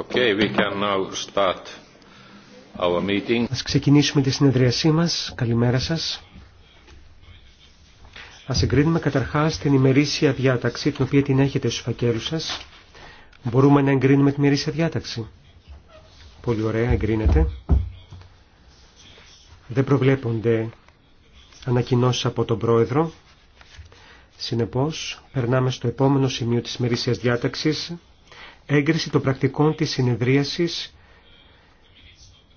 Okay, Ας ξεκινήσουμε τη συνεδρίασή μας. Καλημέρα σας. Ας εγκρίνουμε καταρχάς την ημερήσια διάταξη, την οποία την έχετε στους φακέλους σας. Μπορούμε να εγκρίνουμε την ημερήσια διάταξη. Πολύ ωραία, εγκρίνεται. Δεν προβλέπονται ανακοινώσεις από τον Πρόεδρο. Συνεπώς, περνάμε στο επόμενο σημείο της ημερήσιας διάταξης, έγκριση των πρακτικών της συνεδρίασης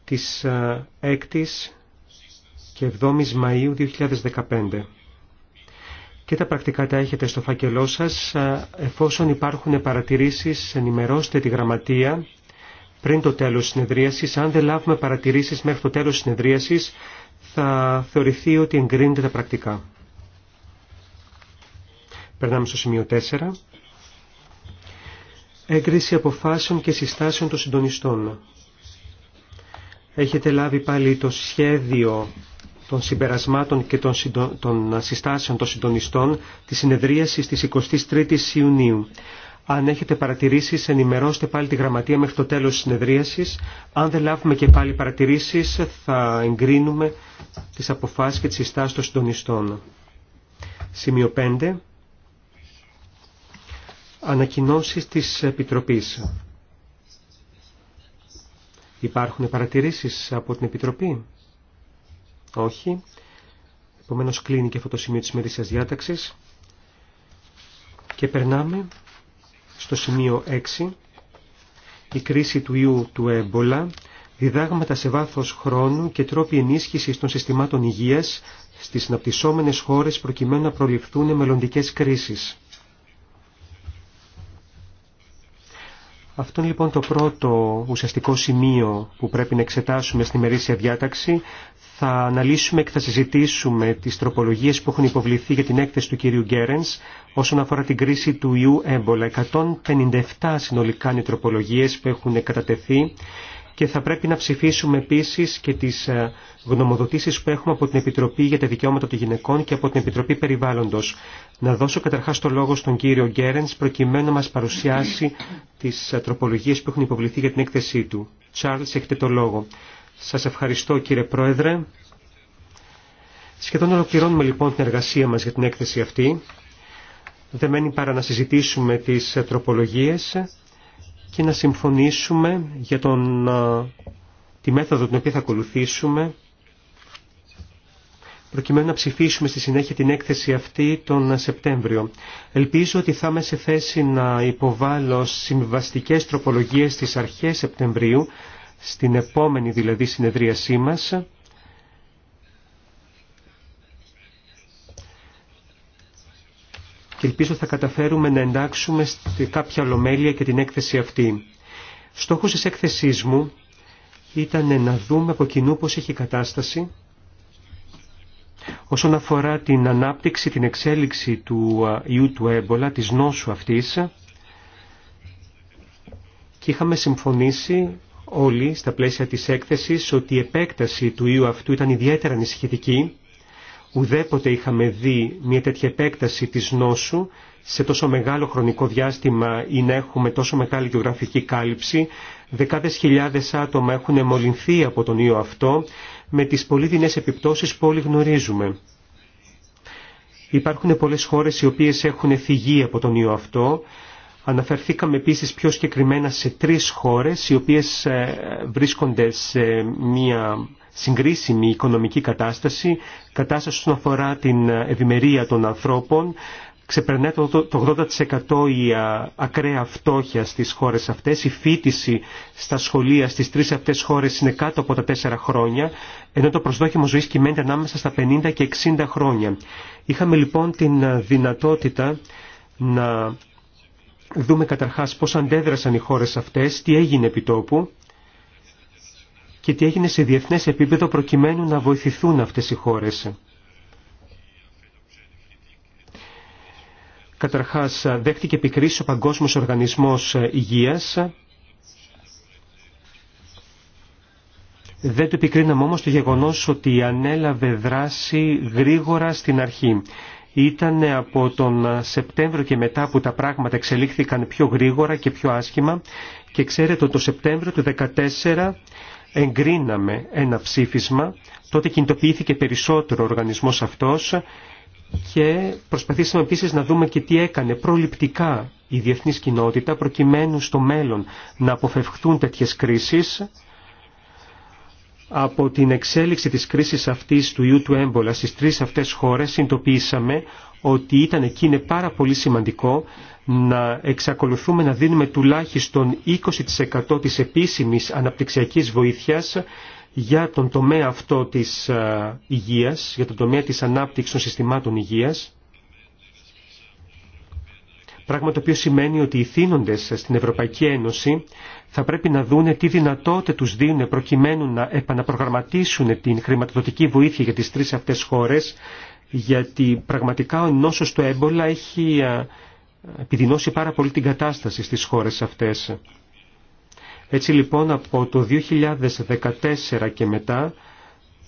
της 6ης και 7ης Μαΐου 2015. Και τα πρακτικά τα έχετε στο φακελό σας. Εφόσον υπάρχουν παρατηρήσεις, ενημερώστε τη γραμματεία πριν το τέλος συνεδρίασης. Αν δεν λάβουμε παρατηρήσεις μέχρι το τέλος συνεδρίασης, θα θεωρηθεί ότι εγκρίνεται τα πρακτικά. Περνάμε στο σημείο 4. Έγκριση αποφάσεων και συστάσεων των συντονιστών. Έχετε λάβει πάλι το σχέδιο των συμπερασμάτων και των, συστάσεων των συντονιστών της συνεδρίασης της 23ης Ιουνίου. Αν έχετε παρατηρήσεις, ενημερώστε πάλι τη γραμματεία μέχρι το τέλος της συνεδρίασης. Αν δεν λάβουμε και πάλι παρατηρήσεις, θα εγκρίνουμε τις αποφάσεις και τις συστάσεις των συντονιστών. Σημείο 5. Ανακοινώσεις της Επιτροπής. Υπάρχουν παρατηρήσεις από την Επιτροπή. Όχι. Επομένως κλείνει και αυτό το σημείο της μερίσιας διάταξης. Και περνάμε στο σημείο 6. Η κρίση του ιού του έμπολα διδάγματα σε βάθος χρόνου και τρόποι ενίσχυσης των συστημάτων υγείας στις αναπτυσσόμενες χώρες προκειμένου να προληφθούν μελλοντικές κρίσεις. Αυτό είναι λοιπόν το πρώτο ουσιαστικό σημείο που πρέπει να εξετάσουμε στη μερίσια διάταξη. Θα αναλύσουμε και θα συζητήσουμε τις τροπολογίες που έχουν υποβληθεί για την έκθεση του κυρίου Γκέρενς όσον αφορά την κρίση του ιού έμπολα. 157 συνολικά είναι οι τροπολογίες που έχουν κατατεθεί και θα πρέπει να ψηφίσουμε επίσης και τις ε, γνωμοδοτήσεις που έχουμε από την Επιτροπή για τα Δικαιώματα των Γυναικών και από την Επιτροπή Περιβάλλοντος. Να δώσω καταρχάς το λόγο στον κύριο Γκέρενς προκειμένου να μας παρουσιάσει τις ε, τροπολογίες που έχουν υποβληθεί για την έκθεσή του. Τσάρλς, έχετε το λόγο. Σας ευχαριστώ κύριε Πρόεδρε. Σχεδόν ολοκληρώνουμε λοιπόν την εργασία μας για την έκθεση αυτή. Δεν μένει παρά να συζητήσουμε τις ε, τροπολογίες και να συμφωνήσουμε για τον, τη μέθοδο την οποία θα ακολουθήσουμε προκειμένου να ψηφίσουμε στη συνέχεια την έκθεση αυτή τον Σεπτέμβριο. Ελπίζω ότι θα είμαι σε θέση να υποβάλω συμβαστικές τροπολογίες στις αρχές Σεπτεμβρίου, στην επόμενη δηλαδή συνεδρίασή μας, και ελπίζω θα καταφέρουμε να εντάξουμε κάποια ολομέλεια και την έκθεση αυτή. Στόχος της έκθεσής μου ήταν να δούμε από κοινού πώς έχει η κατάσταση όσον αφορά την ανάπτυξη, την εξέλιξη του ιού του έμπολα, της νόσου αυτής και είχαμε συμφωνήσει όλοι στα πλαίσια της έκθεσης ότι η επέκταση του ιού αυτού ήταν ιδιαίτερα ανησυχητική Ουδέποτε είχαμε δει μια τέτοια επέκταση της νόσου σε τόσο μεγάλο χρονικό διάστημα ή να έχουμε τόσο μεγάλη γεωγραφική κάλυψη. Δεκάδες χιλιάδες άτομα έχουν εμολυνθεί από τον ιό αυτό με τις πολύ δεινές επιπτώσεις που όλοι γνωρίζουμε. Υπάρχουν πολλές χώρες οι οποίες έχουν φυγεί από τον ιό αυτό. Αναφερθήκαμε επίσης πιο συγκεκριμένα σε τρεις χώρες οι οποίες ε, βρίσκονται σε μια συγκρίσιμη οικονομική κατάσταση, κατάσταση όσον αφορά την ε, ευημερία των ανθρώπων, ξεπερνά το 80% η ε, ακραία φτώχεια στις χώρες αυτές, η φίτηση στα σχολεία στις τρεις αυτές χώρες είναι κάτω από τα τέσσερα χρόνια, ενώ το προσδόκιμο ζωής κυμαίνεται ανάμεσα στα 50 και 60 χρόνια. Είχαμε λοιπόν την ε, δυνατότητα να δούμε καταρχάς πώς αντέδρασαν οι χώρες αυτές, τι έγινε επί τόπου και τι έγινε σε διεθνές επίπεδο προκειμένου να βοηθηθούν αυτές οι χώρες. Καταρχάς, δέχτηκε επικρίσεις ο Παγκόσμιος Οργανισμός Υγείας. Δεν του επικρίναμε όμως το γεγονός ότι ανέλαβε δράση γρήγορα στην αρχή. Ήταν από τον Σεπτέμβριο και μετά που τα πράγματα εξελίχθηκαν πιο γρήγορα και πιο άσχημα και ξέρετε ότι το Σεπτέμβριο του 2014 εγκρίναμε ένα ψήφισμα, τότε κινητοποιήθηκε περισσότερο ο οργανισμός αυτός και προσπαθήσαμε επίσης να δούμε και τι έκανε προληπτικά η διεθνής κοινότητα προκειμένου στο μέλλον να αποφευχθούν τέτοιες κρίσεις από την εξέλιξη της κρίσης αυτής του ιού του έμπολα στις τρεις αυτές χώρες συνειδητοποίησαμε ότι ήταν είναι πάρα πολύ σημαντικό να εξακολουθούμε να δίνουμε τουλάχιστον 20% της επίσημης αναπτυξιακής βοήθειας για τον τομέα αυτό της ε, υγείας, για τον τομέα της ανάπτυξης των συστημάτων υγείας, πράγμα το οποίο σημαίνει ότι οι θύνοντες στην Ευρωπαϊκή Ένωση θα πρέπει να δούνε τι δυνατότητα τους δίνουν προκειμένου να επαναπρογραμματίσουν την χρηματοδοτική βοήθεια για τις τρεις αυτές χώρες, γιατί πραγματικά ο νόσος του έμπολα έχει ε, επιδεινώσει πάρα πολύ την κατάσταση στις χώρες αυτές. Έτσι λοιπόν από το 2014 και μετά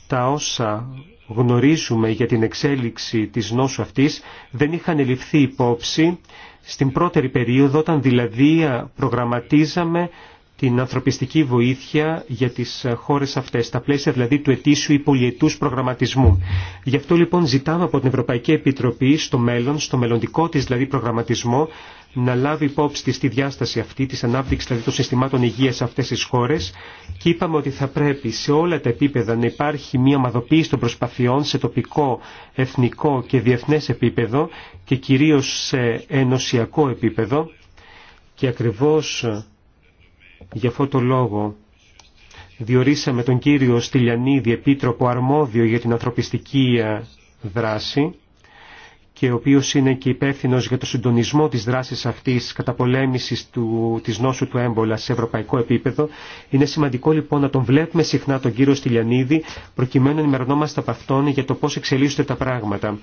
τα όσα γνωρίζουμε για την εξέλιξη της νόσου αυτής δεν είχαν ληφθεί υπόψη στην πρώτερη περίοδο όταν δηλαδή προγραμματίζαμε την ανθρωπιστική βοήθεια για τις χώρες αυτές, στα πλαίσια δηλαδή του ετήσιου ή πολιετού προγραμματισμού. Γι' αυτό λοιπόν ζητάμε από την Ευρωπαϊκή Επιτροπή στο μέλλον, στο μελλοντικό της δηλαδή προγραμματισμό, να λάβει υπόψη στη διάσταση αυτή, της ανάπτυξης δηλαδή των συστημάτων υγείας σε αυτές τις χώρες και είπαμε ότι θα πρέπει σε όλα τα επίπεδα να υπάρχει μια ομαδοποίηση των προσπαθειών σε τοπικό, εθνικό και διεθνές επίπεδο και κυρίως σε ενωσιακό επίπεδο και ακριβώς Γι' αυτό το λόγο διορίσαμε τον κύριο Στυλιανίδη, επίτροπο αρμόδιο για την ανθρωπιστική ε, δράση και ο οποίος είναι και υπεύθυνο για το συντονισμό της δράσης αυτής καταπολέμησης του, της νόσου του έμπολα σε ευρωπαϊκό επίπεδο. Είναι σημαντικό λοιπόν να τον βλέπουμε συχνά τον κύριο Στυλιανίδη προκειμένου να ενημερωνόμαστε από αυτόν για το πώς εξελίσσονται τα πράγματα.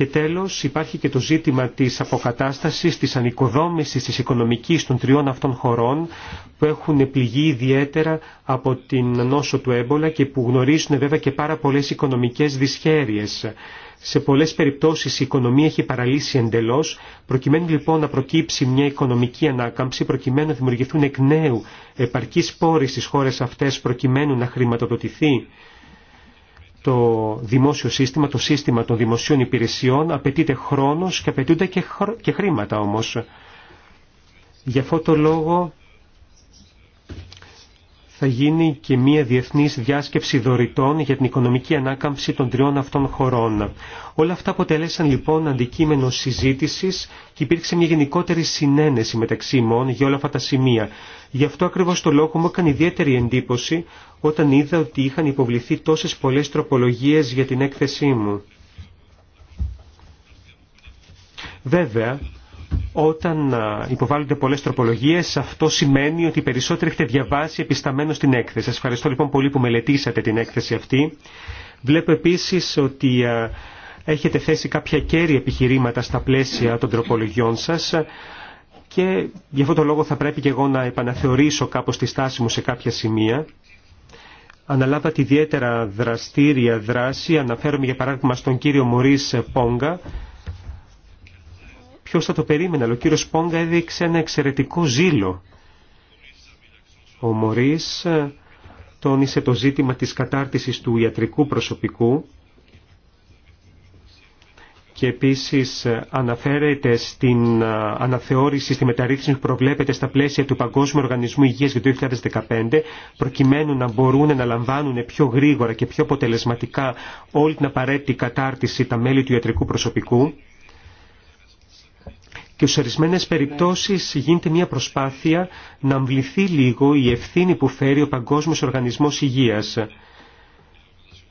Και τέλος υπάρχει και το ζήτημα της αποκατάστασης, της ανοικοδόμησης της οικονομικής των τριών αυτών χωρών που έχουν πληγεί ιδιαίτερα από την νόσο του έμπολα και που γνωρίζουν βέβαια και πάρα πολλές οικονομικές δυσχέρειες. Σε πολλές περιπτώσεις η οικονομία έχει παραλύσει εντελώς, προκειμένου λοιπόν να προκύψει μια οικονομική ανάκαμψη, προκειμένου να δημιουργηθούν εκ νέου επαρκείς πόροι στις χώρες αυτές, προκειμένου να χρηματοδοτηθεί το δημόσιο σύστημα, το σύστημα των δημοσίων υπηρεσιών, απαιτείται χρόνος και απαιτούνται και, χρήματα όμως. Γι' αυτό το λόγο θα γίνει και μία διεθνής διάσκεψη δωρητών για την οικονομική ανάκαμψη των τριών αυτών χωρών. Όλα αυτά αποτελέσαν λοιπόν αντικείμενο συζήτησης και υπήρξε μια γενικότερη συνένεση μεταξύ ημών για όλα αυτά τα σημεία. Γι' αυτό ακριβώς το λόγο μου έκανε ιδιαίτερη εντύπωση όταν είδα ότι είχαν υποβληθεί τόσες πολλές τροπολογίες για την έκθεσή μου. Βέβαια, όταν υποβάλλονται πολλέ τροπολογίε, αυτό σημαίνει ότι περισσότερο περισσότεροι έχετε διαβάσει επισταμένο την έκθεση. Σα ευχαριστώ λοιπόν πολύ που μελετήσατε την έκθεση αυτή. Βλέπω επίση ότι έχετε θέσει κάποια κέρια επιχειρήματα στα πλαίσια των τροπολογιών σας και γι' αυτό το λόγο θα πρέπει και εγώ να επαναθεωρήσω κάπως τη στάση μου σε κάποια σημεία. Αναλάβατε ιδιαίτερα δραστήρια δράση, αναφέρομαι για παράδειγμα στον κύριο Μωρής Πόγκα, Ποιο θα το περίμενε, αλλά ο κύριο Πόγκα έδειξε ένα εξαιρετικό ζήλο. Ο Μωρή ε, τόνισε το ζήτημα της κατάρτισης του ιατρικού προσωπικού και επίσης ε, αναφέρεται στην ε, αναθεώρηση, στη μεταρρύθμιση που προβλέπεται στα πλαίσια του Παγκόσμιου Οργανισμού Υγείας για το 2015, προκειμένου να μπορούν να λαμβάνουν πιο γρήγορα και πιο αποτελεσματικά όλη την απαραίτητη κατάρτιση τα μέλη του ιατρικού προσωπικού και σε ορισμένε περιπτώσει γίνεται μια προσπάθεια να αμβληθεί λίγο η ευθύνη που φέρει ο Παγκόσμιο Οργανισμό Υγεία.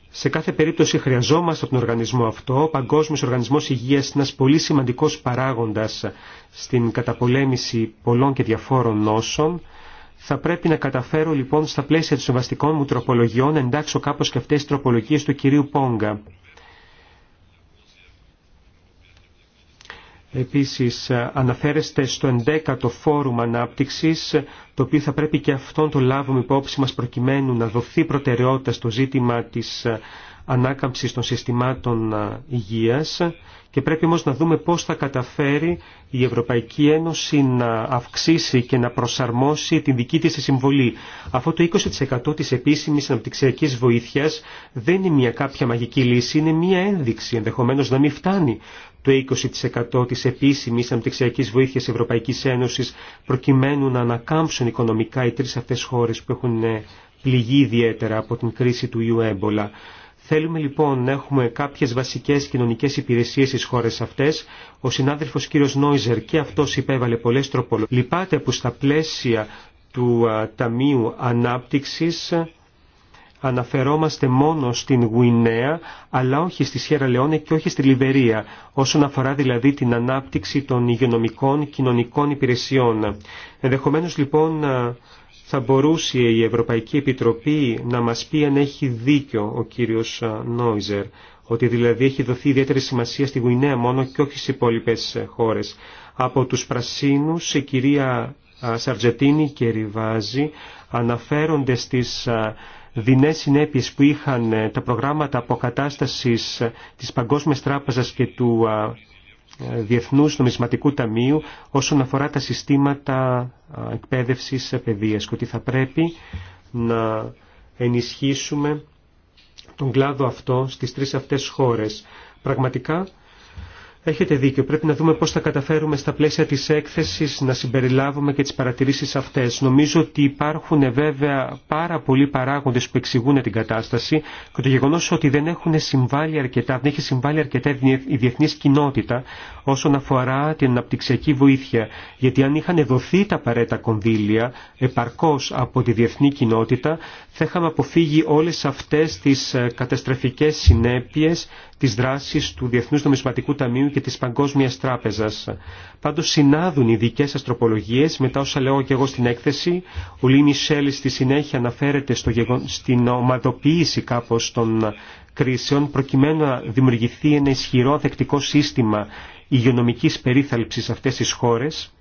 Σε κάθε περίπτωση χρειαζόμαστε τον οργανισμό αυτό. Ο Παγκόσμιο Οργανισμό Υγεία, είναι ένα πολύ σημαντικό παράγοντα στην καταπολέμηση πολλών και διαφόρων νόσων. Θα πρέπει να καταφέρω λοιπόν στα πλαίσια των συμβαστικών μου τροπολογιών να εντάξω κάπως και αυτές τις τροπολογίες του κυρίου Πόγκα. Επίσης ε, αναφέρεστε στο 11ο Φόρουμ Ανάπτυξης, το οποίο θα πρέπει και αυτόν το λάβουμε υπόψη μας προκειμένου να δοθεί προτεραιότητα στο ζήτημα της ε, ανάκαμψης των συστημάτων ε, υγείας και πρέπει όμως να δούμε πώς θα καταφέρει η Ευρωπαϊκή Ένωση να αυξήσει και να προσαρμόσει την δική της συμβολή. Αυτό το 20% της επίσημης αναπτυξιακής βοήθειας δεν είναι μια κάποια μαγική λύση, είναι μια ένδειξη, ενδεχομένως να μην φτάνει το 20% της επίσημης αναπτυξιακής βοήθειας Ευρωπαϊκής Ένωσης προκειμένου να ανακάμψουν οικονομικά οι τρεις αυτές χώρες που έχουν ε, πληγεί ιδιαίτερα από την κρίση του ιού έμπολα. Θέλουμε λοιπόν να έχουμε κάποιες βασικές κοινωνικές υπηρεσίες στις χώρες αυτές. Ο συνάδελφος κύριος Νόιζερ και αυτός υπέβαλε πολλές τροπολογίες. Λυπάται που στα πλαίσια του Ταμείου Ανάπτυξης αναφερόμαστε μόνο στην Γουινέα, αλλά όχι στη Σιέρα Λεόνε και όχι στη Λιβερία, όσον αφορά δηλαδή την ανάπτυξη των υγειονομικών κοινωνικών υπηρεσιών. Ενδεχομένως λοιπόν θα μπορούσε η Ευρωπαϊκή Επιτροπή να μας πει αν έχει δίκιο ο κύριος Νόιζερ, ότι δηλαδή έχει δοθεί ιδιαίτερη σημασία στη Γουινέα μόνο και όχι στις υπόλοιπες ε, χώρες. Από τους Πρασίνους η κυρία Σαρτζετίνη και Ριβάζη αναφέρονται στις δεινές συνέπειες που είχαν ε, τα προγράμματα αποκατάστασης ε, της Παγκόσμιας Τράπεζας και του ε, Διεθνούς Νομισματικού Ταμείου όσον αφορά τα συστήματα εκπαίδευσης παιδείας και ότι θα πρέπει να ενισχύσουμε τον κλάδο αυτό στις τρεις αυτές χώρες. Πραγματικά Έχετε δίκιο. Πρέπει να δούμε πώς θα καταφέρουμε στα πλαίσια της έκθεσης να συμπεριλάβουμε και τις παρατηρήσεις αυτές. Νομίζω ότι υπάρχουν βέβαια πάρα πολλοί παράγοντες που εξηγούν την κατάσταση και το γεγονός ότι δεν έχουν συμβάλει αρκετά, δεν έχει συμβάλει αρκετά η διεθνής κοινότητα όσον αφορά την αναπτυξιακή βοήθεια. Γιατί αν είχαν δοθεί τα παρέτα κονδύλια επαρκώς από τη διεθνή κοινότητα θα είχαμε αποφύγει όλες αυτές τις ε, καταστροφικές συνέπειες τις δράσεις του Διεθνούς Νομισματικού Ταμείου και της Παγκόσμιας Τράπεζας. Πάντως συνάδουν οι δικές σας τροπολογίες όσα λέω και εγώ στην έκθεση. Ο Λί Μισελ στη συνέχεια αναφέρεται στο, στην ομαδοποίηση κάπως των κρίσεων προκειμένου να δημιουργηθεί ένα ισχυρό δεκτικό σύστημα υγειονομικής περίθαλψης σε αυτές τις χώρες.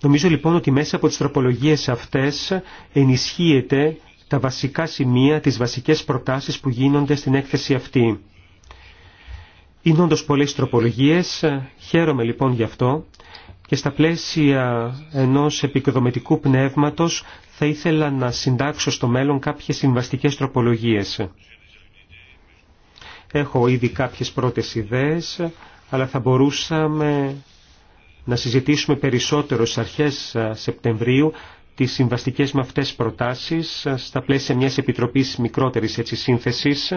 Νομίζω λοιπόν ότι μέσα από τις τροπολογίες αυτές ενισχύεται τα βασικά σημεία, τις βασικές προτάσεις που γίνονται στην έκθεση αυτή. Είναι όντως πολλές τροπολογίες, χαίρομαι λοιπόν γι' αυτό και στα πλαίσια ενός επικοδομητικού πνεύματος θα ήθελα να συντάξω στο μέλλον κάποιες συμβαστικές τροπολογίες. Έχω ήδη κάποιες πρώτες ιδέες, αλλά θα μπορούσαμε να συζητήσουμε περισσότερο στις αρχές Σεπτεμβρίου τις συμβαστικές με αυτές προτάσεις ε, στα πλαίσια μιας επιτροπής μικρότερης έτσι σύνθεσης.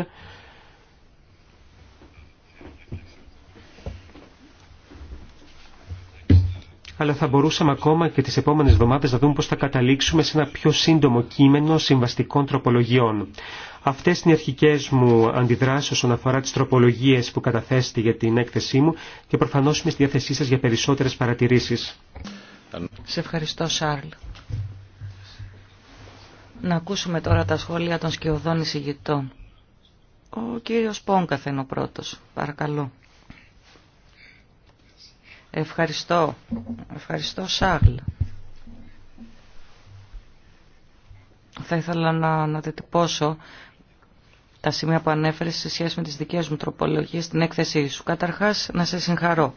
αλλά θα μπορούσαμε ακόμα και τις επόμενες εβδομάδες να δούμε πώς θα καταλήξουμε σε ένα πιο σύντομο κείμενο συμβαστικών τροπολογιών. Αυτές είναι οι αρχικές μου αντιδράσεις όσον αφορά τις τροπολογίες που καταθέστηκε για την έκθεσή μου και προφανώς είμαι στη διάθεσή σας για περισσότερες παρατηρήσεις. Σε ευχαριστώ Σάρλ. Να ακούσουμε τώρα τα σχόλια των σκιωδών εισηγητών. Ο κύριος Πόγκαθ είναι ο πρώτος. Παρακαλώ. Ευχαριστώ. Ευχαριστώ Σάγλ. Θα ήθελα να ανατετυπώσω τα σημεία που ανέφερες σε σχέση με τις δικές μου τροπολογίες στην έκθεσή σου. Καταρχάς, να σε συγχαρώ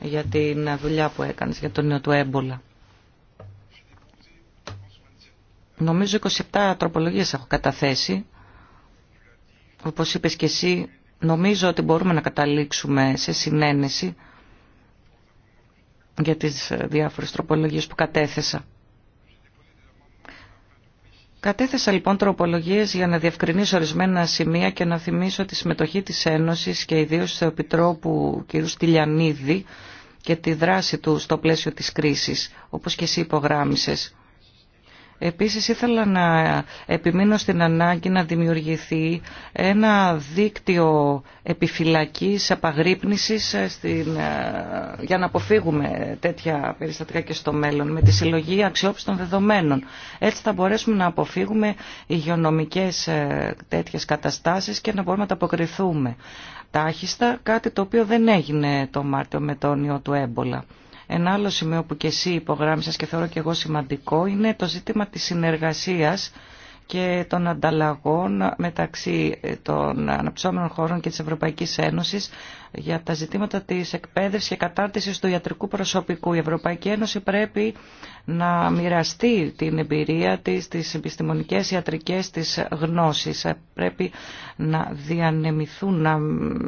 για την δουλειά που έκανες για τον νέο του έμπολα. Νομίζω 27 τροπολογίες έχω καταθέσει. Όπως είπες και εσύ, νομίζω ότι μπορούμε να καταλήξουμε σε συνένεση για τις διάφορες τροπολογίες που κατέθεσα. Κατέθεσα λοιπόν τροπολογίες για να διευκρινίσω ορισμένα σημεία και να θυμίσω τη συμμετοχή της Ένωσης και ιδίως του Επιτρόπου κ. Στυλιανίδη και τη δράση του στο πλαίσιο της κρίσης, όπως και εσύ υπογράμμισες. Επίσης ήθελα να επιμείνω στην ανάγκη να δημιουργηθεί ένα δίκτυο επιφυλακής απαγρύπνησης ε, στην, ε, για να αποφύγουμε τέτοια περιστατικά και στο μέλλον με τη συλλογή αξιόπιστων δεδομένων. Έτσι θα μπορέσουμε να αποφύγουμε υγειονομικές ε, τέτοιες καταστάσεις και να μπορούμε να τα αποκριθούμε τάχιστα, κάτι το οποίο δεν έγινε το Μάρτιο με τον ιό του έμπολα. Ένα άλλο σημείο που και εσύ υπογράμμισες και θεωρώ και εγώ σημαντικό είναι το ζήτημα της συνεργασίας και των ανταλλαγών μεταξύ ε, των αναπτυσσόμενων χωρών και της Ευρωπαϊκής Ένωσης για τα ζητήματα της εκπαίδευσης και κατάρτισης του ιατρικού προσωπικού. Η Ευρωπαϊκή Ένωση πρέπει να μοιραστεί την εμπειρία της, τις επιστημονικές ιατρικές της γνώσεις. Πρέπει να διανεμηθούν, να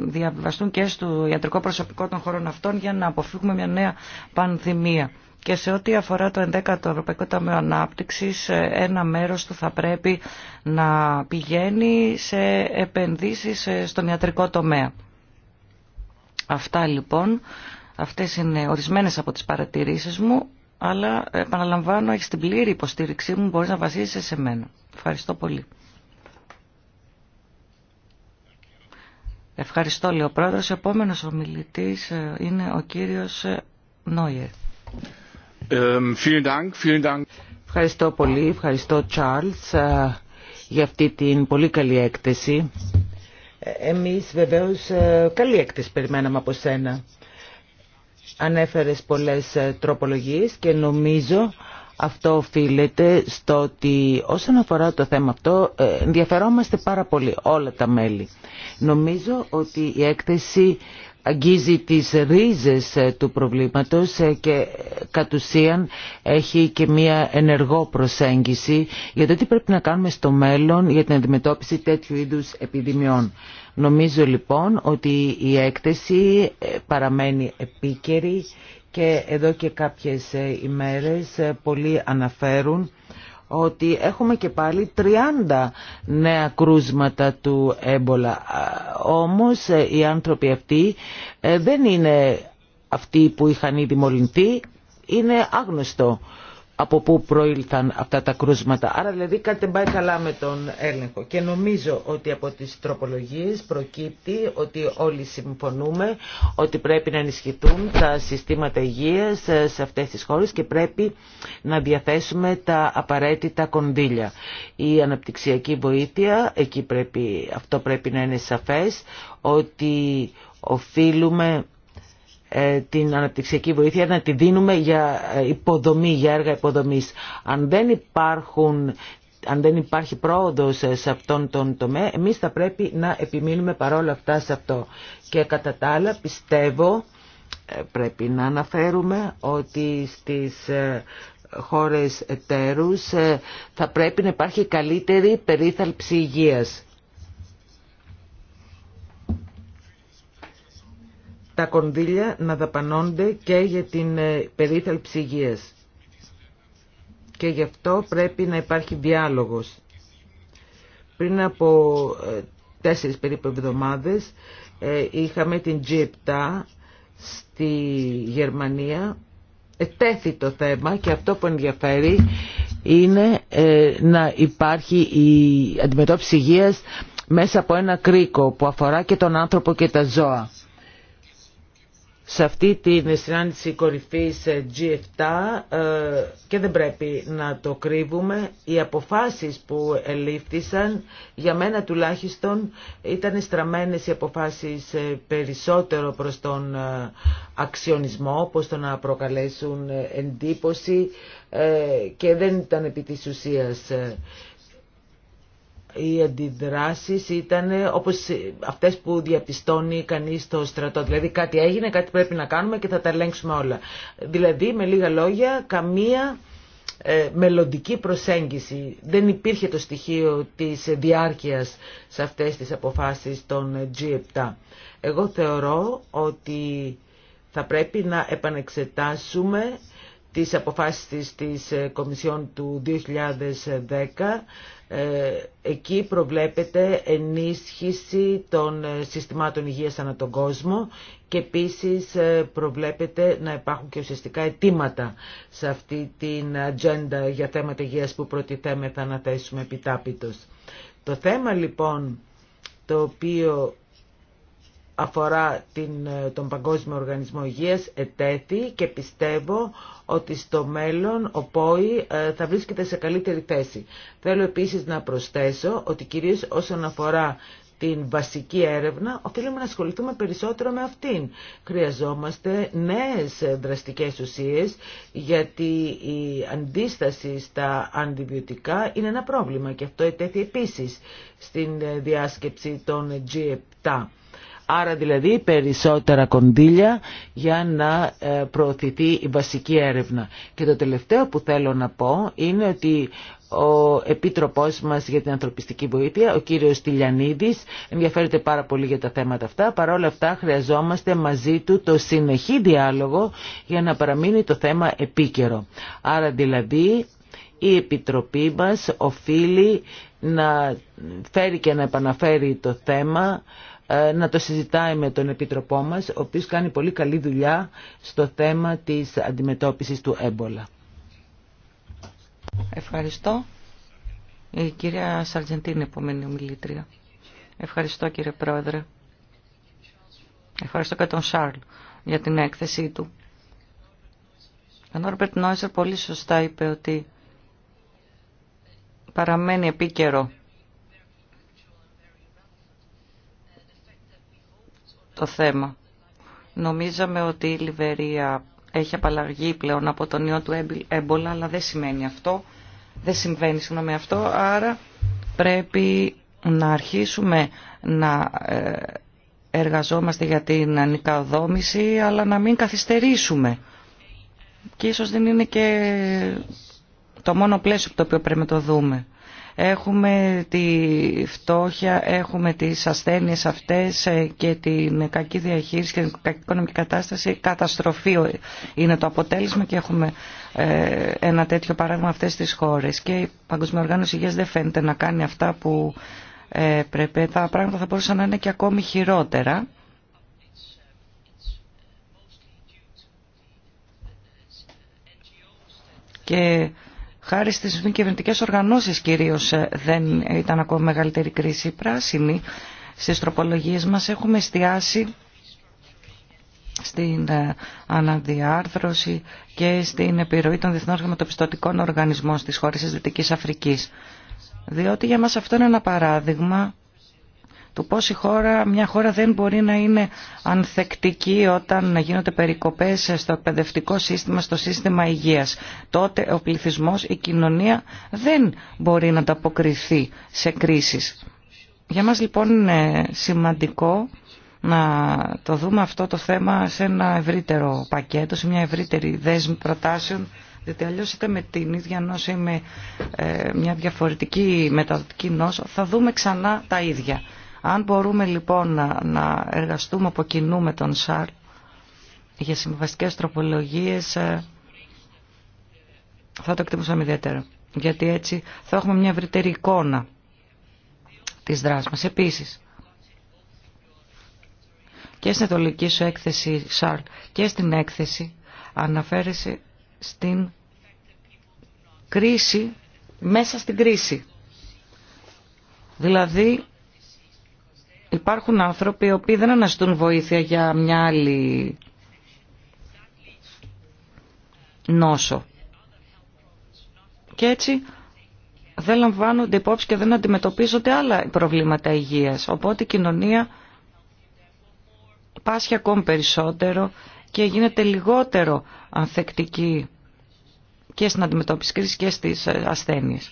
διαβιβαστούν και στο ιατρικό προσωπικό των χωρών αυτών για να αποφύγουμε μια νέα πανδημία και σε ό,τι αφορά το 11ο Ευρωπαϊκό Ταμείο Ανάπτυξης ε, ένα μέρος του θα πρέπει να πηγαίνει σε επενδύσεις ε, στον ιατρικό τομέα. Αυτά λοιπόν, αυτές είναι ορισμένες από τις παρατηρήσεις μου, αλλά επαναλαμβάνω έχει την πλήρη υποστήριξή μου, μπορεί να βασίζεσαι σε μένα. Ευχαριστώ πολύ. Ευχαριστώ, λέει ο πρόεδρος. Επόμενος ομιλητής ε, είναι ο κύριος Νόιερ. Ευχαριστώ πολύ, ευχαριστώ Τσάρλς ε, για αυτή την πολύ καλή έκθεση. Ε, εμείς βεβαίως ε, καλή έκθεση περιμέναμε από σένα. Ανέφερες πολλές τροπολογίες και νομίζω αυτό οφείλεται στο ότι όσον αφορά το θέμα αυτό ενδιαφερόμαστε πάρα πολύ όλα τα μέλη. Νομίζω ότι η έκθεση αγγίζει τις ρίζες ε, του προβλήματος ε, και κατ' ουσίαν έχει και μια ενεργό προσέγγιση για το τι πρέπει να κάνουμε στο μέλλον για την αντιμετώπιση τέτοιου είδους επιδημιών. Νομίζω λοιπόν ότι η έκθεση ε, παραμένει επίκαιρη και εδώ και κάποιες ημέρες πολλοί αναφέρουν ότι έχουμε και πάλι 30 νέα κρούσματα του έμπολα. Όμως ε, οι άνθρωποι αυτοί ε, δεν είναι αυτοί που είχαν ήδη μολυνθεί, είναι άγνωστο από πού προήλθαν αυτά τα κρούσματα. Άρα δηλαδή κάτι δεν πάει καλά με τον έλεγχο. Και νομίζω ότι από τις τροπολογίες προκύπτει ότι όλοι συμφωνούμε ότι πρέπει να ενισχυθούν τα συστήματα υγείας ε, σε αυτές τις χώρες και πρέπει να διαθέσουμε τα απαραίτητα κονδύλια. Η αναπτυξιακή βοήθεια, εκεί πρέπει, αυτό πρέπει να είναι σαφές, ότι οφείλουμε ε, την αναπτυξιακή βοήθεια να τη δίνουμε για ε, υποδομή, για έργα υποδομής. Αν δεν υπάρχουν αν δεν υπάρχει πρόοδος ε, σε αυτόν τον τομέα, εμείς θα πρέπει να επιμείνουμε παρόλα αυτά σε αυτό. Και κατά τα άλλα πιστεύω, πρέπει να αναφέρουμε ότι στις χώρες εταίρους θα πρέπει να υπάρχει καλύτερη περίθαλψη υγείας. τα κονδύλια να δαπανώνται και για την ε, περίθαλψη υγείας. Και γι' αυτό πρέπει να υπάρχει διάλογος. Πριν από ε, τέσσερις περίπου εβδομάδες ε, είχαμε την G7 στη Γερμανία. Ετέθη το θέμα και αυτό που ενδιαφέρει είναι να υπάρχει η αντιμετώπιση υγείας μέσα από ένα κρίκο που αφορά και τον άνθρωπο και τα ζώα σε αυτή την συνάντηση κορυφής ε, G7 ε, και δεν πρέπει να το κρύβουμε. Οι αποφάσεις που ελήφθησαν, για μένα τουλάχιστον, ήταν στραμμένες οι αποφάσεις ε, περισσότερο προς τον αξιονισμό, όπως το να προκαλέσουν εντύπωση και δεν ήταν επί της ουσίας οι αντιδράσεις ήταν όπως αυτές που διαπιστώνει κανείς στο στρατό. Δηλαδή κάτι έγινε, κάτι πρέπει να κάνουμε και θα τα ελέγξουμε όλα. Δηλαδή με λίγα λόγια καμία ε, μελλοντική προσέγγιση. Δεν υπήρχε το στοιχείο της διάρκειας σε αυτές τις αποφάσεις των G7. Εγώ θεωρώ ότι θα πρέπει να επανεξετάσουμε τις αποφάσεις της, της ε, Κομισιόν του 2010 ε, εκεί προβλέπεται ενίσχυση των ε, συστημάτων υγείας ανά τον κόσμο και επίσης προβλέπεται να υπάρχουν και ουσιαστικά αιτήματα σε αυτή την ατζέντα για θέματα υγείας που προτιθέμεθα να θέσουμε επιτάπητος. Το θέμα λοιπόν το οποίο αφορά την, ε, τον Παγκόσμιο Οργανισμό Υγείας ετέθη και πιστεύω ότι στο μέλλον ο ΠΟΗ ε, θα βρίσκεται σε καλύτερη θέση. Θέλω επίσης να προσθέσω ότι κυρίως όσον αφορά την βασική έρευνα, οφείλουμε να ασχοληθούμε περισσότερο με αυτήν. Χρειαζόμαστε νέες δραστικές ουσίες, γιατί η αντίσταση στα αντιβιωτικά είναι ένα πρόβλημα και αυτό ετέθη επίσης στην ε, διάσκεψη των G7. Άρα δηλαδή περισσότερα κονδύλια για να ε, προωθηθεί η βασική έρευνα. Και το τελευταίο που θέλω να πω είναι ότι ο Επίτροπός μας για την Ανθρωπιστική Βοήθεια, ο κύριος Τηλιανίδης, ενδιαφέρεται πάρα πολύ για τα θέματα αυτά. Παρ' όλα αυτά χρειαζόμαστε μαζί του το συνεχή διάλογο για να παραμείνει το θέμα επίκαιρο. Άρα δηλαδή η Επιτροπή μας οφείλει να φέρει και να επαναφέρει το θέμα ε, να το συζητάει με τον Επίτροπό μας, ο οποίος κάνει πολύ καλή δουλειά στο θέμα της αντιμετώπισης του έμπολα. Ευχαριστώ. Η κυρία Σαρτζεντίνη, επόμενη ομιλήτρια. Ευχαριστώ κύριε Πρόεδρε. Ευχαριστώ και τον Σάρλ για την έκθεσή του. Ο Νόρμπερτ Νόισερ πολύ σωστά είπε ότι παραμένει επίκαιρο το θέμα. Νομίζαμε ότι η Λιβερία έχει απαλλαγεί πλέον από τον ιό του έμπολα, αλλά δεν σημαίνει αυτό. Δεν συμβαίνει, αυτό. Άρα πρέπει να αρχίσουμε να ε, εργαζόμαστε για την ανικαδόμηση αλλά να μην καθυστερήσουμε. Και ίσως δεν είναι και το μόνο πλαίσιο το οποίο πρέπει να το δούμε. Έχουμε τη φτώχεια, έχουμε τις ασθένειες αυτές ε, και την κακή διαχείριση και την κακή οικονομική κατάσταση. Καταστροφή είναι το αποτέλεσμα και έχουμε ε, ένα τέτοιο παράδειγμα αυτές τις χώρες. Και η Παγκοσμία Οργάνωση Υγείας δεν φαίνεται να κάνει αυτά που ε, πρέπει. Τα πράγματα θα μπορούσαν να είναι και ακόμη χειρότερα. Και Χάρη στις μη κυβερνητικέ οργανώσεις κυρίως ε, δεν ήταν ακόμα μεγαλύτερη κρίση. πράσινη στις τροπολογίες μας έχουμε εστιάσει στην ε, αναδιάρθρωση και στην επιρροή των διεθνών χρηματοπιστωτικών οργανισμών στις χώρες της Δυτικής Αφρικής. Διότι για μας αυτό είναι ένα παράδειγμα του πώς η χώρα, μια χώρα δεν μπορεί να είναι ανθεκτική όταν γίνονται περικοπές στο εκπαιδευτικό σύστημα, στο σύστημα υγείας. Τότε ο πληθυσμός, η κοινωνία δεν μπορεί να ανταποκριθεί σε κρίσεις. Για μας λοιπόν είναι σημαντικό να το δούμε αυτό το θέμα σε ένα ευρύτερο πακέτο, σε μια ευρύτερη δέσμη προτάσεων, διότι αλλιώ είτε με την ίδια νόσο ή με ε, μια διαφορετική μεταδοτική νόσο θα δούμε ξανά τα ίδια. Αν μπορούμε λοιπόν να, να εργαστούμε από κοινού με τον ΣΑΡ για συμβαστικές τροπολογίες ε, θα το εκτιμούσαμε ιδιαίτερα. Γιατί έτσι θα έχουμε μια ευρύτερη εικόνα της δράσης μας. Επίσης, και στην ετολική σου έκθεση, Σαρλ, και στην έκθεση αναφέρεσαι στην κρίση μέσα στην κρίση. Δηλαδή, Υπάρχουν άνθρωποι οι οποίοι δεν αναστούν βοήθεια για μια άλλη νόσο. Και έτσι δεν λαμβάνονται υπόψη και δεν αντιμετωπίζονται άλλα προβλήματα υγείας. Οπότε η κοινωνία πάσχει ακόμη περισσότερο και γίνεται λιγότερο ανθεκτική και στην αντιμετώπιση κρίση και στις ασθένειες.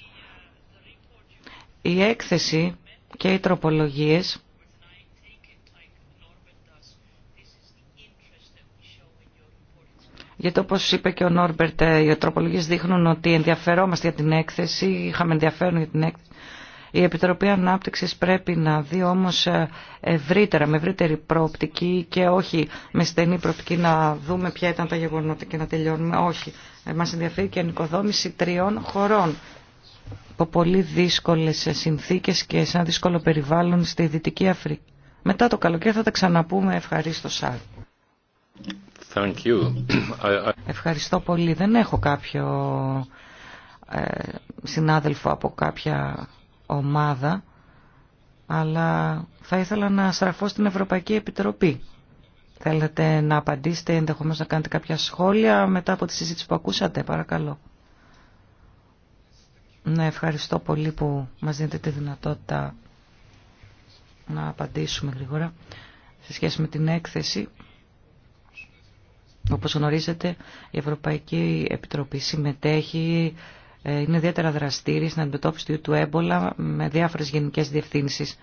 Η έκθεση και οι τροπολογίες Γιατί όπως είπε και ο Νόρμπερτ, ε, οι τροπολογίες δείχνουν ότι ενδιαφερόμαστε για την έκθεση, είχαμε ενδιαφέρον για την έκθεση. Η Επιτροπή Ανάπτυξης πρέπει να δει όμως ε, ευρύτερα, με ευρύτερη προοπτική και όχι με στενή προοπτική να δούμε ποια ήταν τα γεγονότα και να τελειώνουμε. Όχι. Ε, μας ενδιαφέρει και η ανοικοδόμηση τριών χωρών από πολύ δύσκολες συνθήκες και σε ένα δύσκολο περιβάλλον στη Δυτική Αφρική. Μετά το καλοκαίρι θα τα ξαναπούμε. Ευχαρίστω Thank you. Ευχαριστώ πολύ. Δεν έχω κάποιο ε, συνάδελφο από κάποια ομάδα, αλλά θα ήθελα να στραφώ στην Ευρωπαϊκή Επιτροπή. Θέλετε να απαντήσετε, ενδεχομένως να κάνετε κάποια σχόλια μετά από τη συζήτηση που ακούσατε, παρακαλώ. Ναι, ευχαριστώ πολύ που μας δίνετε τη δυνατότητα να απαντήσουμε γρήγορα σε σχέση με την έκθεση. Όπως γνωρίζετε, η Ευρωπαϊκή Επιτροπή συμμετέχει, ε, είναι ιδιαίτερα δραστήρια στην αντιμετώπιση του έμπολα με διάφορες γενικές διευθύνσεις.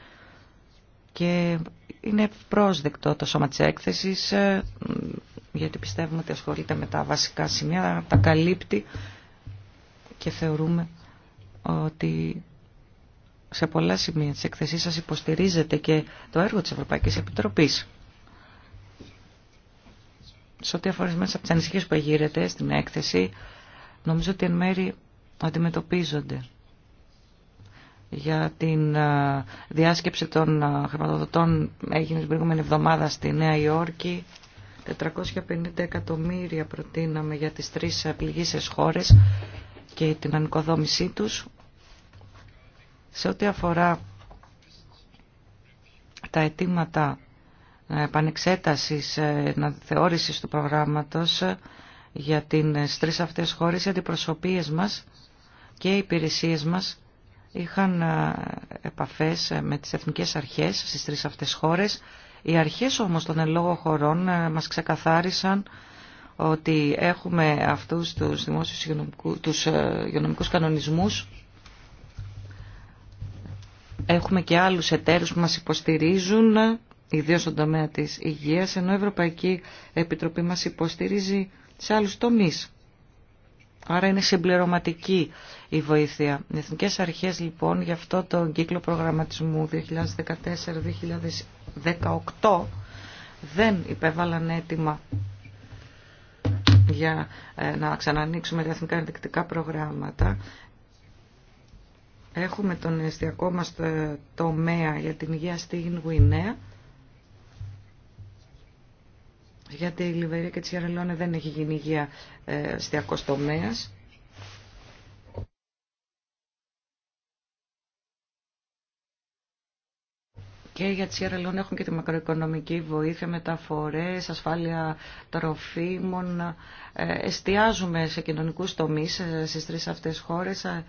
Και είναι πρόσδεκτο το σώμα της έκθεσης, ε, γιατί πιστεύουμε ότι ασχολείται με τα βασικά σημεία, τα καλύπτει και θεωρούμε ότι σε πολλά σημεία της εκθεσής σας υποστηρίζεται και το έργο της Ευρωπαϊκής Επιτροπής σε ό,τι αφορά μέσα από τι ανησυχίε που εγείρεται στην έκθεση, νομίζω ότι εν μέρη αντιμετωπίζονται για την ε, διάσκεψη των ε, χρηματοδοτών έγινε την προηγούμενη εβδομάδα στη Νέα Υόρκη. 450 εκατομμύρια προτείναμε για τις τρεις πληγήσεις χώρες και την ανοικοδόμησή τους. Σε ό,τι αφορά τα αιτήματα Επανεξέταση ε, θεώρησης του προγράμματος για τις τρεις αυτές χώρες, οι αντιπροσωπείες μας και οι υπηρεσίες μας είχαν ε, επαφές ε, με τις εθνικές αρχές στις τρεις αυτές χώρες. Οι αρχές όμως των ελόγων χωρών μας ξεκαθάρισαν ότι έχουμε αυτούς τους δημόσιους τους κανονισμούς Έχουμε και άλλους εταίρους που μας υποστηρίζουν ιδίω στον τομέα τη υγεία ενώ η Ευρωπαϊκή Επιτροπή μα υποστηρίζει σε άλλου τομεί. Άρα είναι συμπληρωματική η βοήθεια. Οι εθνικέ αρχέ, λοιπόν για αυτό το κύκλο προγραμματισμού 2014-2018 δεν υπέβαλαν έτοιμα για ε, να ξανανοίξουμε τα εθνικά ενδεικτικά προγράμματα. Έχουμε τον εστιακό μας ε, τομέα για την υγεία στη Γουινέα γιατί η Λιβερία και τη Σιαρελόνε δεν έχει γίνει υγεία ε, στιακός τομέας. Και για τη Σιέρα έχουν και τη μακροοικονομική βοήθεια, μεταφορές, ασφάλεια τροφίμων. Ε, εστιάζουμε σε κοινωνικούς τομείς ε, στις τρεις αυτές χώρες ε,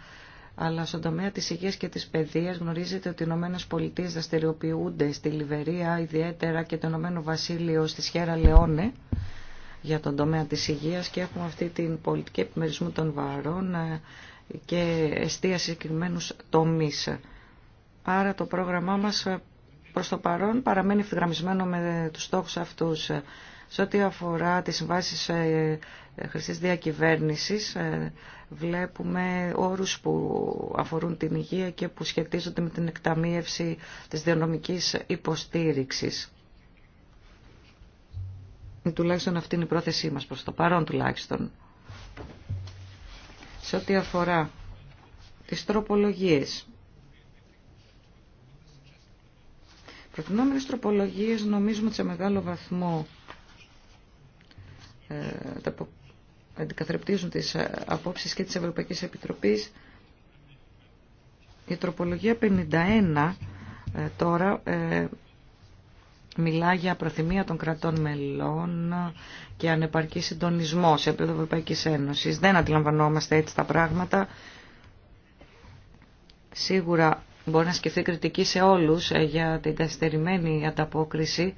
αλλά στον τομέα της υγείας και της παιδείας γνωρίζετε ότι οι Ηνωμένε Πολιτείε δραστηριοποιούνται στη Λιβερία, ιδιαίτερα και το Ηνωμένο Βασίλειο στη Σιέρα Λεόνε για τον τομέα της υγείας και έχουμε αυτή την πολιτική επιμερισμού των βαρών ε, και εστίαση συγκεκριμένου τομεί. Άρα το πρόγραμμά μας ε, προς το παρόν παραμένει ευθυγραμμισμένο με τους στόχους αυτούς. Σε ό,τι αφορά τις συμβάσεις ε, ε, χρηστής διακυβέρνησης, ε, βλέπουμε όρους που αφορούν την υγεία και που σχετίζονται με την εκταμείευση της διονομικής υποστήριξης. Τουλάχιστον αυτή είναι η πρόθεσή μας προς το παρόν τουλάχιστον. Σε ό,τι αφορά τις τροπολογίες. Προτινόμενες τροπολογίες νομίζουμε ότι σε μεγάλο βαθμό ε, αντικαθρεπτίζουν τις ε, απόψεις και της Ευρωπαϊκής Επιτροπής. Η τροπολογία 51 ε, τώρα μιλά για προθυμία των κρατών μελών και ανεπαρκή συντονισμό σε επίπεδο Ευρωπαϊκής Ένωσης. Δεν αντιλαμβανόμαστε έτσι τα πράγματα. Σίγουρα μπορεί να σκεφτεί κριτική σε όλους για την καθυστερημένη ανταπόκριση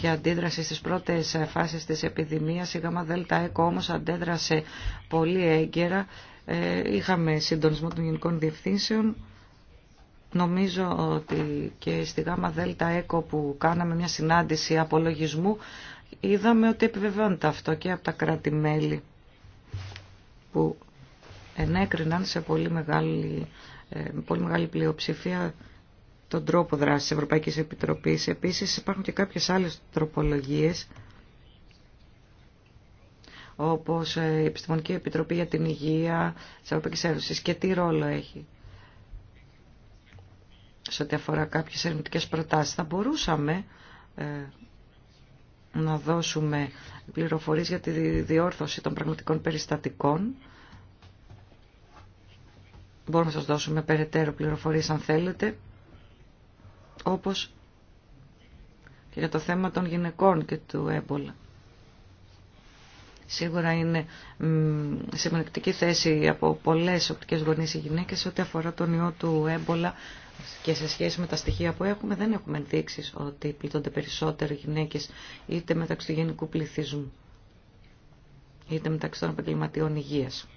και αντίδραση στις πρώτες φάσεις της επιδημίας. Η ΓΑΜΑ ΕΚΟ όμως αντέδρασε πολύ έγκαιρα. Ε, είχαμε συντονισμό των γενικών διευθύνσεων. Νομίζω ότι και στη ΓΑΜΑ ΔΕΛΤΑ ΕΚΟ που κάναμε μια συνάντηση απολογισμού είδαμε ότι επιβεβαιώνεται αυτό και από τα κράτη-μέλη που ενέκριναν σε πολύ μεγάλη, ε, πολύ μεγάλη πλειοψηφία τον τρόπο δράσης της Ευρωπαϊκής Επιτροπής. Επίσης υπάρχουν και κάποιες άλλες τροπολογίες όπως η Επιστημονική Επιτροπή για την Υγεία της ευρωπαϊκή Ένωσης και τι ρόλο έχει σε ό,τι αφορά κάποιες ερευνητικές προτάσεις. Θα μπορούσαμε ε, να δώσουμε πληροφορίες για τη διόρθωση των πραγματικών περιστατικών. Μπορούμε να σας δώσουμε περαιτέρω πληροφορίες αν θέλετε όπως και για το θέμα των γυναικών και του έμπολα. Σίγουρα είναι σε θέση από πολλές οπτικές γωνίες οι γυναίκες ό,τι αφορά τον ιό του έμπολα και σε σχέση με τα στοιχεία που έχουμε δεν έχουμε ενδείξεις ότι πλήττονται περισσότερο γυναίκες είτε μεταξύ του γενικού πληθυσμού είτε μεταξύ των επαγγελματιών υγείας.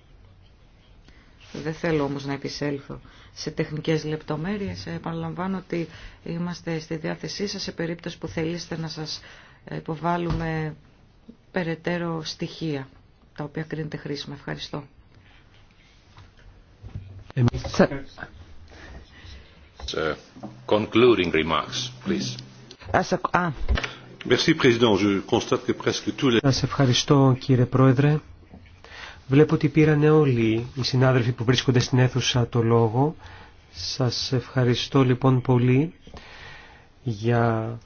Δεν θέλω όμως να επισέλθω σε τεχνικές λεπτομέρειες. Επαναλαμβάνω ότι είμαστε στη διάθεσή σας σε περίπτωση που θελήσετε να σας υποβάλουμε περαιτέρω στοιχεία, τα οποία κρίνετε χρήσιμα. Ευχαριστώ. Εμείς... Σας ευχαριστώ κύριε Πρόεδρε. Βλέπω ότι πήρανε όλοι οι συνάδελφοι που βρίσκονται στην αίθουσα το λόγο. Σας ευχαριστώ λοιπόν πολύ για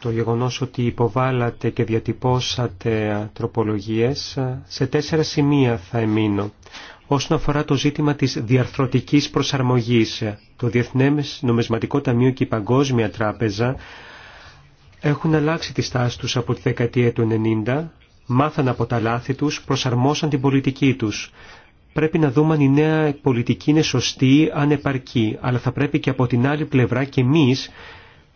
το γεγονός ότι υποβάλατε και διατυπώσατε τροπολογίες. Σε τέσσερα σημεία θα εμείνω. Όσον αφορά το ζήτημα της διαρθρωτικής προσαρμογής, το Διεθνές Νομισματικό Ταμείο και η Παγκόσμια Τράπεζα έχουν αλλάξει τη στάση τους από τη δεκαετία του 90 μάθαν από τα λάθη τους, προσαρμόσαν την πολιτική τους. Πρέπει να δούμε αν η νέα πολιτική είναι σωστή, αν επαρκεί, αλλά θα πρέπει και από την άλλη πλευρά και εμείς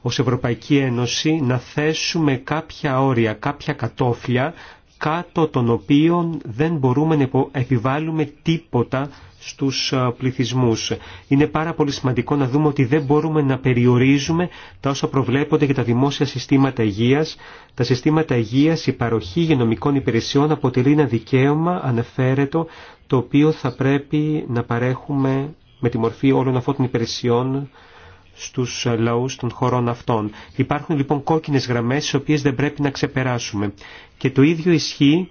ως Ευρωπαϊκή Ένωση να θέσουμε κάποια όρια, κάποια κατόφλια κάτω των οποίων δεν μπορούμε να επιβάλλουμε τίποτα στους πληθυσμούς. Είναι πάρα πολύ σημαντικό να δούμε ότι δεν μπορούμε να περιορίζουμε τα όσα προβλέπονται για τα δημόσια συστήματα υγείας. Τα συστήματα υγείας, η παροχή γενομικών υπηρεσιών αποτελεί ένα δικαίωμα ανεφέρετο το οποίο θα πρέπει να παρέχουμε με τη μορφή όλων αυτών των υπηρεσιών στους λαούς των χωρών αυτών. Υπάρχουν λοιπόν κόκκινες γραμμές τις οποίες δεν πρέπει να ξεπεράσουμε. Και το ίδιο ισχύει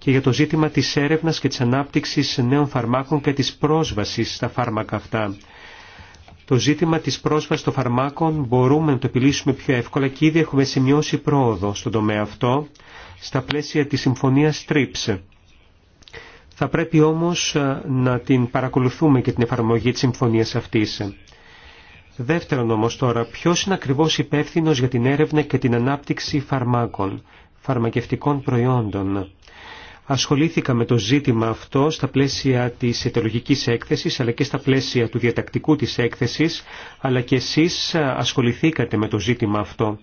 και για το ζήτημα της έρευνας και της ανάπτυξης νέων φαρμάκων και της πρόσβασης στα φάρμακα αυτά. Το ζήτημα της πρόσβασης των φαρμάκων μπορούμε να το επιλύσουμε πιο εύκολα και ήδη έχουμε σημειώσει πρόοδο στον τομέα αυτό στα πλαίσια της συμφωνίας TRIPS. Θα πρέπει όμως ε, να την παρακολουθούμε και την εφαρμογή της συμφωνίας αυτής. Δεύτερον όμως τώρα, ποιος είναι ακριβώς υπεύθυνος για την έρευνα και την ανάπτυξη φαρμάκων, φαρμακευτικών προϊόντων. Ασχολήθηκα με το ζήτημα αυτό στα πλαίσια της εταιρολογικής έκθεσης αλλά και στα πλαίσια του διατακτικού της έκθεσης αλλά και εσείς ασχοληθήκατε με το ζήτημα αυτό.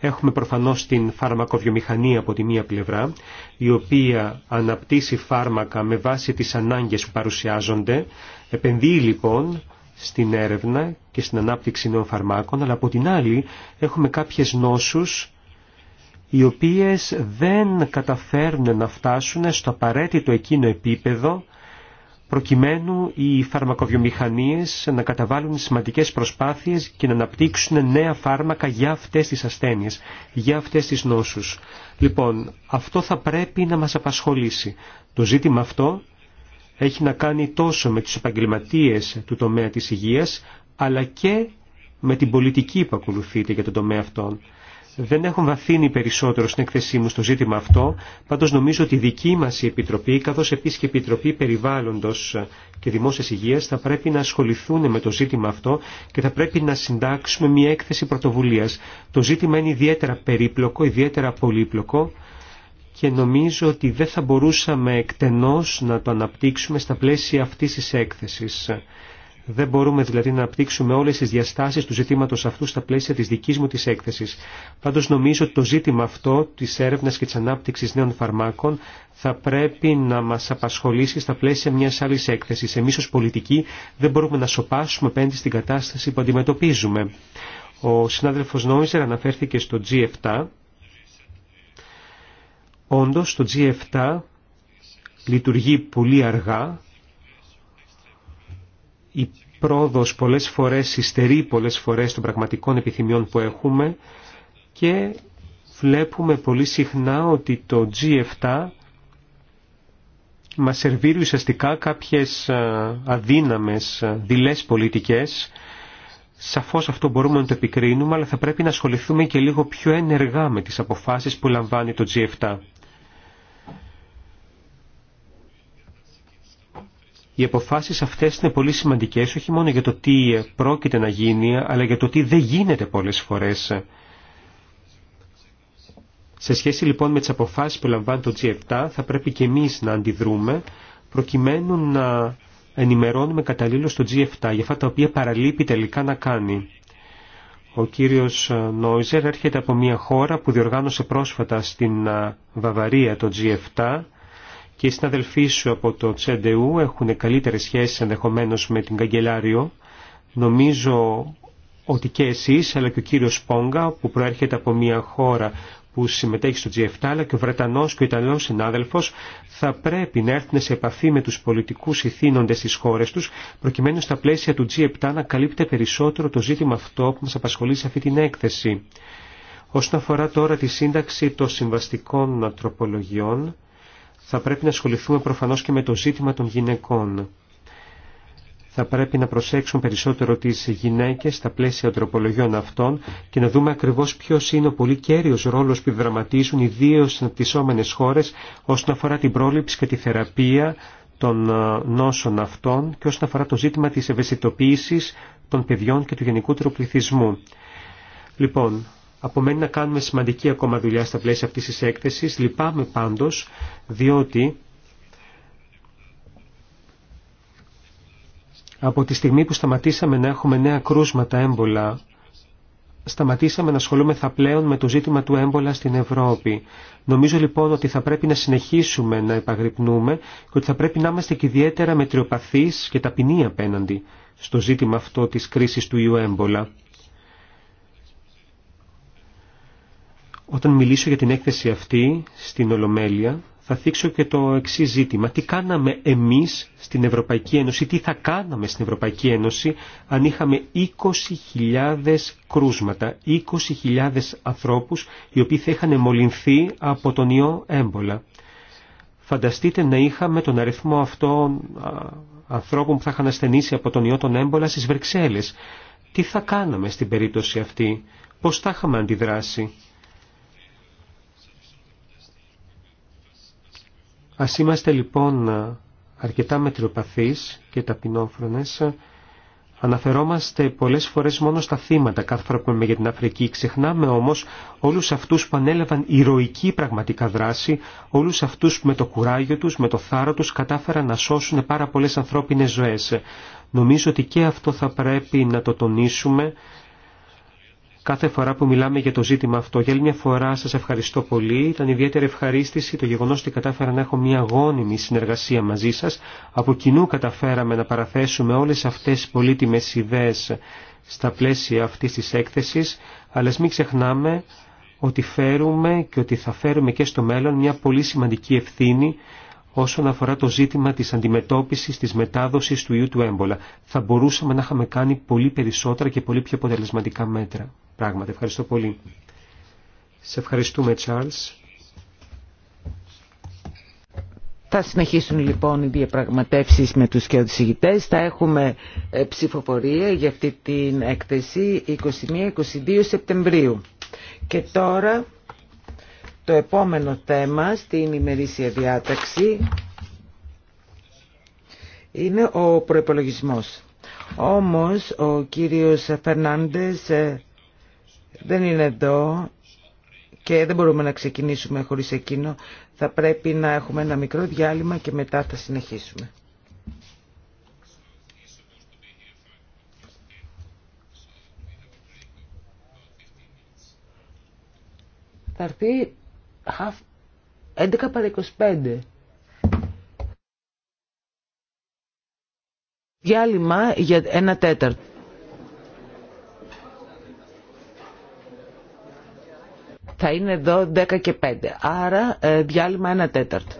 Έχουμε προφανώς την φαρμακοβιομηχανία από τη μία πλευρά, η οποία αναπτύσσει φάρμακα με βάση τις ανάγκες που παρουσιάζονται, επενδύει λοιπόν στην έρευνα και στην ανάπτυξη νέων φαρμάκων, αλλά από την άλλη έχουμε κάποιες νόσους οι οποίες δεν καταφέρνουν να φτάσουν στο απαραίτητο εκείνο επίπεδο προκειμένου οι φαρμακοβιομηχανίες να καταβάλουν σημαντικές προσπάθειες και να αναπτύξουν νέα φάρμακα για αυτές τις ασθένειες, για αυτές τις νόσους. Λοιπόν, αυτό θα πρέπει να μας απασχολήσει. Το ζήτημα αυτό έχει να κάνει τόσο με τις επαγγελματίες του τομέα της υγείας, αλλά και με την πολιτική που ακολουθείται για τον τομέα αυτόν. Δεν έχω βαθύνει περισσότερο στην εκθεσή μου στο ζήτημα αυτό, πάντως νομίζω ότι η δική μας Επιτροπή, καθώς επίσης και η Επιτροπή Περιβάλλοντος και Δημόσιας Υγείας, θα πρέπει να ασχοληθούν με το ζήτημα αυτό και θα πρέπει να συντάξουμε μια έκθεση πρωτοβουλίας. Το ζήτημα είναι ιδιαίτερα περίπλοκο, ιδιαίτερα πολύπλοκο και νομίζω ότι δεν θα μπορούσαμε εκτενώς να το αναπτύξουμε στα πλαίσια αυτής της έκθεσης. Δεν μπορούμε δηλαδή να απτύξουμε όλες τις διαστάσεις του ζητήματος αυτού στα πλαίσια της δικής μου της έκθεσης. Πάντως νομίζω ότι το ζήτημα αυτό της έρευνας και της ανάπτυξης νέων φαρμάκων θα πρέπει να μας απασχολήσει στα πλαίσια μιας άλλης έκθεσης. Εμείς ως πολιτικοί δεν μπορούμε να σοπάσουμε πέντε στην κατάσταση που αντιμετωπίζουμε. Ο συνάδελφος Νόιζερ αναφέρθηκε στο G7. Όντως το G7 λειτουργεί πολύ αργά η πρόοδος πολλές φορές υστερεί πολλές φορές των πραγματικών επιθυμιών που έχουμε και βλέπουμε πολύ συχνά ότι το G7 μας σερβίρει ουσιαστικά κάποιες ε, αδύναμες, ε, δειλές πολιτικές. Σαφώς αυτό μπορούμε να το επικρίνουμε, αλλά θα πρέπει να ασχοληθούμε και λίγο πιο ενεργά με τις αποφάσεις που λαμβάνει το G7. Οι αποφάσει αυτέ είναι πολύ σημαντικέ, όχι μόνο για το τι πρόκειται να γίνει, αλλά για το τι δεν γίνεται πολλέ φορέ. Σε σχέση λοιπόν με τι αποφάσει που λαμβάνει το G7 θα πρέπει και εμεί να αντιδρούμε προκειμένου να ενημερώνουμε καταλήλω το G7 για αυτά τα οποία παραλείπει τελικά να κάνει. Ο κύριος Νόιζερ έρχεται από μια χώρα που διοργάνωσε πρόσφατα στην Βαβαρία το G7 και οι συναδελφοί σου από το Τσεντεού έχουν καλύτερες σχέσεις ενδεχομένως με την Καγκελάριο. Νομίζω ότι και εσείς αλλά και ο κύριος Πόγκα που προέρχεται από μια χώρα που συμμετέχει στο G7 αλλά και ο Βρετανός και ο Ιταλός συνάδελφος θα πρέπει να έρθουν σε επαφή με τους πολιτικούς ηθήνοντες στις χώρες τους προκειμένου στα πλαίσια του G7 να καλύπτε περισσότερο το ζήτημα αυτό που μας απασχολεί σε αυτή την έκθεση. Όσον αφορά τώρα τη σύνταξη των συμβαστικών τροπολογιών, θα πρέπει να ασχοληθούμε προφανώς και με το ζήτημα των γυναικών. Θα πρέπει να προσέξουν περισσότερο τις γυναίκες στα πλαίσια τροπολογιών αυτών και να δούμε ακριβώς ποιος είναι ο πολύ κέριος ρόλος που δραματίζουν ιδίω στις αναπτυσσόμενες χώρες όσον αφορά την πρόληψη και τη θεραπεία των ε, νόσων αυτών και όσον αφορά το ζήτημα της ευαισθητοποίησης των παιδιών και του γενικού τροπληθισμού. Λοιπόν, απομένει να κάνουμε σημαντική ακόμα δουλειά στα πλαίσια αυτής της έκθεσης. Λυπάμαι πάντως, διότι από τη στιγμή που σταματήσαμε να έχουμε νέα κρούσματα έμπολα, σταματήσαμε να ασχολούμεθα πλέον με το ζήτημα του έμπολα στην Ευρώπη. Νομίζω λοιπόν ότι θα πρέπει να συνεχίσουμε να επαγρυπνούμε και ότι θα πρέπει να είμαστε και ιδιαίτερα μετριοπαθείς και ταπεινοί απέναντι στο ζήτημα αυτό της κρίσης του ιού έμπολα. Όταν μιλήσω για την έκθεση αυτή στην Ολομέλεια, θα θίξω και το εξή ζήτημα. Τι κάναμε εμείς στην Ευρωπαϊκή Ένωση, τι θα κάναμε στην Ευρωπαϊκή Ένωση αν είχαμε 20.000 κρούσματα, 20.000 ανθρώπους οι οποίοι θα είχαν μολυνθεί από τον ιό έμπολα. Φανταστείτε να είχαμε τον αριθμό αυτών ανθρώπων που θα είχαν ασθενήσει από τον ιό τον έμπολα στις Βρυξέλλες. Τι θα κάναμε στην περίπτωση αυτή, πώς θα είχαμε αντιδράσει. Ας είμαστε λοιπόν αρκετά μετριοπαθείς και ταπεινόφρονες. Αναφερόμαστε πολλές φορές μόνο στα θύματα κάθε φορά που είμαι για την Αφρική. Ξεχνάμε όμως όλους αυτούς που ανέλαβαν ηρωική πραγματικά δράση, όλους αυτούς που με το κουράγιο τους, με το θάρρο τους κατάφεραν να σώσουν πάρα πολλές ανθρώπινες ζωές. Νομίζω ότι και αυτό θα πρέπει να το τονίσουμε κάθε φορά που μιλάμε για το ζήτημα αυτό. Για άλλη μια φορά σα ευχαριστώ πολύ. Ήταν ιδιαίτερη ευχαρίστηση το γεγονό ότι κατάφερα να έχω μια γόνιμη συνεργασία μαζί σα. Από κοινού καταφέραμε να παραθέσουμε όλε αυτέ τις πολύτιμες ιδέες στα πλαίσια αυτή τη έκθεση, αλλά μην ξεχνάμε ότι φέρουμε και ότι θα φέρουμε και στο μέλλον μια πολύ σημαντική ευθύνη όσον αφορά το ζήτημα της αντιμετώπισης της μετάδοσης του ιού του έμπολα. Θα μπορούσαμε να είχαμε κάνει πολύ περισσότερα και πολύ πιο αποτελεσματικά μέτρα πράγματα. Ευχαριστώ πολύ. Σε ευχαριστούμε, Τσάρλς. Θα συνεχίσουν λοιπόν οι διαπραγματεύσεις με τους και Τα Θα έχουμε ε, ψηφοφορία για αυτή την έκθεση 21-22 Σεπτεμβρίου. Και τώρα το επόμενο θέμα στην ημερήσια διάταξη είναι ο προϋπολογισμός. Όμως ο κύριος Φερνάντες ε, δεν είναι εδώ και δεν μπορούμε να ξεκινήσουμε χωρίς εκείνο. Θα πρέπει να έχουμε ένα μικρό διάλειμμα και μετά θα συνεχίσουμε. Θα έρθει 11 παρα 25. Διάλειμμα για ένα τέταρτο. θα είναι εδώ 10 και 5. Άρα ε, διάλειμμα ένα τέταρτο.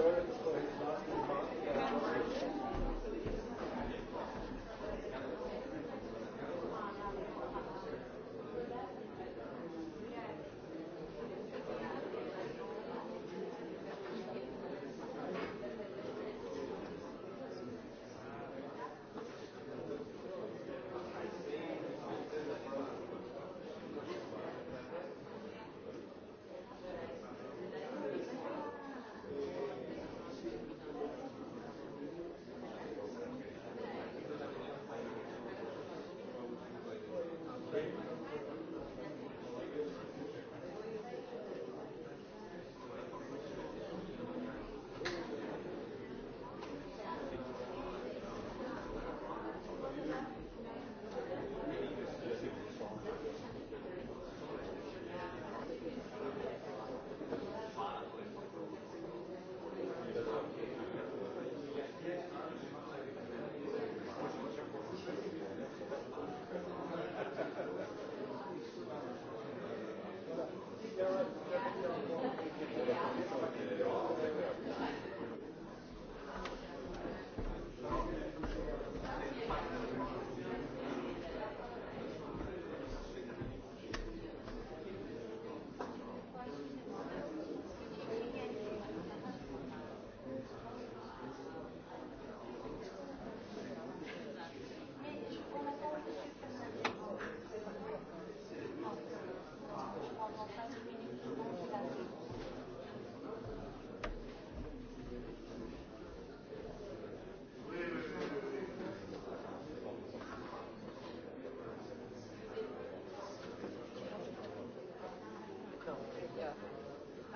Thank you.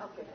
Okay.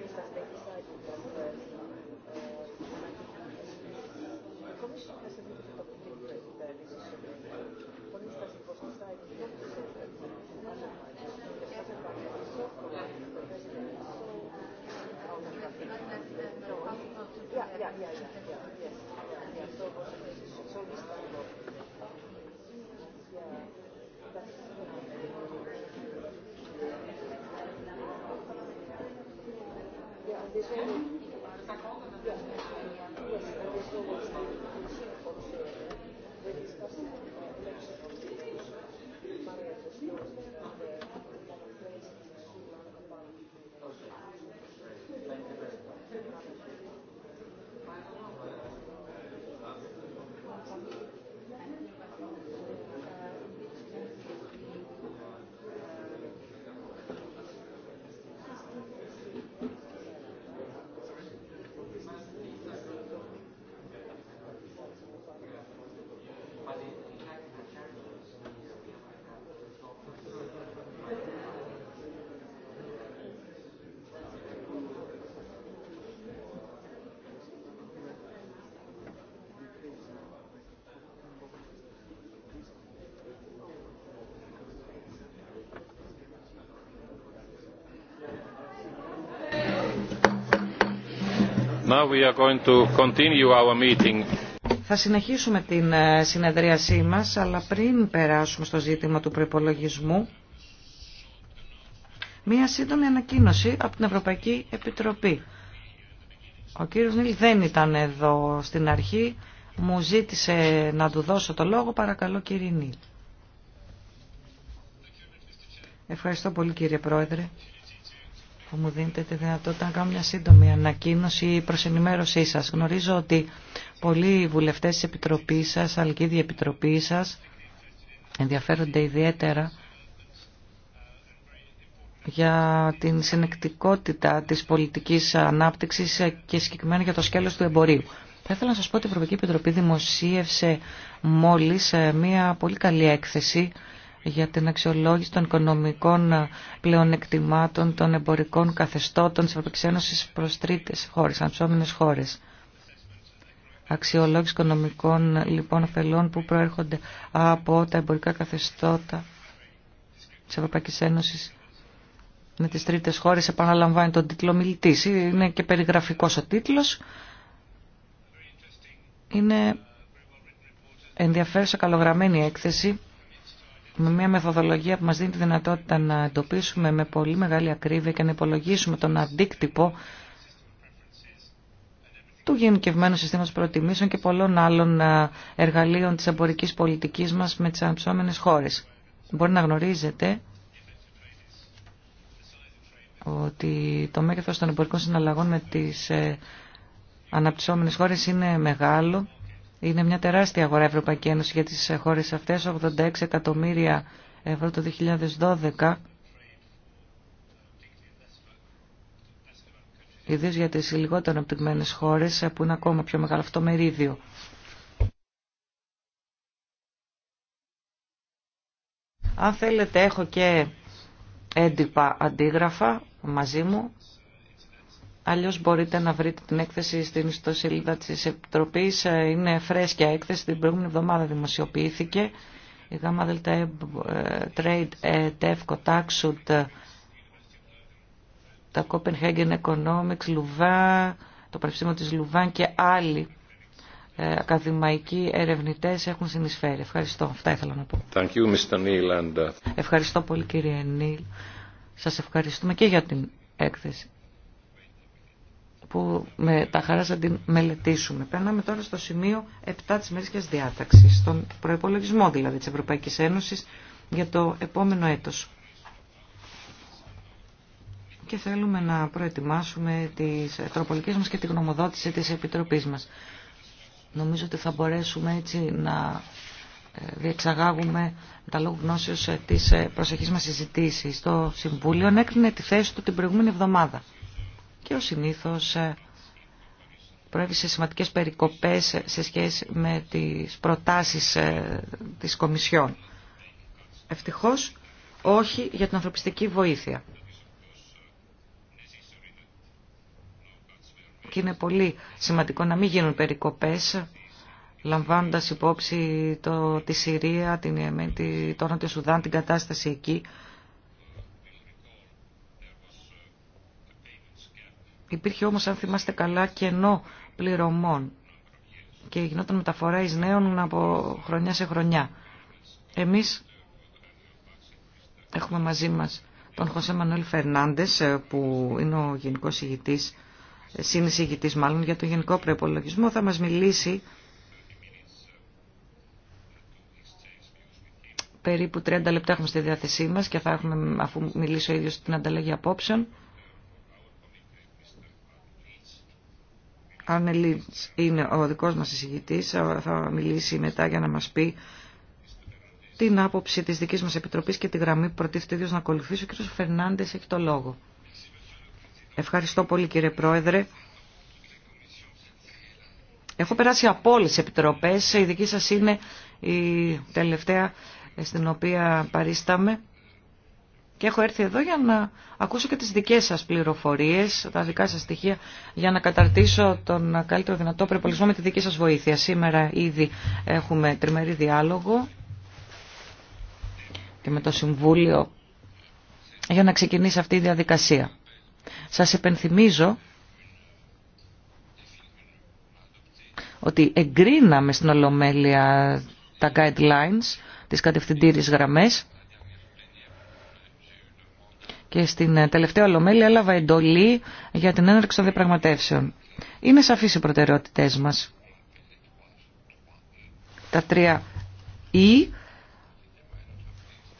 Thank you. Θα συνεχίσουμε την ε, συνεδρίασή μας, αλλά πριν περάσουμε στο ζήτημα του προπολογισμού, μία σύντομη ανακοίνωση από την Ευρωπαϊκή Επιτροπή. Ο κύριος Νίλ δεν ήταν εδώ στην αρχή, μου ζήτησε να του δώσω το λόγο, παρακαλώ κύριε Νίλ. Ευχαριστώ πολύ κύριε Πρόεδρε που μου δίνετε τη δυνατότητα να κάνω μια σύντομη ανακοίνωση προς ενημέρωσή σας. Γνωρίζω ότι πολλοί βουλευτές της Επιτροπής σας, αλλά επιτροπής Επιτροπή σας, ενδιαφέρονται ιδιαίτερα για την συνεκτικότητα της πολιτικής ανάπτυξης και συγκεκριμένα για το σκέλος του εμπορίου. Θα ήθελα να σας πω ότι η Ευρωπαϊκή Επιτροπή δημοσίευσε μόλις ε, μία πολύ καλή έκθεση για την αξιολόγηση των οικονομικών πλεονεκτημάτων των εμπορικών καθεστώτων της Ευρωπαϊκής Ένωσης προς τρίτες χώρες, ανψόμενες χώρες. Αξιολόγηση οικονομικών λοιπόν ωφελών που προέρχονται από τα εμπορικά καθεστώτα της Ευρωπαϊκής Ένωσης με τις τρίτες χώρες επαναλαμβάνει τον τίτλο μιλητής. Είναι και περιγραφικός ο τίτλος. Είναι ενδιαφέρουσα καλογραμμένη έκθεση με μια μεθοδολογία που μας δίνει τη δυνατότητα να εντοπίσουμε με πολύ μεγάλη ακρίβεια και να υπολογίσουμε τον αντίκτυπο του γενικευμένου συστήματος προτιμήσεων και πολλών άλλων ε, εργαλείων της εμπορικής πολιτικής μας με τις αναπτυσσόμενες χώρες. Μπορεί να γνωρίζετε ότι το μέγεθος των εμπορικών συναλλαγών με τις ε, αναπτυσσόμενες χώρες είναι μεγάλο είναι μια τεράστια αγορά Ευρωπαϊκή Ένωση για τις χώρες αυτές, 86 εκατομμύρια ευρώ το 2012. Ιδίως για τις λιγότερο αναπτυγμένες χώρες που είναι ακόμα πιο μεγάλο αυτό μερίδιο. Αν θέλετε έχω και έντυπα αντίγραφα μαζί μου Αλλιώς μπορείτε να βρείτε την έκθεση στην ιστοσελίδα της Επιτροπής. Ε, είναι φρέσκια έκθεση, την προηγούμενη εβδομάδα δημοσιοποιήθηκε. Η ΓΑΜΑ ε, Trade, ΤΕΦΚΟ, ΤΑΞΟΥΤ, ε, τα Copenhagen Economics, Λουβά, το Πανεπιστήμιο της Λουβάν και άλλοι ακαδημαϊκοί ερευνητές έχουν συνεισφέρει. Ευχαριστώ. Αυτά ήθελα να πω. Thank you, Mr. Ευχαριστώ πολύ κύριε Νίλ. Σας ευχαριστούμε και για την έκθεση που με τα χαρά θα την μελετήσουμε. Περνάμε τώρα στο σημείο 7 της μερικής διάταξης, στον προϋπολογισμό δηλαδή της Ευρωπαϊκής Ένωσης για το επόμενο έτος. Και θέλουμε να προετοιμάσουμε τις ετροπολικές μας και τη γνωμοδότηση της Επιτροπής μας. Νομίζω ότι θα μπορέσουμε έτσι να ε, διεξαγάγουμε τα λόγου γνώσεως ε, της ε, προσεχής μας συζητήσης. Το Συμβούλιο έκρινε τη θέση του την προηγούμενη εβδομάδα και ο συνήθως ε, προέβησε σημαντικές περικοπές σε σχέση με τις προτάσεις ε, της Κομισιόν. Ευτυχώς, όχι για την ανθρωπιστική βοήθεια. Και είναι πολύ σημαντικό να μην γίνουν περικοπές, λαμβάνοντας υπόψη το, τη Συρία, την, τη, το Νότιο Σουδάν, την κατάσταση εκεί, Υπήρχε όμως, αν θυμάστε καλά, κενό πληρωμών και γινόταν μεταφορά εις νέων από χρονιά σε χρονιά. Εμείς έχουμε μαζί μας τον Χωσέ Μανουέλ Φερνάντες ε, που είναι ο γενικός ηγητής, ε, συνεισηγητής μάλλον για τον γενικό προπολογισμό. Θα μας μιλήσει περίπου 30 λεπτά έχουμε στη διάθεσή μας και θα έχουμε αφού μιλήσει ο ίδιος την ανταλλαγή απόψεων. Αν είναι ο δικός μας εισηγητής, θα μιλήσει μετά για να μας πει την άποψη της δικής μας Επιτροπής και τη γραμμή που προτίθεται ίδιος να ακολουθήσει. Ο κ. Φερνάντες έχει το λόγο. Ευχαριστώ πολύ κύριε Πρόεδρε. Έχω περάσει από όλες τις επιτροπές, η δική σας είναι η τελευταία στην οποία παρίσταμε. Και έχω έρθει εδώ για να ακούσω και τις δικές σας πληροφορίες, τα δικά σας στοιχεία, για να καταρτήσω τον καλύτερο δυνατό περιπολισμό με τη δική σας βοήθεια. Σήμερα ήδη έχουμε τριμερή διάλογο και με το Συμβούλιο για να ξεκινήσει αυτή η διαδικασία. Σας επενθυμίζω ότι εγκρίναμε στην Ολομέλεια τα guidelines, τις κατευθυντήριες γραμμές, και στην ε, τελευταία ολομέλεια έλαβα εντολή για την έναρξη των διαπραγματεύσεων. Είναι σαφείς οι προτεραιότητές μας. Τα τρία ή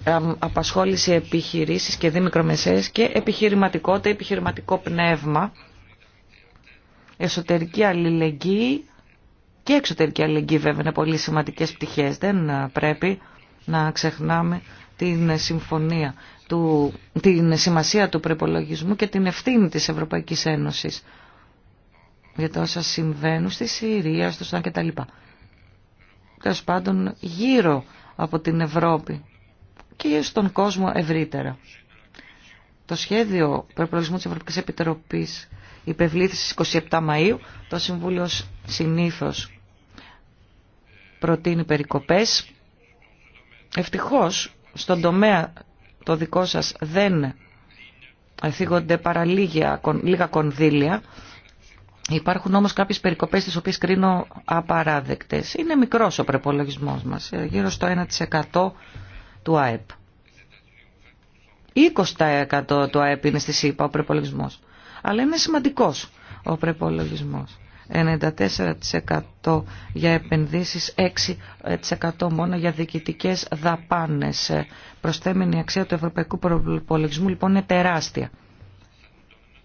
ε, απασχόληση επιχειρήσεις και δι μικρομεσαίες και επιχειρηματικότητα, επιχειρηματικό πνεύμα, εσωτερική αλληλεγγύη και εξωτερική αλληλεγγύη βέβαια είναι πολύ σημαντικές πτυχές. Δεν ε, πρέπει να ξεχνάμε την συμφωνία του, την σημασία του προπολογισμού και την ευθύνη της Ευρωπαϊκής Ένωσης για το όσα συμβαίνουν στη Συρία, στο Σουδάν κτλ. Τέλο πάντων γύρω από την Ευρώπη και στον κόσμο ευρύτερα. Το σχέδιο προπολογισμού της Ευρωπαϊκής Επιτροπής υπευλήθη στις 27 Μαΐου. Το Συμβούλιο συνήθως προτείνει περικοπές. Ευτυχώς στον τομέα το δικό σας δεν ε, θίγονται παρά λίγα κονδύλια. Υπάρχουν όμως κάποιες περικοπές τις οποίες κρίνω απαράδεκτες. Είναι μικρός ο προπολογισμό μας, ε, γύρω στο 1% του ΑΕΠ. 20% του ΑΕΠ είναι στη ΣΥΠΑ ο προπολογισμό. Αλλά είναι σημαντικός ο προπολογισμό. 94% για επενδύσεις, 6% μόνο για διοικητικές δαπάνες. Προσθέμενη αξία του ευρωπαϊκού προπολογισμού λοιπόν είναι τεράστια.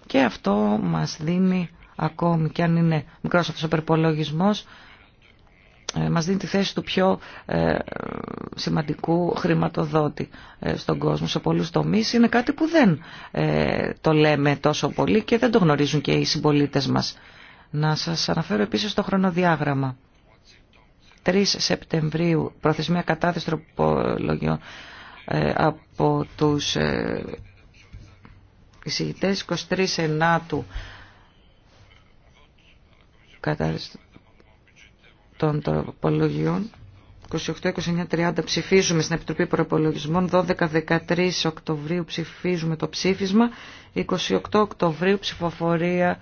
Και αυτό μας δίνει ακόμη και αν είναι μικρός αυτός ο ε, μας δίνει τη θέση του πιο ε, σημαντικού χρηματοδότη ε, στον κόσμο σε πολλούς τομείς. Είναι κάτι που δεν το λέμε τόσο πολύ και δεν το γνωρίζουν και οι συμπολίτες μας. Να σας αναφέρω επίσης το χρονοδιάγραμμα. 3 Σεπτεμβρίου προθεσμία κατάθεση τροπολογιών ε, από τους ε, εισηγητές 23 Ενάτου κατάθεση των τροπολογιών 28-29-30 ψηφίζουμε στην Επιτροπή Προπολογισμών, 12-13 Οκτωβρίου ψηφίζουμε το ψήφισμα, 28 Οκτωβρίου ψηφοφορία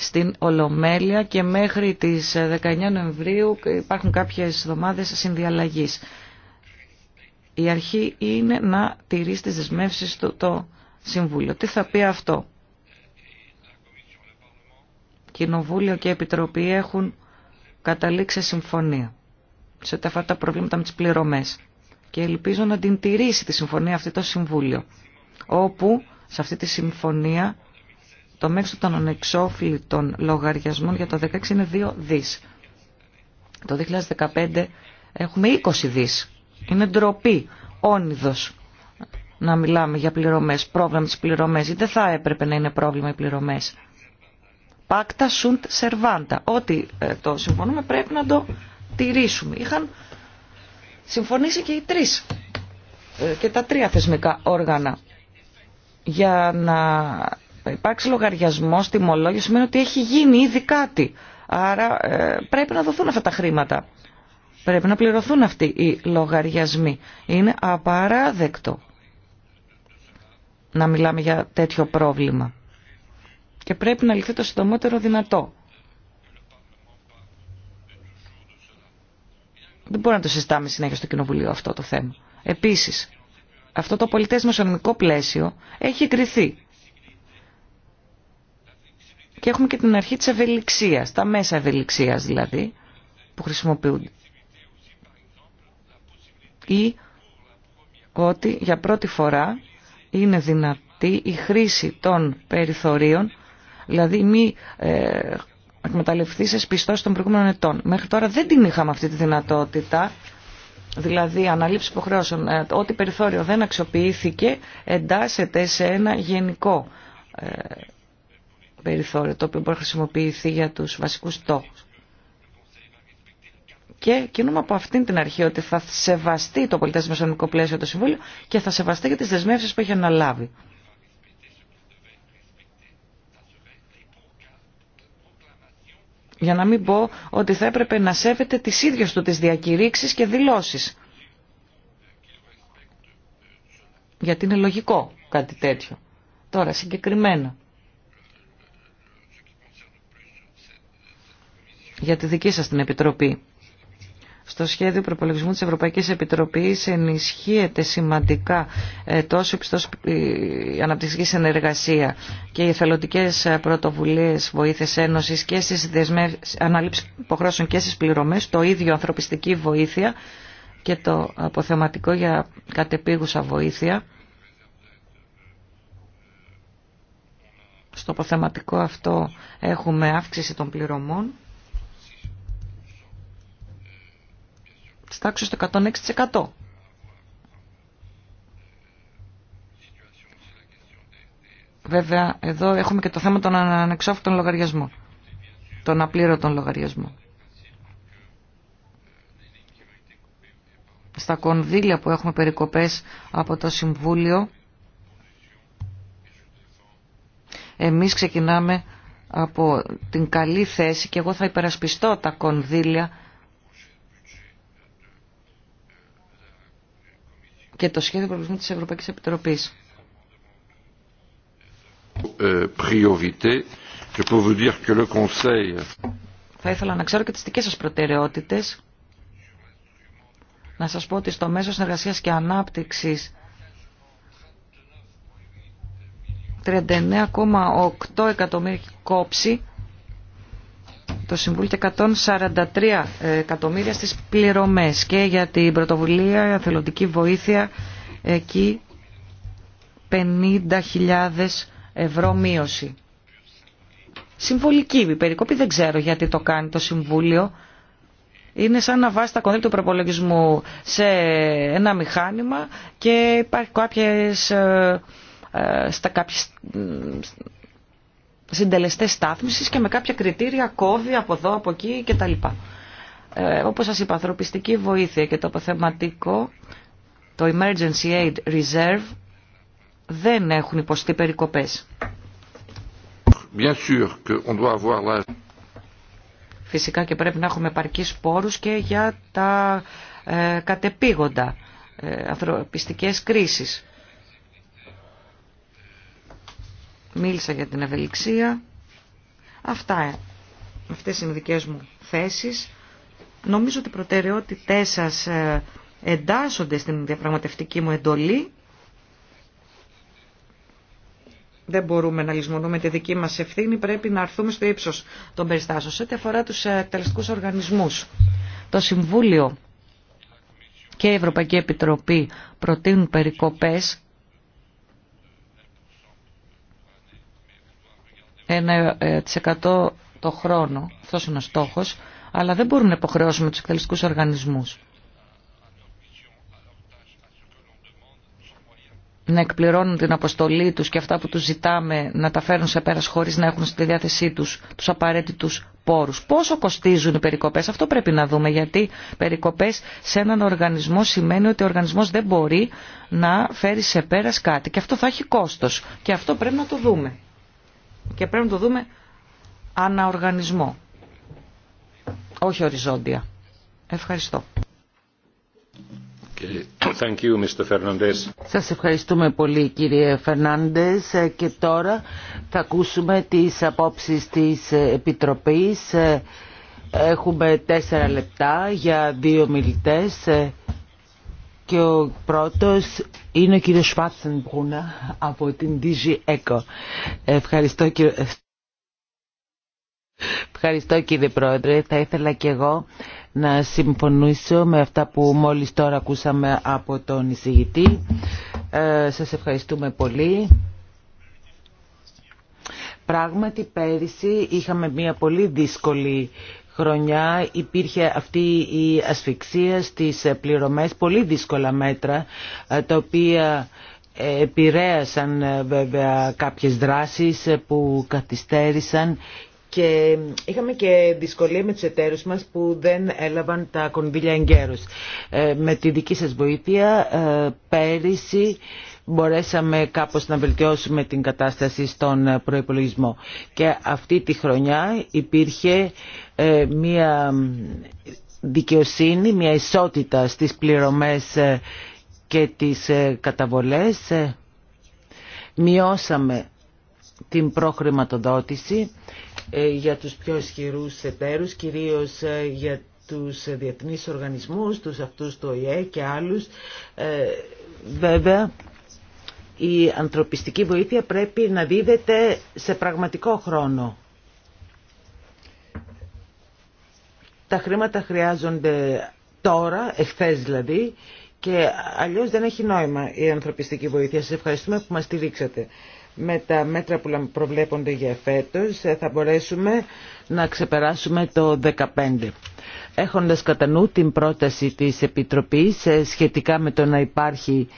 στην Ολομέλεια και μέχρι τις 19 Νοεμβρίου υπάρχουν κάποιες εβδομάδες συνδιαλλαγής. Η αρχή είναι να τηρήσει τις δεσμεύσεις του το Συμβούλιο. Τι θα πει αυτό. Κοινοβούλιο και Επιτροπή έχουν καταλήξει συμφωνία σε ό,τι τα προβλήματα με τις πληρωμές. Και ελπίζω να την τηρήσει τη συμφωνία αυτή το Συμβούλιο, όπου σε αυτή τη συμφωνία το μέξο των ανεξόφλητων λογαριασμών για το 2016 είναι 2 δις. Το 2015 έχουμε 20 δις. Είναι ντροπή, όνειδος να μιλάμε για πληρωμές, πρόβλημα της πληρωμές ή δεν θα έπρεπε να είναι πρόβλημα οι πληρωμές. Πάκτα sunt servanta. Ό,τι ε, το συμφωνούμε πρέπει να το τηρήσουμε. Είχαν συμφωνήσει και οι τρεις ε, και τα τρία θεσμικά όργανα για να υπάρξει λογαριασμός, τιμολόγιο, σημαίνει ότι έχει γίνει ήδη κάτι. Άρα ε, πρέπει να δοθούν αυτά τα χρήματα. Πρέπει να πληρωθούν αυτοί οι λογαριασμοί. Είναι απαράδεκτο να μιλάμε για τέτοιο πρόβλημα. Και πρέπει να λυθεί το συντομότερο δυνατό. Δεν μπορεί να το συζητάμε συνέχεια στο Κοινοβουλίο αυτό το θέμα. Επίσης, αυτό το πολιτές μεσονομικό πλαίσιο έχει εγκριθεί. Και έχουμε και την αρχή της ευελιξίας, τα μέσα ευελιξίας δηλαδή, που χρησιμοποιούνται. Ή ότι για πρώτη φορά είναι δυνατή η χρήση των περιθωρίων, δηλαδή μη ε, σε πιστώσεις των προηγούμενων ετών. Μέχρι τώρα δεν την είχαμε αυτή τη δυνατότητα, δηλαδή αναλήψη υποχρεώσεων. Ε, ό,τι περιθώριο δεν αξιοποιήθηκε εντάσσεται σε ένα γενικό ε, περιθώριο το οποίο μπορεί να χρησιμοποιηθεί για τους βασικούς στόχους. Και κινούμε από αυτήν την αρχή ότι θα σεβαστεί το πολιτές πλαίσιο το Συμβούλιο και θα σεβαστεί και τις δεσμεύσεις που έχει αναλάβει. Για να μην πω ότι θα έπρεπε να σέβεται τις ίδιες του τις διακηρύξεις και δηλώσεις. Γιατί είναι λογικό κάτι τέτοιο. Τώρα συγκεκριμένα. για τη δική σας την Επιτροπή. Στο σχέδιο προπολογισμού της Ευρωπαϊκής Επιτροπής ενισχύεται σημαντικά ε, τόσο η αναπτυξική συνεργασία και οι εθελοντικές ε, πρωτοβουλίες βοήθειας ένωσης και στις αναλήψεις υποχρώσεων και στις πληρωμές, το ίδιο ανθρωπιστική βοήθεια και το αποθεματικό για κατεπίγουσα βοήθεια. Στο αποθεματικό αυτό έχουμε αύξηση των πληρωμών. της τάξης του 106%. Βέβαια, εδώ έχουμε και το θέμα των ανεξόφυτων λογαριασμών, των απλήρωτων λογαριασμών. Στα κονδύλια που έχουμε περικοπές από το Συμβούλιο, εμείς ξεκινάμε από την καλή θέση και εγώ θα υπερασπιστώ τα κονδύλια και το σχέδιο προβλησμού της Ευρωπαϊκής Επιτροπής. Ε, Θα ήθελα να ξέρω και τις δικές σας προτεραιότητες. Να σας πω ότι στο μέσο συνεργασίας και ανάπτυξης 39,8 εκατομμύρια κόψη το Συμβούλιο 143 εκατομμύρια στις πληρωμές και για την πρωτοβουλία θελοντική βοήθεια εκεί 50.000 ευρώ μείωση. Συμβολική η δεν ξέρω γιατί το κάνει το Συμβούλιο. Είναι σαν να βάζει τα κονδύλια του προπολογισμού σε ένα μηχάνημα και υπάρχει κάποιες, ε, ε, στα κάποιες, Συντελεστέ στάθμισης και με κάποια κριτήρια κόβει από εδώ, από εκεί κτλ. Ε, όπως σας είπα, ανθρωπιστική βοήθεια και το αποθεματικό, το Emergency Aid Reserve, δεν έχουν υποστεί περικοπές. Φυσικά και πρέπει να έχουμε επαρκείς πόρους και για τα ε, κατεπήγοντα ε, ανθρωπιστικές κρίσεις. Μίλησα για την ευελιξία. Αυτά, αυτές είναι οι δικές μου θέσεις. Νομίζω ότι οι προτεραιότητές σας ε, εντάσσονται στην διαπραγματευτική μου εντολή. Δεν μπορούμε να λησμονούμε τη δική μας ευθύνη, πρέπει να αρθούμε στο ύψος των περιστάσεων. Σε ό,τι αφορά τους ε, εκτελεστικούς οργανισμούς, το Συμβούλιο και η Ευρωπαϊκή Επιτροπή προτείνουν περικοπές 1% ε, το χρόνο. Αυτός είναι ο στόχος. Αλλά δεν μπορούν να υποχρεώσουμε τους εκτελεστικούς οργανισμούς. να εκπληρώνουν την αποστολή τους και αυτά που τους ζητάμε να τα φέρουν σε πέρας χωρίς να έχουν στη διάθεσή τους τους απαραίτητους πόρους. Πόσο κοστίζουν οι περικοπές, αυτό πρέπει να δούμε, γιατί περικοπές σε έναν οργανισμό σημαίνει ότι ο οργανισμός δεν μπορεί να φέρει σε πέρας κάτι και αυτό θα έχει κόστος και αυτό πρέπει να το δούμε και πρέπει να το δούμε αναοργανισμό, όχι οριζόντια. Ευχαριστώ. Thank Σας ευχαριστούμε πολύ κύριε Φερνάντες και τώρα θα ακούσουμε τις απόψεις της Επιτροπής. Έχουμε τέσσερα λεπτά για δύο μιλητές και ο πρώτος είναι ο κύριος Σφάτσενμπρούνα από την DG ECO. Ευχαριστώ κύριε... Ευχαριστώ Πρόεδρε. Θα ήθελα και εγώ να συμφωνήσω με αυτά που μόλις τώρα ακούσαμε από τον εισηγητή. Ε, σας ευχαριστούμε πολύ. Πράγματι πέρυσι είχαμε μια πολύ δύσκολη χρονιά υπήρχε αυτή η ασφυξία στις πληρωμές, πολύ δύσκολα μέτρα ε, τα οποία ε, επηρέασαν ε, βέβαια κάποιες δράσεις που καθυστέρησαν και είχαμε και δυσκολία με τους εταίρους μας που δεν έλαβαν τα κονδύλια εγκαίρους. με τη δική σας βοήθεια πέρυσι μπορέσαμε κάπως να βελτιώσουμε την κατάσταση στον προϋπολογισμό. Και αυτή τη χρονιά υπήρχε ε, μια δικαιοσύνη, μια ισότητα στις πληρωμές ε, και τις ε, καταβολές. Μειώσαμε την προχρηματοδότηση για τους πιο ισχυρού εταίρους, κυρίως για τους διεθνείς οργανισμούς, τους αυτούς του ΟΗΕ και άλλους. Βέβαια, η ανθρωπιστική βοήθεια πρέπει να δίδεται σε πραγματικό χρόνο. Τα χρήματα χρειάζονται τώρα, εχθές δηλαδή, και αλλιώς δεν έχει νόημα η ανθρωπιστική βοήθεια. Σας ευχαριστούμε που μας στηρίξατε. Με τα μέτρα που προβλέπονται για φέτος ε, θα μπορέσουμε να ξεπεράσουμε το 15 έχοντας κατά νου την πρόταση της Επιτροπής ε, σχετικά με το να υπάρχει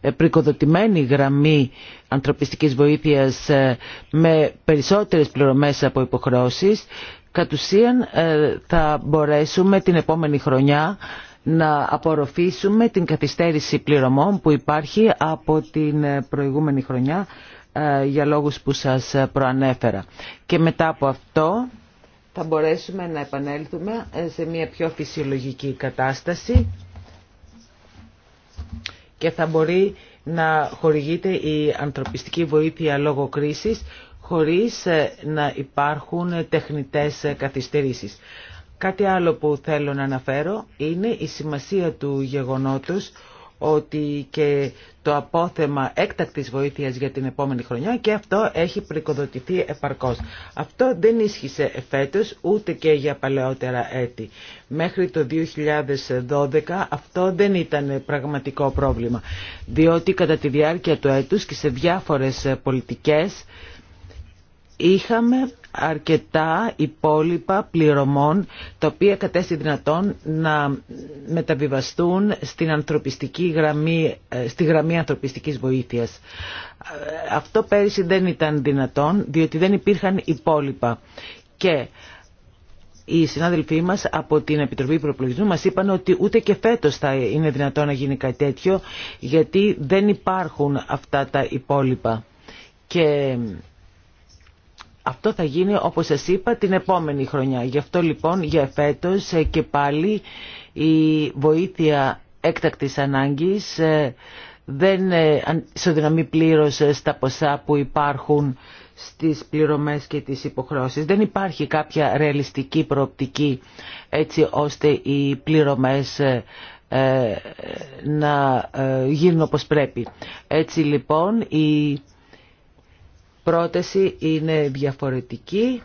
ε, πρικοδοτημένη γραμμή ανθρωπιστικής βοήθειας με περισσότερες πληρωμές από υποχρεώσεις κατ' ουσίαν ε, θα μπορέσουμε την επόμενη χρονιά να απορροφήσουμε την καθυστέρηση πληρωμών που υπάρχει από την ε, προηγούμενη χρονιά ε, για λόγους που σας προανέφερα. Και μετά από αυτό θα μπορέσουμε να επανέλθουμε σε μια πιο φυσιολογική κατάσταση και θα μπορεί να χορηγείται η ανθρωπιστική βοήθεια λόγω κρίσης χωρίς ε, να υπάρχουν τεχνητές ε, καθυστερήσεις. Κάτι άλλο που θέλω να αναφέρω είναι η σημασία του γεγονότος ότι και το απόθεμα έκτακτης βοήθειας για την επόμενη χρονιά και αυτό έχει πρικοδοτηθεί επαρκώς. Αυτό δεν ίσχυσε φέτος ούτε και για παλαιότερα έτη. Μέχρι το 2012 αυτό δεν ήταν πραγματικό πρόβλημα, διότι κατά τη διάρκεια του έτους και σε διάφορες ε, πολιτικές είχαμε αρκετά υπόλοιπα πληρωμών τα οποία κατέστη δυνατόν να μεταβιβαστούν στην ανθρωπιστική γραμμή, ε, στη γραμμή ανθρωπιστικής βοήθειας. Ε, αυτό πέρυσι δεν ήταν δυνατόν διότι δεν υπήρχαν υπόλοιπα. Και οι συνάδελφοί μας από την Επιτροπή Προπολογισμού μας είπαν ότι ούτε και φέτος θα είναι δυνατόν να γίνει κάτι τέτοιο γιατί δεν υπάρχουν αυτά τα υπόλοιπα. Και αυτό θα γίνει όπως σας είπα την επόμενη χρονιά. Γι' αυτό λοιπόν για φέτος ε, και πάλι η βοήθεια έκτακτης ανάγκης ε, δεν ε, ισοδυναμεί πλήρως στα ποσά που υπάρχουν στις πληρωμές και τις υποχρώσεις. Δεν υπάρχει κάποια ρεαλιστική προοπτική έτσι ώστε οι πληρωμές να γίνουν όπως πρέπει. Έτσι λοιπόν η πρόταση είναι διαφορετική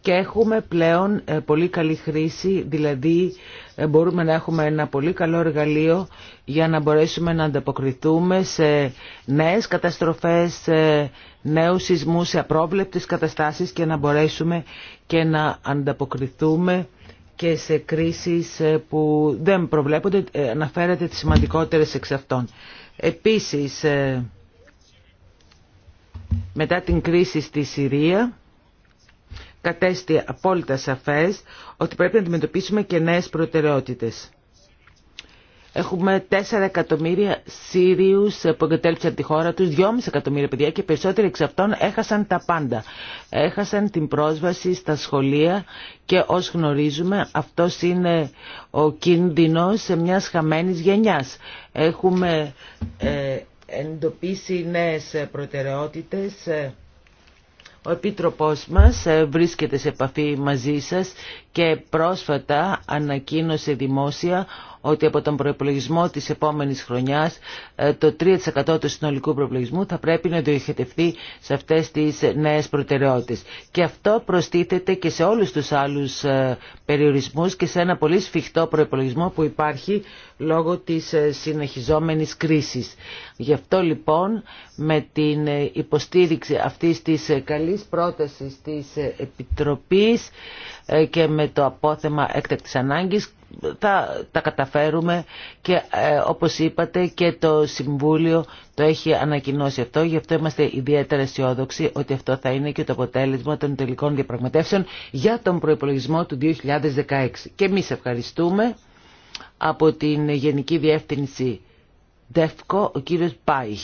και έχουμε πλέον ε, πολύ καλή χρήση, δηλαδή ε, μπορούμε να έχουμε ένα πολύ καλό εργαλείο για να μπορέσουμε να ανταποκριθούμε σε νέες καταστροφές, σε νέους σεισμούς, σε απρόβλεπτες καταστάσεις και να μπορέσουμε και να ανταποκριθούμε και σε κρίσεις ε, που δεν προβλέπονται, αναφέρεται τις σημαντικότερες εξ αυτών. Επίσης, μετά την κρίση στη Συρία κατέστη απόλυτα σαφές ότι πρέπει να αντιμετωπίσουμε και νέες προτεραιότητες. Έχουμε 4 εκατομμύρια Σύριους που εγκατέλειψαν τη χώρα τους, 2,5 εκατομμύρια παιδιά και περισσότεροι εξ αυτών έχασαν τα πάντα. Έχασαν την πρόσβαση στα σχολεία και ως γνωρίζουμε αυτός είναι ο κίνδυνος σε μιας χαμένης γενιάς. Έχουμε ε, εντοπίσει νέες προτεραιότητες. Ο Επίτροπός μας ε, βρίσκεται σε επαφή μαζί σας και πρόσφατα ανακοίνωσε δημόσια ότι από τον προπολογισμό της επόμενης χρονιάς ε, το 3% του συνολικού προπολογισμού θα πρέπει να διοχετευτεί σε αυτές τις νέες προτεραιότητες. Και αυτό προστίθεται και σε όλους τους άλλους ε, περιορισμούς και σε ένα πολύ σφιχτό προπολογισμό που υπάρχει λόγω της ε, συνεχιζόμενης κρίσης. Γι' αυτό λοιπόν με την υποστήριξη αυτής της καλής πρότασης της Επιτροπής και με το απόθεμα έκτακτης ανάγκης θα τα καταφέρουμε και ε, όπως είπατε και το Συμβούλιο το έχει ανακοινώσει αυτό. Γι' αυτό είμαστε ιδιαίτερα αισιόδοξοι ότι αυτό θα είναι και το αποτέλεσμα των τελικών διαπραγματεύσεων για τον προϋπολογισμό του 2016. Και εμείς ευχαριστούμε από την Γενική Διεύθυνση ΔΕΦΚΟ ο κύριος Πάιχ.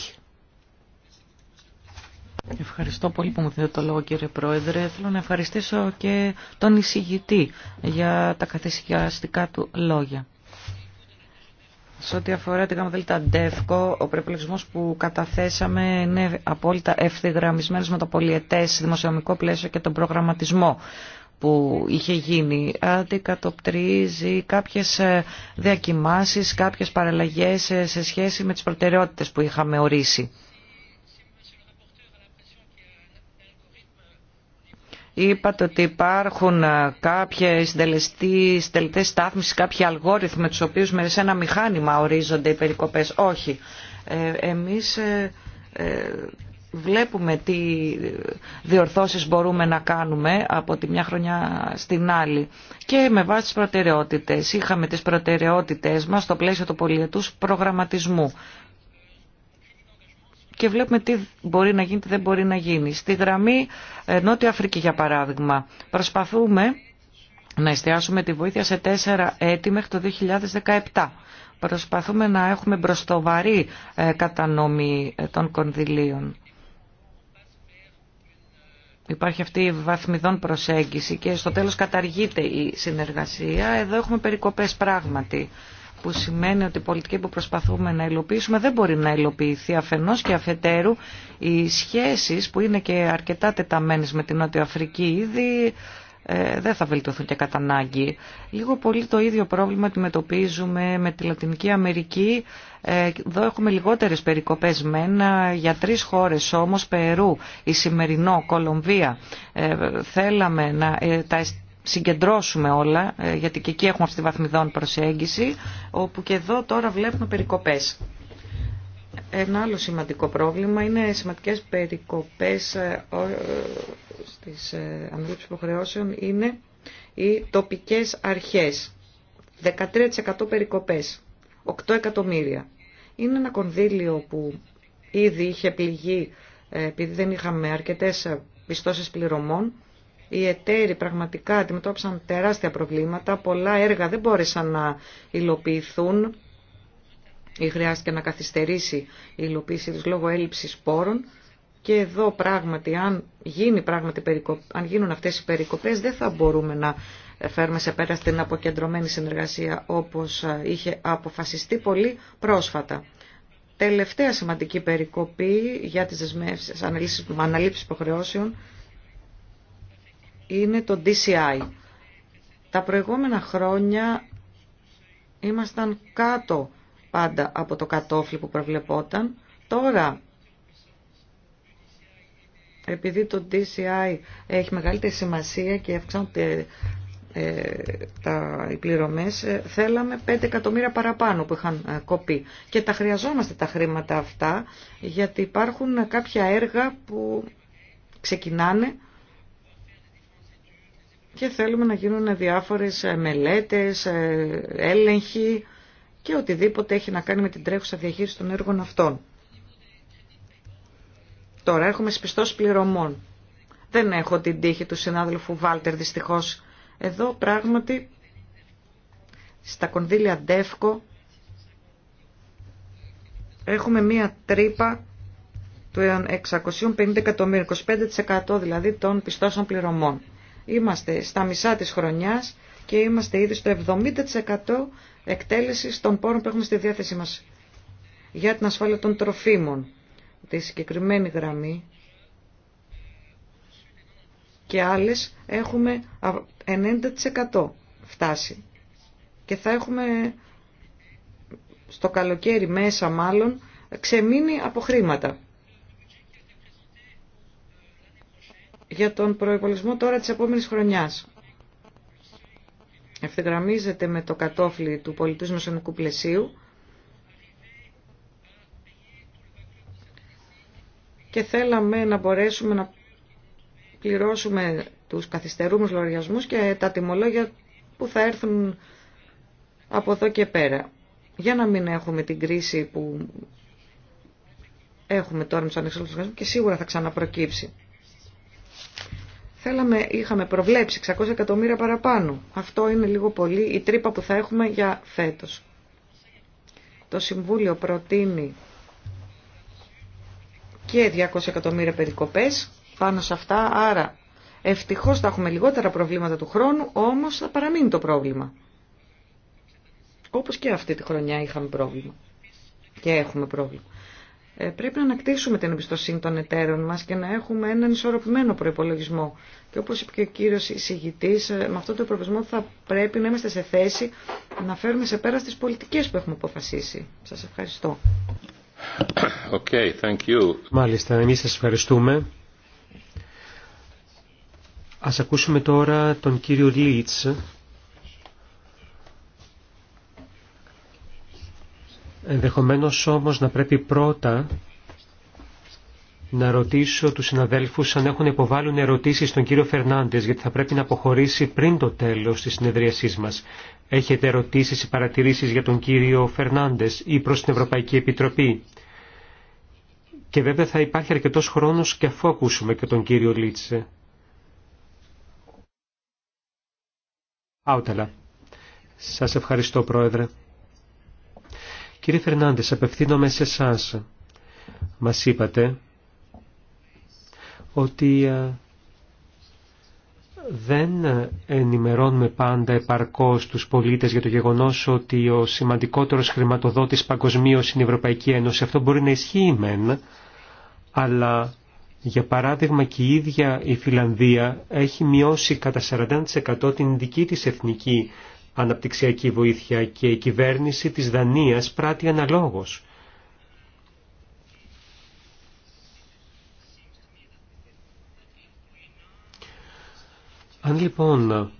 Ευχαριστώ πολύ που μου δίνετε το λόγο κύριε Πρόεδρε. Θέλω να ευχαριστήσω και τον εισηγητή για τα καθησυχαστικά του λόγια. Σε ό,τι αφορά την ΓΔ ΔΕΦΚΟ, ο προπολογισμό που καταθέσαμε είναι απόλυτα ευθυγραμμισμένο με το πολιετέ δημοσιονομικό πλαίσιο και τον προγραμματισμό που είχε γίνει. Αντικατοπτρίζει κάποιες ε, διακοιμάσεις, κάποιες παραλλαγές ε, σε σχέση με τις προτεραιότητες που είχαμε ορίσει. Είπατε ότι υπάρχουν ε, κάποιες συντελεστέ στάθμισης, κάποιοι αλγόριθμοι με τους οποίους με ένα μηχάνημα ορίζονται οι περικοπές. Όχι. Ε, εμείς ε, βλέπουμε τι διορθώσεις μπορούμε να κάνουμε από τη μια χρονιά στην άλλη και με βάση τις προτεραιότητες. Είχαμε τις προτεραιότητες μας στο πλαίσιο του πολιετούς προγραμματισμού και βλέπουμε τι μπορεί να γίνει, τι δεν μπορεί να γίνει. Στη γραμμή ε, Νότια Αφρική, για παράδειγμα, προσπαθούμε να εστιάσουμε τη βοήθεια σε τέσσερα έτη μέχρι το 2017. Προσπαθούμε να έχουμε μπροστοβαρή ε, κατανομή ε, των κονδυλίων. Υπάρχει αυτή η βαθμιδόν προσέγγιση και στο τέλος καταργείται η συνεργασία. Εδώ έχουμε περικοπές πράγματι που σημαίνει ότι η πολιτική που προσπαθούμε να υλοποιήσουμε δεν μπορεί να υλοποιηθεί αφενός και αφετέρου οι σχέσεις που είναι και αρκετά τεταμένες με την Νότια Αφρική ήδη ε, δεν θα βελτιωθούν και κατά ανάγκη. Λίγο πολύ το ίδιο πρόβλημα αντιμετωπίζουμε με τη Λατινική Αμερική. Ε, εδώ έχουμε λιγότερες περικοπές μένα για τρεις χώρες όμως, Περού, η Σημερινό, Κολομβία. Ε, θέλαμε να, ε, τα συγκεντρώσουμε όλα, ε, γιατί και εκεί έχουμε αυτή τη βαθμιδόν προσέγγιση, όπου και εδώ τώρα βλέπουμε περικοπές. Ένα άλλο σημαντικό πρόβλημα είναι σημαντικές περικοπές ε, ε, στις αμοιβούς υποχρεώσεων είναι οι τοπικές αρχές. 13% περικοπές, 8 εκατομμύρια. Είναι ένα κονδύλιο που ήδη είχε πληγεί επειδή δεν είχαμε αρκετές πιστώσεις πληρωμών οι εταίροι πραγματικά αντιμετώπισαν τεράστια προβλήματα, πολλά έργα δεν μπόρεσαν να υλοποιηθούν ή χρειάστηκε να καθυστερήσει η υλοποίηση τους λόγω έλλειψης πόρων. Και εδώ πράγματι, αν, γίνει πράγματι αν γίνουν αυτές οι περικοπές, δεν θα μπορούμε να φέρουμε σε πέρα στην αποκεντρωμένη συνεργασία όπως είχε αποφασιστεί πολύ πρόσφατα. Τελευταία σημαντική περικοπή για τις δεσμεύσεις, αναλύσεις, αναλήψεις υποχρεώσεων είναι το DCI. Τα προηγούμενα χρόνια ήμασταν κάτω πάντα από το κατόφλι που προβλεπόταν. Τώρα, επειδή το DCI έχει μεγαλύτερη σημασία και αυξάνονται ε, τα, οι πληρωμές, ε, θέλαμε 5 εκατομμύρια παραπάνω που είχαν ε, κοπεί. Και τα χρειαζόμαστε τα χρήματα αυτά, γιατί υπάρχουν κάποια έργα που ξεκινάνε και θέλουμε να γίνουν διάφορες ε, μελέτες, ε, έλεγχοι και οτιδήποτε έχει να κάνει με την τρέχουσα διαχείριση των έργων αυτών. Τώρα έχουμε σπιστός πληρωμών. Δεν έχω την τύχη του συνάδελφου Βάλτερ δυστυχώς. Εδώ πράγματι στα κονδύλια Ντεύκο έχουμε μία τρύπα του 650 εκατομμύρια, 25% δηλαδή των πιστώσεων πληρωμών. Είμαστε στα μισά της χρονιάς και είμαστε ήδη στο 70% εκτέλεσης των πόρων που έχουμε στη διάθεσή μας για την ασφάλεια των τροφίμων. Τη συγκεκριμένη γραμμή και άλλες έχουμε 90% φτάσει και θα έχουμε στο καλοκαίρι μέσα μάλλον ξεμείνει από χρήματα. για τον προϋπολογισμό τώρα της επόμενης χρονιάς. Ευθυγραμμίζεται με το κατόφλι του πολιτούς νοσονομικού πλαισίου και θέλαμε να μπορέσουμε να πληρώσουμε τους καθυστερούμενους λογαριασμούς και τα τιμολόγια που θα έρθουν από εδώ και πέρα. Για να μην έχουμε την κρίση που έχουμε τώρα με τους ανεξαρτητούς και σίγουρα θα ξαναπροκύψει. Θέλαμε, είχαμε προβλέψει 600 εκατομμύρια παραπάνω. Αυτό είναι λίγο πολύ η τρύπα που θα έχουμε για φέτος. Το Συμβούλιο προτείνει και 200 εκατομμύρια περικοπές πάνω σε αυτά, άρα ευτυχώς θα έχουμε λιγότερα προβλήματα του χρόνου, όμως θα παραμείνει το πρόβλημα. Όπως και αυτή τη χρονιά είχαμε πρόβλημα και έχουμε πρόβλημα. Ε, πρέπει να ανακτήσουμε την εμπιστοσύνη των εταίρων μας και να έχουμε έναν ισορροπημένο προϋπολογισμό. Και όπως είπε και ο κύριος εισηγητής, ε, με αυτό το προϋπολογισμό θα πρέπει να είμαστε σε θέση να φέρουμε σε πέρα στις πολιτικές που έχουμε αποφασίσει. Σας ευχαριστώ. Okay, thank you. Μάλιστα, εμείς σας ευχαριστούμε. Ας ακούσουμε τώρα τον κύριο Λίτς Ενδεχομένως όμως να πρέπει πρώτα να ρωτήσω τους συναδέλφους αν έχουν υποβάλουν ερωτήσεις στον κύριο Φερνάντες γιατί θα πρέπει να αποχωρήσει πριν το τέλος της συνεδρίασής μας. Έχετε ερωτήσεις ή παρατηρήσεις για τον κύριο Φερνάντες ή προς την Ευρωπαϊκή Επιτροπή. Και βέβαια θα υπάρχει αρκετός χρόνος και αφού ακούσουμε και τον κύριο Λίτσε. Άουταλα. Σας ευχαριστώ πρόεδρε. Κύριε Φερνάντες, απευθύνομαι σε εσά. Μας είπατε ότι δεν ενημερώνουμε πάντα επαρκώς τους πολίτες για το γεγονός ότι ο σημαντικότερος χρηματοδότης παγκοσμίως είναι η Ευρωπαϊκή Ένωση. Αυτό μπορεί να ισχύει μεν, αλλά για παράδειγμα και η ίδια η Φιλανδία έχει μειώσει κατά 40% την δική της εθνική αναπτυξιακή βοήθεια και η κυβέρνηση της Δανίας πράττει αναλόγως. Αν λοιπόν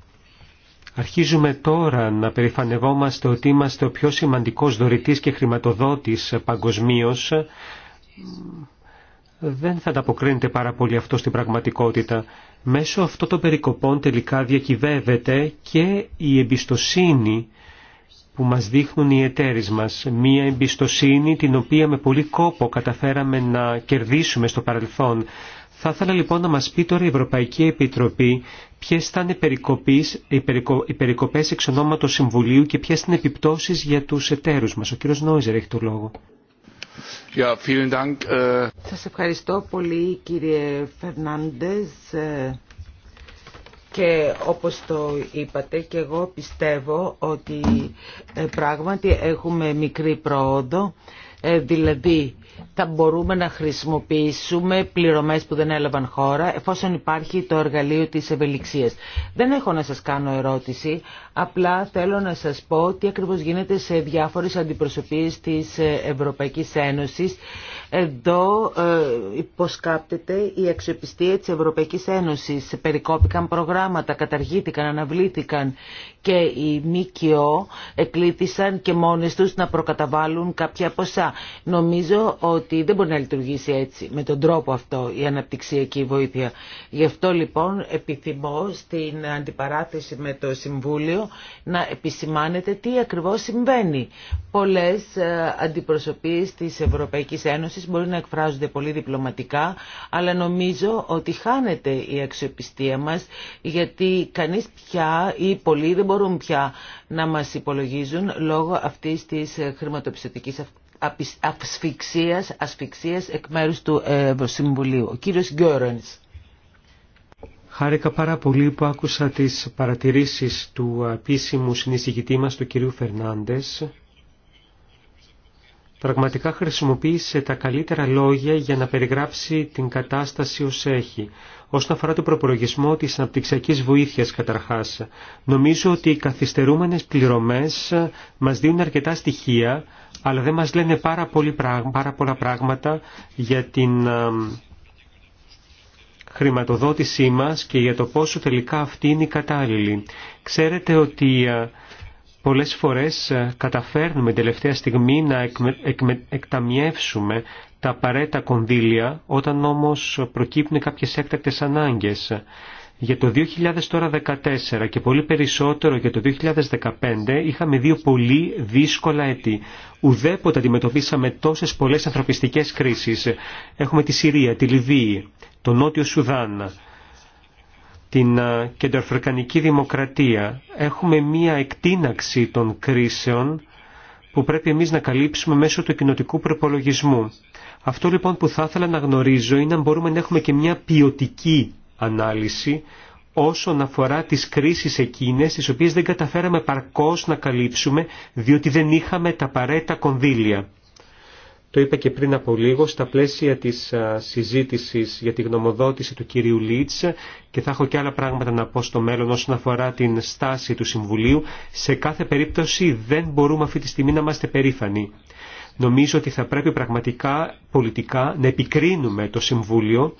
αρχίζουμε τώρα να περηφανευόμαστε ότι είμαστε ο πιο σημαντικός δωρητής και χρηματοδότης παγκοσμίω, δεν θα ανταποκρίνεται πάρα πολύ αυτό στην πραγματικότητα. Μέσω αυτών των περικοπών τελικά διακυβεύεται και η εμπιστοσύνη που μας δείχνουν οι εταίρες μας. Μία εμπιστοσύνη την οποία με πολύ κόπο καταφέραμε να κερδίσουμε στο παρελθόν. Θα ήθελα λοιπόν να μας πει τώρα η Ευρωπαϊκή Επιτροπή ποιες θα είναι οι, περικο, περικοπές εξ ονόματος Συμβουλίου και ποιες είναι επιπτώσεις για τους εταίρους μας. Ο κύριος Νόιζερ έχει το λόγο. Äh, Σας ευχαριστώ πολύ κύριε Φερνάντες ε, και όπως το είπατε και εγώ πιστεύω ότι ε, πράγματι έχουμε μικρή πρόοδο ε, δηλαδή θα μπορούμε να χρησιμοποιήσουμε πληρωμές που δεν έλαβαν χώρα εφόσον υπάρχει το εργαλείο της ευελιξίας. Δεν έχω να σας κάνω ερώτηση, απλά θέλω να σας πω τι ακριβώς γίνεται σε διάφορες αντιπροσωπείες της ε, Ευρωπαϊκής Ένωσης. Εδώ ε, υποσκάπτεται η αξιοπιστία της Ευρωπαϊκής Ένωσης. Περικόπηκαν προγράμματα, καταργήθηκαν, αναβλήθηκαν και οι ΜΚΟ εκλήθησαν και μόνες τους να προκαταβάλουν κάποια ποσά. Νομίζω ότι δεν μπορεί να λειτουργήσει έτσι, με τον τρόπο αυτό, η αναπτυξιακή βοήθεια. Γι' αυτό λοιπόν επιθυμώ στην αντιπαράθεση με το Συμβούλιο να επισημάνετε τι ακριβώς συμβαίνει. Πολλές ε, αντιπροσωπείς της Ευρωπαϊκής Ένωσης μπορεί να εκφράζονται πολύ διπλωματικά, αλλά νομίζω ότι χάνεται η αξιοπιστία μας, γιατί κανείς πια ή πολλοί δεν μπορούν πια να μας υπολογίζουν λόγω αυτής της χρηματοπιστωτικής ασφυξίας, ασφυξίας εκ μέρους του ε, συμβουλίου. Ο κύριος Γκέρονς. Χάρηκα πάρα πολύ που άκουσα τις παρατηρήσεις του επίσημου συνεισηγητή μας, του κυρίου Φερνάντες. Πραγματικά χρησιμοποίησε τα καλύτερα λόγια για να περιγράψει την κατάσταση ως έχει. Όσον αφορά το προπολογισμό της αναπτυξιακής βοήθειας καταρχάς, νομίζω ότι οι καθυστερούμενες πληρωμές μας δίνουν αρκετά στοιχεία αλλά δεν μας λένε πάρα, πολύ, πάρα πολλά πράγματα για την ε, χρηματοδότησή μας και για το πόσο τελικά αυτή είναι η κατάλληλη. Ξέρετε ότι ε, πολλές φορές ε, καταφέρνουμε τελευταία στιγμή να εκταμιεύσουμε τα απαραίτητα κονδύλια όταν όμως προκύπτουν κάποιες έκτακτες ανάγκες για το 2014 και πολύ περισσότερο για το 2015 είχαμε δύο πολύ δύσκολα έτη. Ουδέποτε αντιμετωπίσαμε τόσες πολλές ανθρωπιστικές κρίσεις. Έχουμε τη Συρία, τη Λιβύη, το Νότιο Σουδάν, την Κεντροαφρικανική Δημοκρατία. Έχουμε μία εκτίναξη των κρίσεων που πρέπει εμείς να καλύψουμε μέσω του κοινοτικού προπολογισμού. Αυτό λοιπόν που θα ήθελα να γνωρίζω είναι αν μπορούμε να έχουμε και μια ποιοτική ανάλυση όσον αφορά τις κρίσεις εκείνες τις οποίες δεν καταφέραμε παρκώς να καλύψουμε διότι δεν είχαμε τα παρέτα κονδύλια. Το είπα και πριν από λίγο στα πλαίσια της συζήτησης για τη γνωμοδότηση του κυρίου Λίτς και θα έχω και άλλα πράγματα να πω στο μέλλον όσον αφορά την στάση του Συμβουλίου. Σε κάθε περίπτωση δεν μπορούμε αυτή τη στιγμή να είμαστε περήφανοι. Νομίζω ότι θα πρέπει πραγματικά πολιτικά να επικρίνουμε το Συμβούλιο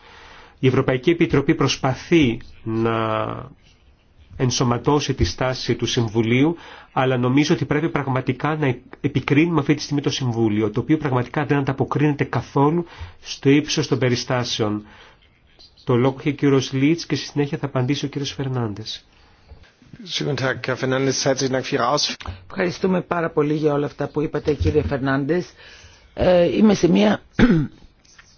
η Ευρωπαϊκή Επιτροπή προσπαθεί να ενσωματώσει τη στάση του Συμβουλίου, αλλά νομίζω ότι πρέπει πραγματικά να επικρίνουμε αυτή τη στιγμή το Συμβούλιο, το οποίο πραγματικά δεν ανταποκρίνεται καθόλου στο ύψος των περιστάσεων. Το λόγο είχε ο κύριο Λίτ και στη συνέχεια θα απαντήσει ο κύριο Φερνάντε. Ευχαριστούμε πάρα πολύ για όλα αυτά που είπατε κύριε Φερνάντε. Ε, είμαι σε μια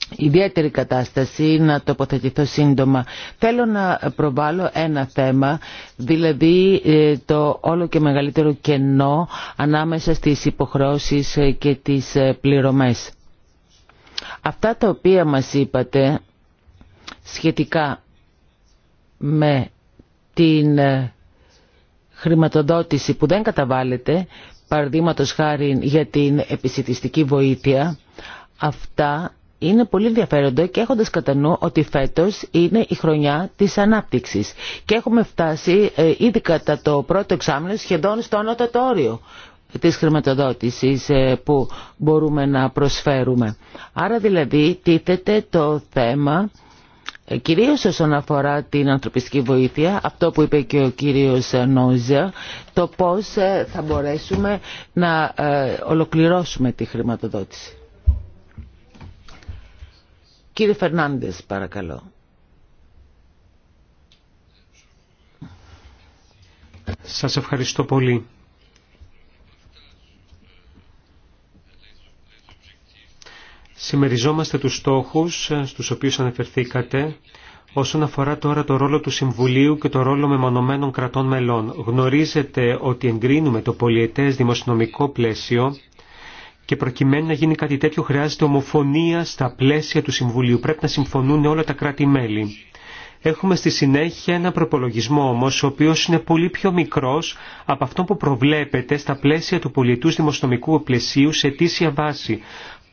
ιδιαίτερη κατάσταση να τοποθετηθώ σύντομα. Θέλω να προβάλλω ένα θέμα, δηλαδή ε, το όλο και μεγαλύτερο κενό ανάμεσα στις υποχρώσεις ε, και τις ε, πληρωμές. Αυτά τα οποία μας είπατε σχετικά με την χρηματοδότηση που δεν καταβάλλεται, παραδείγματος χάρη για την επισητιστική βοήθεια, αυτά είναι πολύ ενδιαφέροντα και έχοντας κατά νου ότι φέτος είναι η χρονιά της ανάπτυξης και έχουμε φτάσει ε, ήδη κατά το πρώτο εξάμεινο σχεδόν στο ανώτατο όριο της χρηματοδότησης ε, που μπορούμε να προσφέρουμε. Άρα δηλαδή τίθεται το θέμα ε, κυρίως όσον αφορά την ανθρωπιστική βοήθεια, αυτό που είπε και ο κύριος Νόζα, το πώς θα μπορέσουμε να ολοκληρώσουμε τη χρηματοδότηση. Κύριε Φερνάντες, παρακαλώ. Σας ευχαριστώ πολύ. Σημεριζόμαστε τους στόχους στους οποίους αναφερθήκατε όσον αφορά τώρα το ρόλο του Συμβουλίου και το ρόλο μεμονωμένων κρατών μελών. Γνωρίζετε ότι εγκρίνουμε το πολιετές δημοσιονομικό πλαίσιο και προκειμένου να γίνει κάτι τέτοιο χρειάζεται ομοφωνία στα πλαίσια του Συμβουλίου. Πρέπει να συμφωνούν όλα τα κράτη-μέλη. Έχουμε στη συνέχεια ένα προπολογισμό όμως, ο οποίος είναι πολύ πιο μικρός από αυτό που προβλέπεται στα πλαίσια του πολιτού δημοσιονομικού πλαισίου σε αιτήσια βάση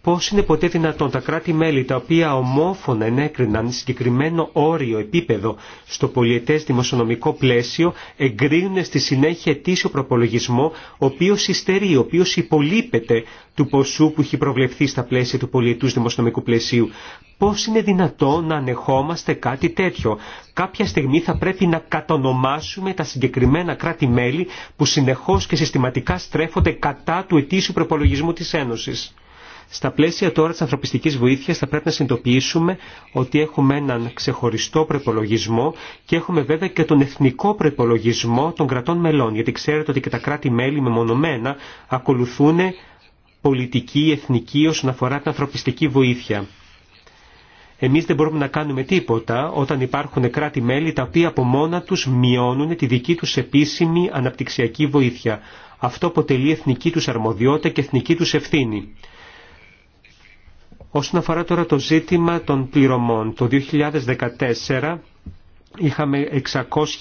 πώς είναι ποτέ δυνατόν τα κράτη-μέλη τα οποία ομόφωνα ενέκριναν συγκεκριμένο όριο επίπεδο στο πολιετές δημοσιονομικό πλαίσιο εγκρίνουν στη συνέχεια ετήσιο προπολογισμό ο οποίος υστερεί, ο οποίος υπολείπεται του ποσού που έχει προβλεφθεί στα πλαίσια του πολιετούς δημοσιονομικού πλαισίου. Πώς είναι δυνατόν να ανεχόμαστε κάτι τέτοιο. Κάποια στιγμή θα πρέπει να κατονομάσουμε τα συγκεκριμένα κράτη-μέλη που συνεχώς και συστηματικά στρέφονται κατά του ετήσιου προπολογισμού της Ένωσης. Στα πλαίσια τώρα τη ανθρωπιστική βοήθεια θα πρέπει να συνειδητοποιήσουμε ότι έχουμε έναν ξεχωριστό προπολογισμό και έχουμε βέβαια και τον εθνικό προπολογισμό των κρατών μελών. Γιατί ξέρετε ότι και τα κράτη-μέλη μεμονωμένα ακολουθούν πολιτική, εθνική όσον αφορά την ανθρωπιστική βοήθεια. Εμείς δεν μπορούμε να κάνουμε τίποτα όταν υπάρχουν κράτη-μέλη τα οποία από μόνα τους μειώνουν τη δική τους επίσημη αναπτυξιακή βοήθεια. Αυτό αποτελεί εθνική τους αρμοδιότητα και εθνική τους ευθύνη. Όσον αφορά τώρα το ζήτημα των πληρωμών, το 2014 είχαμε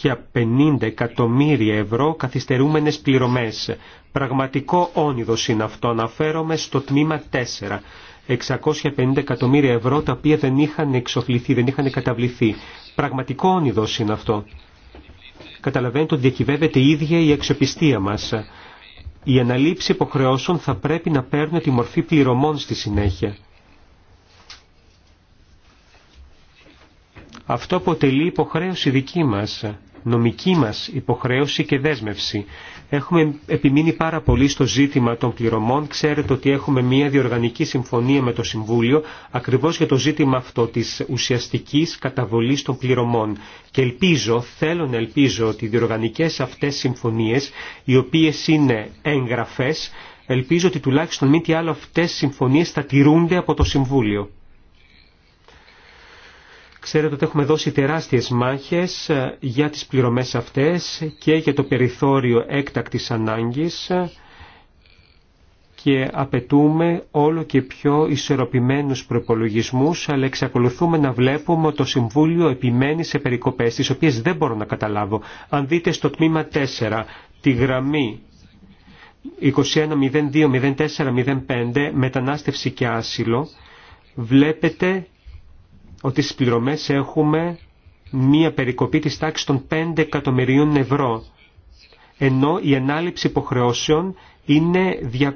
650 εκατομμύρια ευρώ καθυστερούμενες πληρωμές. Πραγματικό όνειδος είναι αυτό, αναφέρομαι στο τμήμα 4. 650 εκατομμύρια ευρώ τα οποία δεν είχαν εξοφληθεί, δεν είχαν καταβληθεί. Πραγματικό όνειδος είναι αυτό. Καταλαβαίνετε ότι διακυβεύεται η ίδια η αξιοπιστία μας. Η αναλήψη υποχρεώσεων θα πρέπει να παίρνει τη μορφή πληρωμών στη συνέχεια. Αυτό αποτελεί υποχρέωση δική μας, νομική μας υποχρέωση και δέσμευση. Έχουμε επιμείνει πάρα πολύ στο ζήτημα των πληρωμών. Ξέρετε ότι έχουμε μια διοργανική συμφωνία με το Συμβούλιο ακριβώς για το ζήτημα αυτό της ουσιαστικής καταβολής των πληρωμών. Και ελπίζω, θέλω να ελπίζω ότι οι διοργανικές αυτές συμφωνίες, οι οποίες είναι εγγραφές, ελπίζω ότι τουλάχιστον μη τι άλλο αυτές οι συμφωνίες θα τηρούνται από το Συμβούλιο. Ξέρετε ότι έχουμε δώσει τεράστιες μάχες ε, για τις πληρωμές αυτές και για το περιθώριο έκτακτης ανάγκης και απαιτούμε όλο και πιο ισορροπημένους προπολογισμούς, αλλά εξακολουθούμε να βλέπουμε ότι το Συμβούλιο επιμένει σε περικοπές, τις οποίες δεν μπορώ να καταλάβω. Αν δείτε στο τμήμα 4, τη γραμμή 21.02.04.05, μετανάστευση και άσυλο, βλέπετε ότι στις πληρωμές έχουμε μία περικοπή της τάξης των 5 εκατομμυρίων ευρώ, ενώ η ανάληψη υποχρεώσεων είναι 200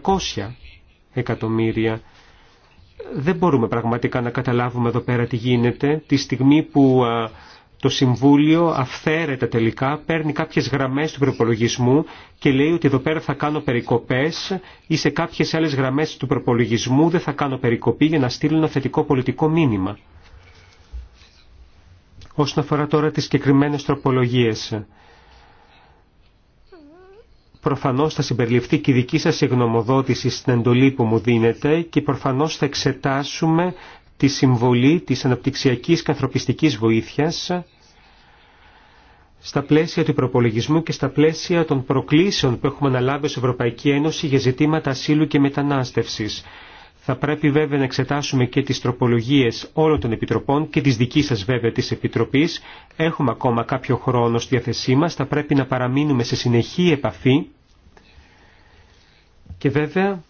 εκατομμύρια. Δεν μπορούμε πραγματικά να καταλάβουμε εδώ πέρα τι γίνεται, τη στιγμή που το Συμβούλιο αυθαίρετα τελικά παίρνει κάποιες γραμμές του προπολογισμού και λέει ότι εδώ πέρα θα κάνω περικοπές ή σε κάποιες άλλες γραμμές του προπολογισμού δεν θα κάνω περικοπή για να στείλω ένα θετικό πολιτικό μήνυμα. Όσον αφορά τώρα τις συγκεκριμένε τροπολογίες, προφανώς θα συμπεριληφθεί και η δική σας εγγνωμοδότηση στην εντολή που μου δίνετε και προφανώς θα εξετάσουμε τη συμβολή της αναπτυξιακής και ανθρωπιστικής βοήθειας στα πλαίσια του προπολογισμού και στα πλαίσια των προκλήσεων που έχουμε αναλάβει ως Ευρωπαϊκή Ένωση για ζητήματα ασύλου και μετανάστευσης. Θα πρέπει βέβαια να εξετάσουμε και τις τροπολογίες όλων των επιτροπών και της δικής σας βέβαια της Επιτροπής. Έχουμε ακόμα κάποιο χρόνο στη διαθεσή μας, θα πρέπει να παραμείνουμε σε συνεχή επαφή. Και βέβαια,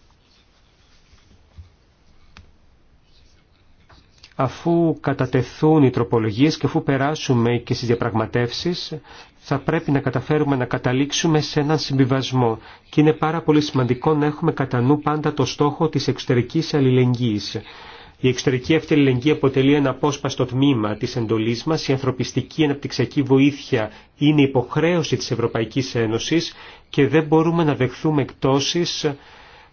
αφού κατατεθούν οι τροπολογίες και αφού περάσουμε και στις διαπραγματεύσεις, θα πρέπει να καταφέρουμε να καταλήξουμε σε έναν συμβιβασμό και είναι πάρα πολύ σημαντικό να έχουμε κατά νου πάντα το στόχο της εξωτερικής αλληλεγγύης. Η εξωτερική αυτή αλληλεγγύη αποτελεί ένα απόσπαστο τμήμα της εντολής μας, η ανθρωπιστική αναπτυξιακή βοήθεια είναι υποχρέωση της Ευρωπαϊκής Ένωσης και δεν μπορούμε να δεχθούμε εκτόσεις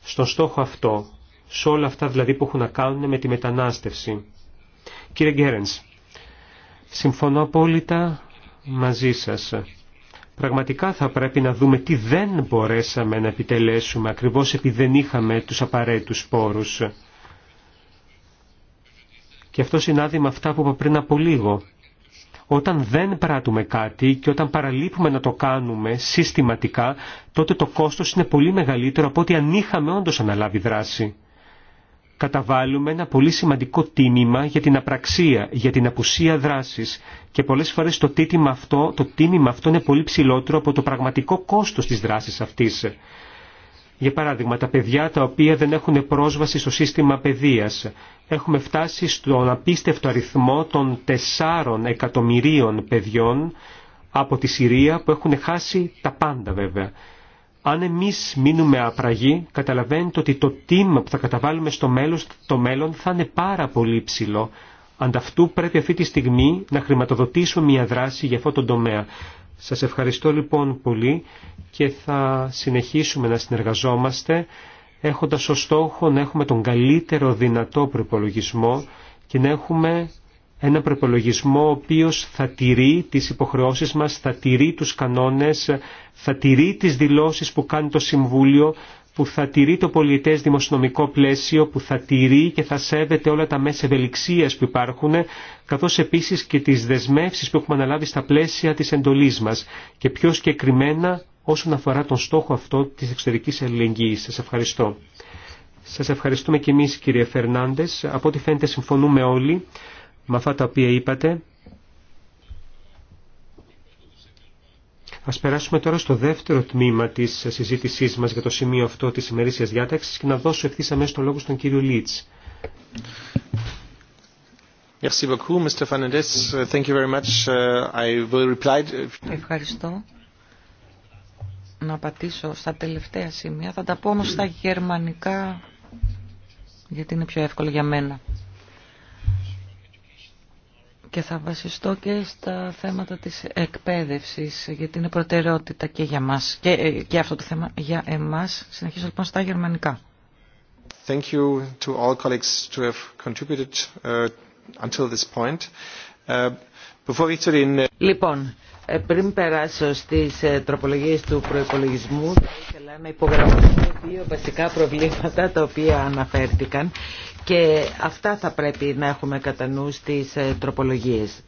στον στόχο αυτό, σε όλα αυτά δηλαδή που έχουν να κάνουν με τη μετανάστευση. Κύριε Γκέρενς, συμφωνώ απόλυτα μαζί σας. Πραγματικά θα πρέπει να δούμε τι δεν μπορέσαμε να επιτελέσουμε ακριβώς επειδή δεν είχαμε τους απαραίτητους πόρους. Και αυτό συνάδει με αυτά που είπα πριν από λίγο. Όταν δεν πράττουμε κάτι και όταν παραλείπουμε να το κάνουμε συστηματικά, τότε το κόστος είναι πολύ μεγαλύτερο από ό,τι αν είχαμε όντως αναλάβει δράση καταβάλουμε ένα πολύ σημαντικό τίμημα για την απραξία, για την απουσία δράσης και πολλές φορές το τίμημα αυτό, το τίμημα αυτό είναι πολύ ψηλότερο από το πραγματικό κόστος της δράσης αυτής. Για παράδειγμα, τα παιδιά τα οποία δεν έχουν πρόσβαση στο σύστημα παιδείας. Έχουμε φτάσει στον απίστευτο αριθμό των 4 εκατομμυρίων παιδιών από τη Συρία που έχουν χάσει τα πάντα βέβαια αν εμείς μείνουμε άπραγοι, καταλαβαίνετε ότι το τίμα που θα καταβάλουμε στο μέλλον, το μέλλον θα είναι πάρα πολύ ψηλό. Ανταυτού πρέπει αυτή τη στιγμή να χρηματοδοτήσουμε μια δράση για αυτό τον τομέα. Σας ευχαριστώ λοιπόν πολύ και θα συνεχίσουμε να συνεργαζόμαστε έχοντας ως στόχο να έχουμε τον καλύτερο δυνατό προπολογισμό και να έχουμε ένα προπολογισμό ο οποίος θα τηρεί τις υποχρεώσεις μας, θα τηρεί τους κανόνες, θα τηρεί τις δηλώσεις που κάνει το Συμβούλιο, που θα τηρεί το πολιτές δημοσιονομικό πλαίσιο, που θα τηρεί και θα σέβεται όλα τα μέσα ευελιξίας που υπάρχουν, καθώς επίσης και τις δεσμεύσεις που έχουμε αναλάβει στα πλαίσια της εντολής μας και πιο συγκεκριμένα όσον αφορά τον στόχο αυτό της εξωτερικής ελληνική. Σας ευχαριστώ. Σας ευχαριστούμε και εμείς κύριε Φερνάντε, Από ό,τι φαίνεται συμφωνούμε όλοι με αυτά τα οποία είπατε. Ας περάσουμε τώρα στο δεύτερο τμήμα της συζήτησής μας για το σημείο αυτό της ημερήσιας διάταξης και να δώσω ευθύς αμέσως τον λόγο στον κύριο Λίτς. Ευχαριστώ. Να πατήσω στα τελευταία σημεία. Θα τα πω όμως στα γερμανικά, γιατί είναι πιο εύκολο για μένα και θα βασιστώ και στα θέματα της εκπαίδευσης γιατί είναι προτεραιότητα και για μας ε, και, αυτό το θέμα για εμάς. Συνεχίζω λοιπόν στα γερμανικά. Thank you to all colleagues to have contributed uh, until this point. Uh, in... Uh, λοιπόν, ε, πριν περάσω στις ε, τροπολογίες του προϋπολογισμού θα ήθελα να υπογραμμίσω δύο βασικά προβλήματα τα οποία αναφέρθηκαν και αυτά θα πρέπει να έχουμε κατά νου στις ε, τροπολογίες.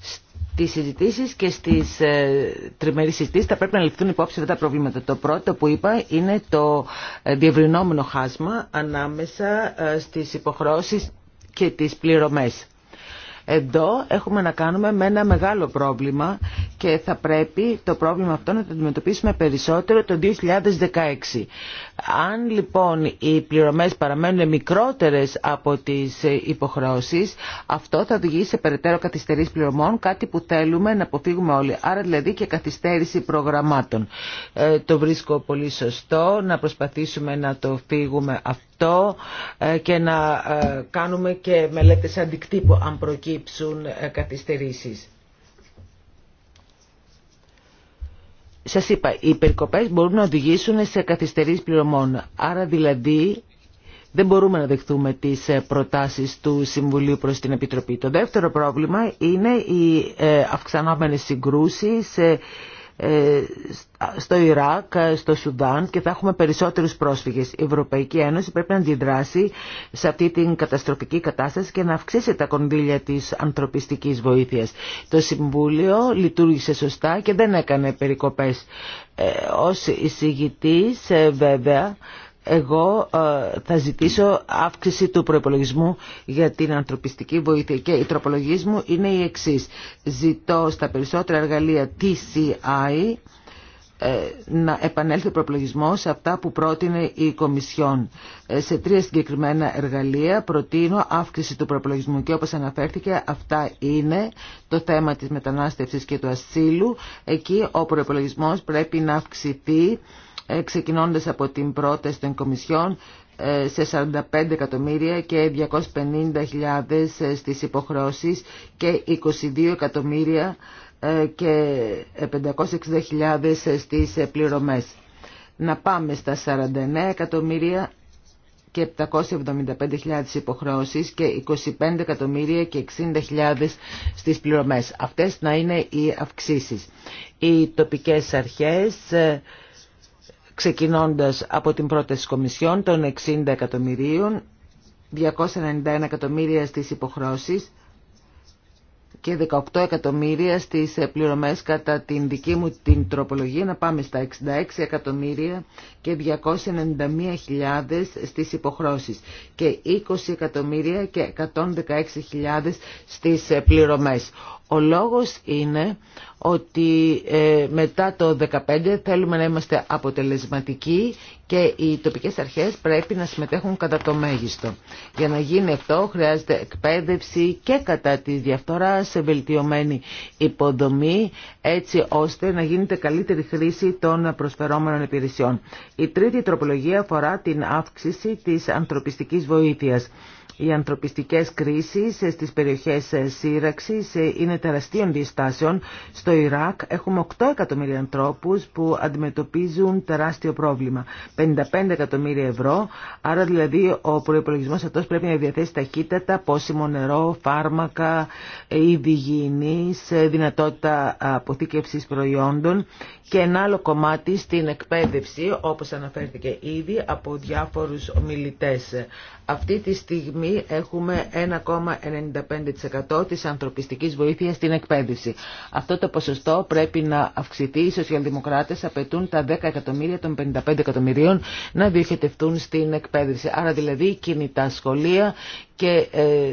Στις συζητήσεις και στις ε, τριμερείς συζητήσεις θα πρέπει να ληφθούν υπόψη αυτά τα προβλήματα. Το πρώτο που είπα είναι το ε, διευρυνόμενο χάσμα ανάμεσα στις υποχρεώσεις και τις πληρωμές. Εδώ έχουμε να κάνουμε με ένα μεγάλο πρόβλημα και θα πρέπει το πρόβλημα αυτό να το αντιμετωπίσουμε περισσότερο το 2016. Αν λοιπόν οι πληρωμές παραμένουν μικρότερες από τις υποχρεώσεις, αυτό θα οδηγήσει σε περαιτέρω καθυστερής πληρωμών, κάτι που θέλουμε να αποφύγουμε όλοι. Άρα δηλαδή και καθυστέρηση προγραμμάτων. Ε, το βρίσκω πολύ σωστό, να προσπαθήσουμε να το φύγουμε αυτό ε, και να ε, κάνουμε και μελέτες αντικτύπου αν προκύπτει προκύψουν ε, καθυστερήσεις. Σας είπα, οι περικοπές μπορούν να οδηγήσουν σε καθυστερήσεις πληρωμών. Άρα δηλαδή δεν μπορούμε να δεχτούμε τις ε, προτάσεις του Συμβουλίου προς την Επιτροπή. Το δεύτερο πρόβλημα είναι οι ε, αυξανόμενε συγκρούσεις, ε, στο Ιράκ, ε, στο Σουδάν και θα έχουμε περισσότερους πρόσφυγες. Η Ευρωπαϊκή Ένωση πρέπει να αντιδράσει σε αυτή την καταστροφική κατάσταση και να αυξήσει τα κονδύλια της ανθρωπιστικής βοήθειας. Το Συμβούλιο λειτουργήσε σωστά και δεν έκανε περικοπές. Ε, ως εισηγητής βέβαια εγώ ε, θα ζητήσω αύξηση του προπολογισμού για την ανθρωπιστική βοήθεια και η τροπολογή μου είναι η εξή. Ζητώ στα περισσότερα εργαλεία TCI ε, να επανέλθει ο προπλογισμό σε αυτά που πρότεινε η Κομισιόν. Ε, σε τρία συγκεκριμένα εργαλεία προτείνω αύξηση του προπλογισμού και όπως αναφέρθηκε αυτά είναι το θέμα της μετανάστευσης και του ασύλου. Εκεί ο προπολογισμό πρέπει να αυξηθεί ε, ξεκινώντας από την πρόταση των Κομισιών ε, σε 45 εκατομμύρια και 250.000 ε, στις υποχρεώσεις και 22 εκατομμύρια και 560.000 στις πληρωμές. Να πάμε στα 49 εκατομμύρια και 775.000 υποχρεώσεις και 25 εκατομμύρια και 60.000 στις πληρωμές. Αυτές να είναι οι αυξήσεις. Οι τοπικές αρχές ξεκινώντας από την πρόταση Κομισιόν των 60 εκατομμυρίων, 291 εκατομμύρια στις υποχρώσεις και 18 εκατομμύρια στις πληρωμές κατά την δική μου την τροπολογία να πάμε στα 66 εκατομμύρια και 291.000 στις υποχρώσεις και 20 εκατομμύρια και 116.000 στις πληρωμές. Ο λόγος είναι ότι ε, μετά το 2015 θέλουμε να είμαστε αποτελεσματικοί και οι τοπικές αρχές πρέπει να συμμετέχουν κατά το μέγιστο. Για να γίνει αυτό χρειάζεται εκπαίδευση και κατά τη διαφθορά σε βελτιωμένη υποδομή έτσι ώστε να γίνεται καλύτερη χρήση των προσφερόμενων υπηρεσιών. Η τρίτη τροπολογία αφορά την αύξηση της ανθρωπιστικής βοήθειας. Οι ανθρωπιστικές κρίσεις στις περιοχές σύραξης είναι τεραστίων διαστάσεων. Στο Ιράκ έχουμε 8 εκατομμύρια ανθρώπους που αντιμετωπίζουν τεράστιο πρόβλημα. 55 εκατομμύρια ευρώ, άρα δηλαδή ο προϋπολογισμός αυτός πρέπει να διαθέσει ταχύτατα πόσιμο νερό, φάρμακα, είδη υγιεινής, δυνατότητα αποθήκευσης προϊόντων και ένα άλλο κομμάτι στην εκπαίδευση όπως αναφέρθηκε ήδη από διάφορους ομιλητές. Αυτή τη στιγμή έχουμε 1,95% της ανθρωπιστικής βοήθειας στην εκπαίδευση. Αυτό το ποσοστό πρέπει να αυξηθεί. Οι σοσιαλδημοκράτες απαιτούν τα 10 εκατομμύρια των 55 εκατομμυρίων να διοχετευτούν στην εκπαίδευση. Άρα δηλαδή κινητά σχολεία και ε,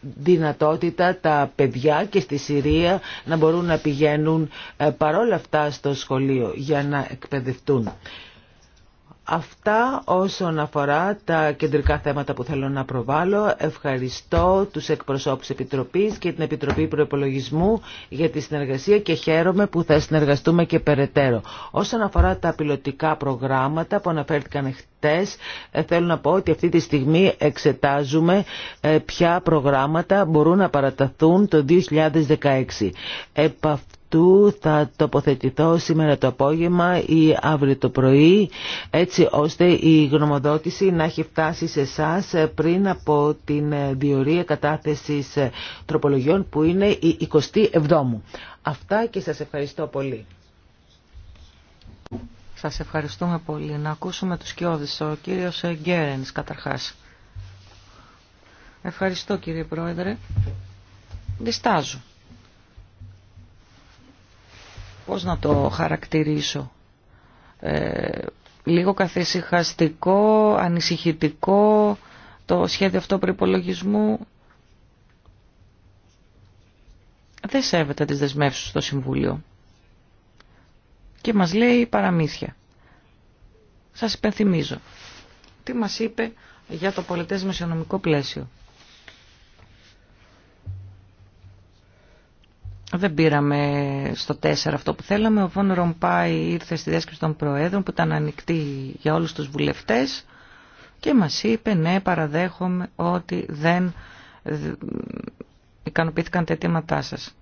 δυνατότητα τα παιδιά και στη Συρία να μπορούν να πηγαίνουν ε, παρόλα αυτά στο σχολείο για να εκπαιδευτούν. Αυτά όσον αφορά τα κεντρικά θέματα που θέλω να προβάλλω. Ευχαριστώ τους εκπροσώπους Επιτροπής και την Επιτροπή Προεπολογισμού για τη συνεργασία και χαίρομαι που θα συνεργαστούμε και περαιτέρω. Όσον αφορά τα πιλωτικά προγράμματα που αναφέρθηκαν χτες, ε, θέλω να πω ότι αυτή τη στιγμή εξετάζουμε ε, ποια προγράμματα μπορούν να παραταθούν το 2016 αυτού θα τοποθετηθώ σήμερα το απόγευμα ή αύριο το πρωί έτσι ώστε η γνωμοδότηση να έχει φτάσει σε εσά πριν από την διορία κατάθεσης τροπολογιών που είναι η 27η. Αυτά και σας ευχαριστώ πολύ. Σας ευχαριστούμε πολύ. Να ακούσουμε τους κοιόδης. Ο κύριος Γκέρενς καταρχάς. Ευχαριστώ κύριε Πρόεδρε. Διστάζω πώς να το χαρακτηρίσω, ε, λίγο καθησυχαστικό, ανησυχητικό το σχέδιο αυτό προϋπολογισμού. Δεν σέβεται τις δεσμεύσεις στο Συμβούλιο. Και μας λέει παραμύθια. Σας υπενθυμίζω. Τι μας είπε για το πολιτές μεσονομικό πλαίσιο. Δεν πήραμε στο 4 αυτό που θέλαμε. Ο Βον Ρομπάι ήρθε στη διάσκεψη των Προέδρων που ήταν ανοιχτή για όλους τους βουλευτές και μας είπε ναι παραδέχομαι ότι δεν ικανοποιήθηκαν τα αιτήματά σας.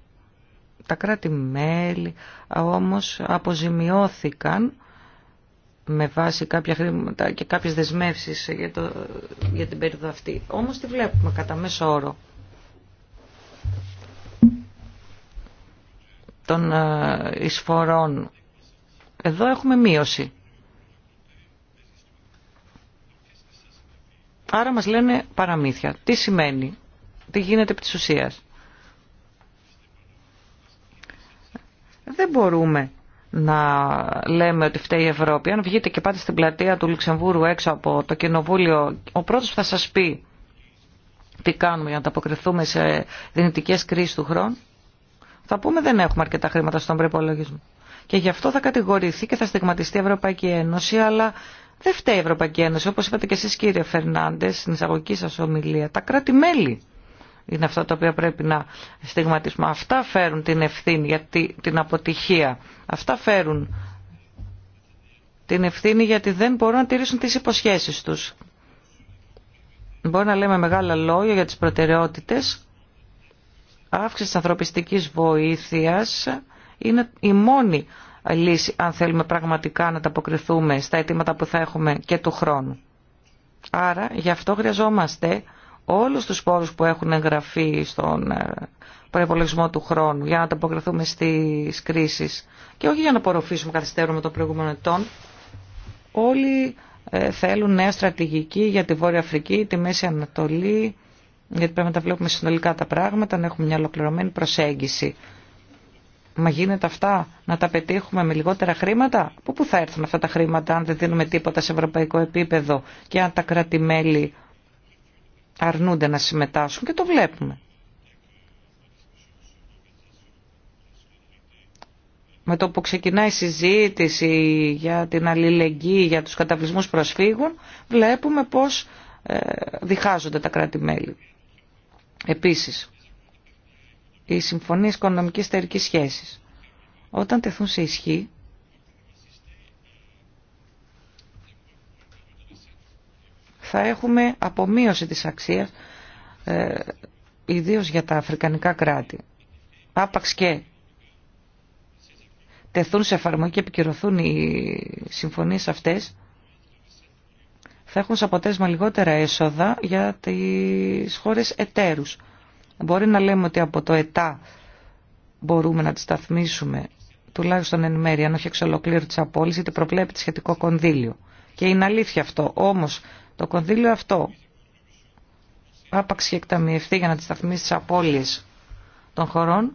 Τα κράτη-μέλη όμως αποζημιώθηκαν με βάση κάποια χρήματα και κάποιες δεσμεύσεις για, το, για την περίοδο αυτή. Όμως τη βλέπουμε κατά μέσο όρο των ε, εισφορών. Εδώ έχουμε μείωση. Άρα μας λένε παραμύθια. Τι σημαίνει, τι γίνεται επί της ουσίας. Δεν μπορούμε να λέμε ότι φταίει η Ευρώπη. Αν βγείτε και πάτε στην πλατεία του Λουξεμβούρου έξω από το κοινοβούλιο, ο πρώτος που θα σας πει τι κάνουμε για να τα σε δυνητικές κρίσεις του χρόνου, θα πούμε δεν έχουμε αρκετά χρήματα στον προπολογισμό. Και γι' αυτό θα κατηγορηθεί και θα στιγματιστεί η Ευρωπαϊκή Ένωση, αλλά δεν φταίει η Ευρωπαϊκή Ένωση. Όπω είπατε και εσεί, κύριε Φερνάντε, στην εισαγωγική σα ομιλία, τα κράτη-μέλη είναι αυτά τα οποία πρέπει να στιγματίσουμε. Αυτά φέρουν την ευθύνη για την αποτυχία. Αυτά φέρουν την ευθύνη γιατί δεν μπορούν να τηρήσουν τις υποσχέσεις τους. Μπορεί να λέμε μεγάλα λόγια για τις προτεραιότητες, αύξηση της ανθρωπιστικής βοήθειας είναι η μόνη λύση αν θέλουμε πραγματικά να αποκριθούμε στα αιτήματα που θα έχουμε και του χρόνου. Άρα γι' αυτό χρειαζόμαστε όλους τους πόρους που έχουν εγγραφεί στον ε, προπολογισμό του χρόνου για να τα αποκριθούμε στις κρίσεις και όχι για να απορροφήσουμε με το προηγούμενο ετών. Όλοι ε, θέλουν νέα στρατηγική για τη Βόρεια Αφρική, τη Μέση Ανατολή, γιατί πρέπει να τα βλέπουμε συνολικά τα πράγματα, να έχουμε μια ολοκληρωμένη προσέγγιση. Μα γίνεται αυτά να τα πετύχουμε με λιγότερα χρήματα. Που πού θα έρθουν αυτά τα χρήματα αν δεν δίνουμε τίποτα σε ευρωπαϊκό επίπεδο και αν τα κράτη-μέλη αρνούνται να συμμετάσχουν και το βλέπουμε. Με το που ξεκινάει η συζήτηση για την αλληλεγγύη, για τους καταβλισμούς προσφύγων, βλέπουμε πώς ε, διχάζονται τα κράτη-μέλη. Επίσης, οι συμφωνίες οικονομικής εταιρικής σχέσης, όταν τεθούν σε ισχύ, θα έχουμε απομείωση της αξίας, ε, ιδίως για τα αφρικανικά κράτη. Άπαξ και τεθούν σε εφαρμογή και επικυρωθούν οι συμφωνίες αυτές, θα έχουν σε αποτέλεσμα λιγότερα έσοδα για τις χώρες εταίρους. Μπορεί να λέμε ότι από το ΕΤΑ μπορούμε να τις σταθμίσουμε τουλάχιστον εν μέρει, αν όχι εξ ολοκλήρου της απόλυσης, είτε τη σχετικό κονδύλιο. Και είναι αλήθεια αυτό. Όμως το κονδύλιο αυτό άπαξ και εκταμιευτεί για να τις σταθμίσει τις απόλυες των χωρών,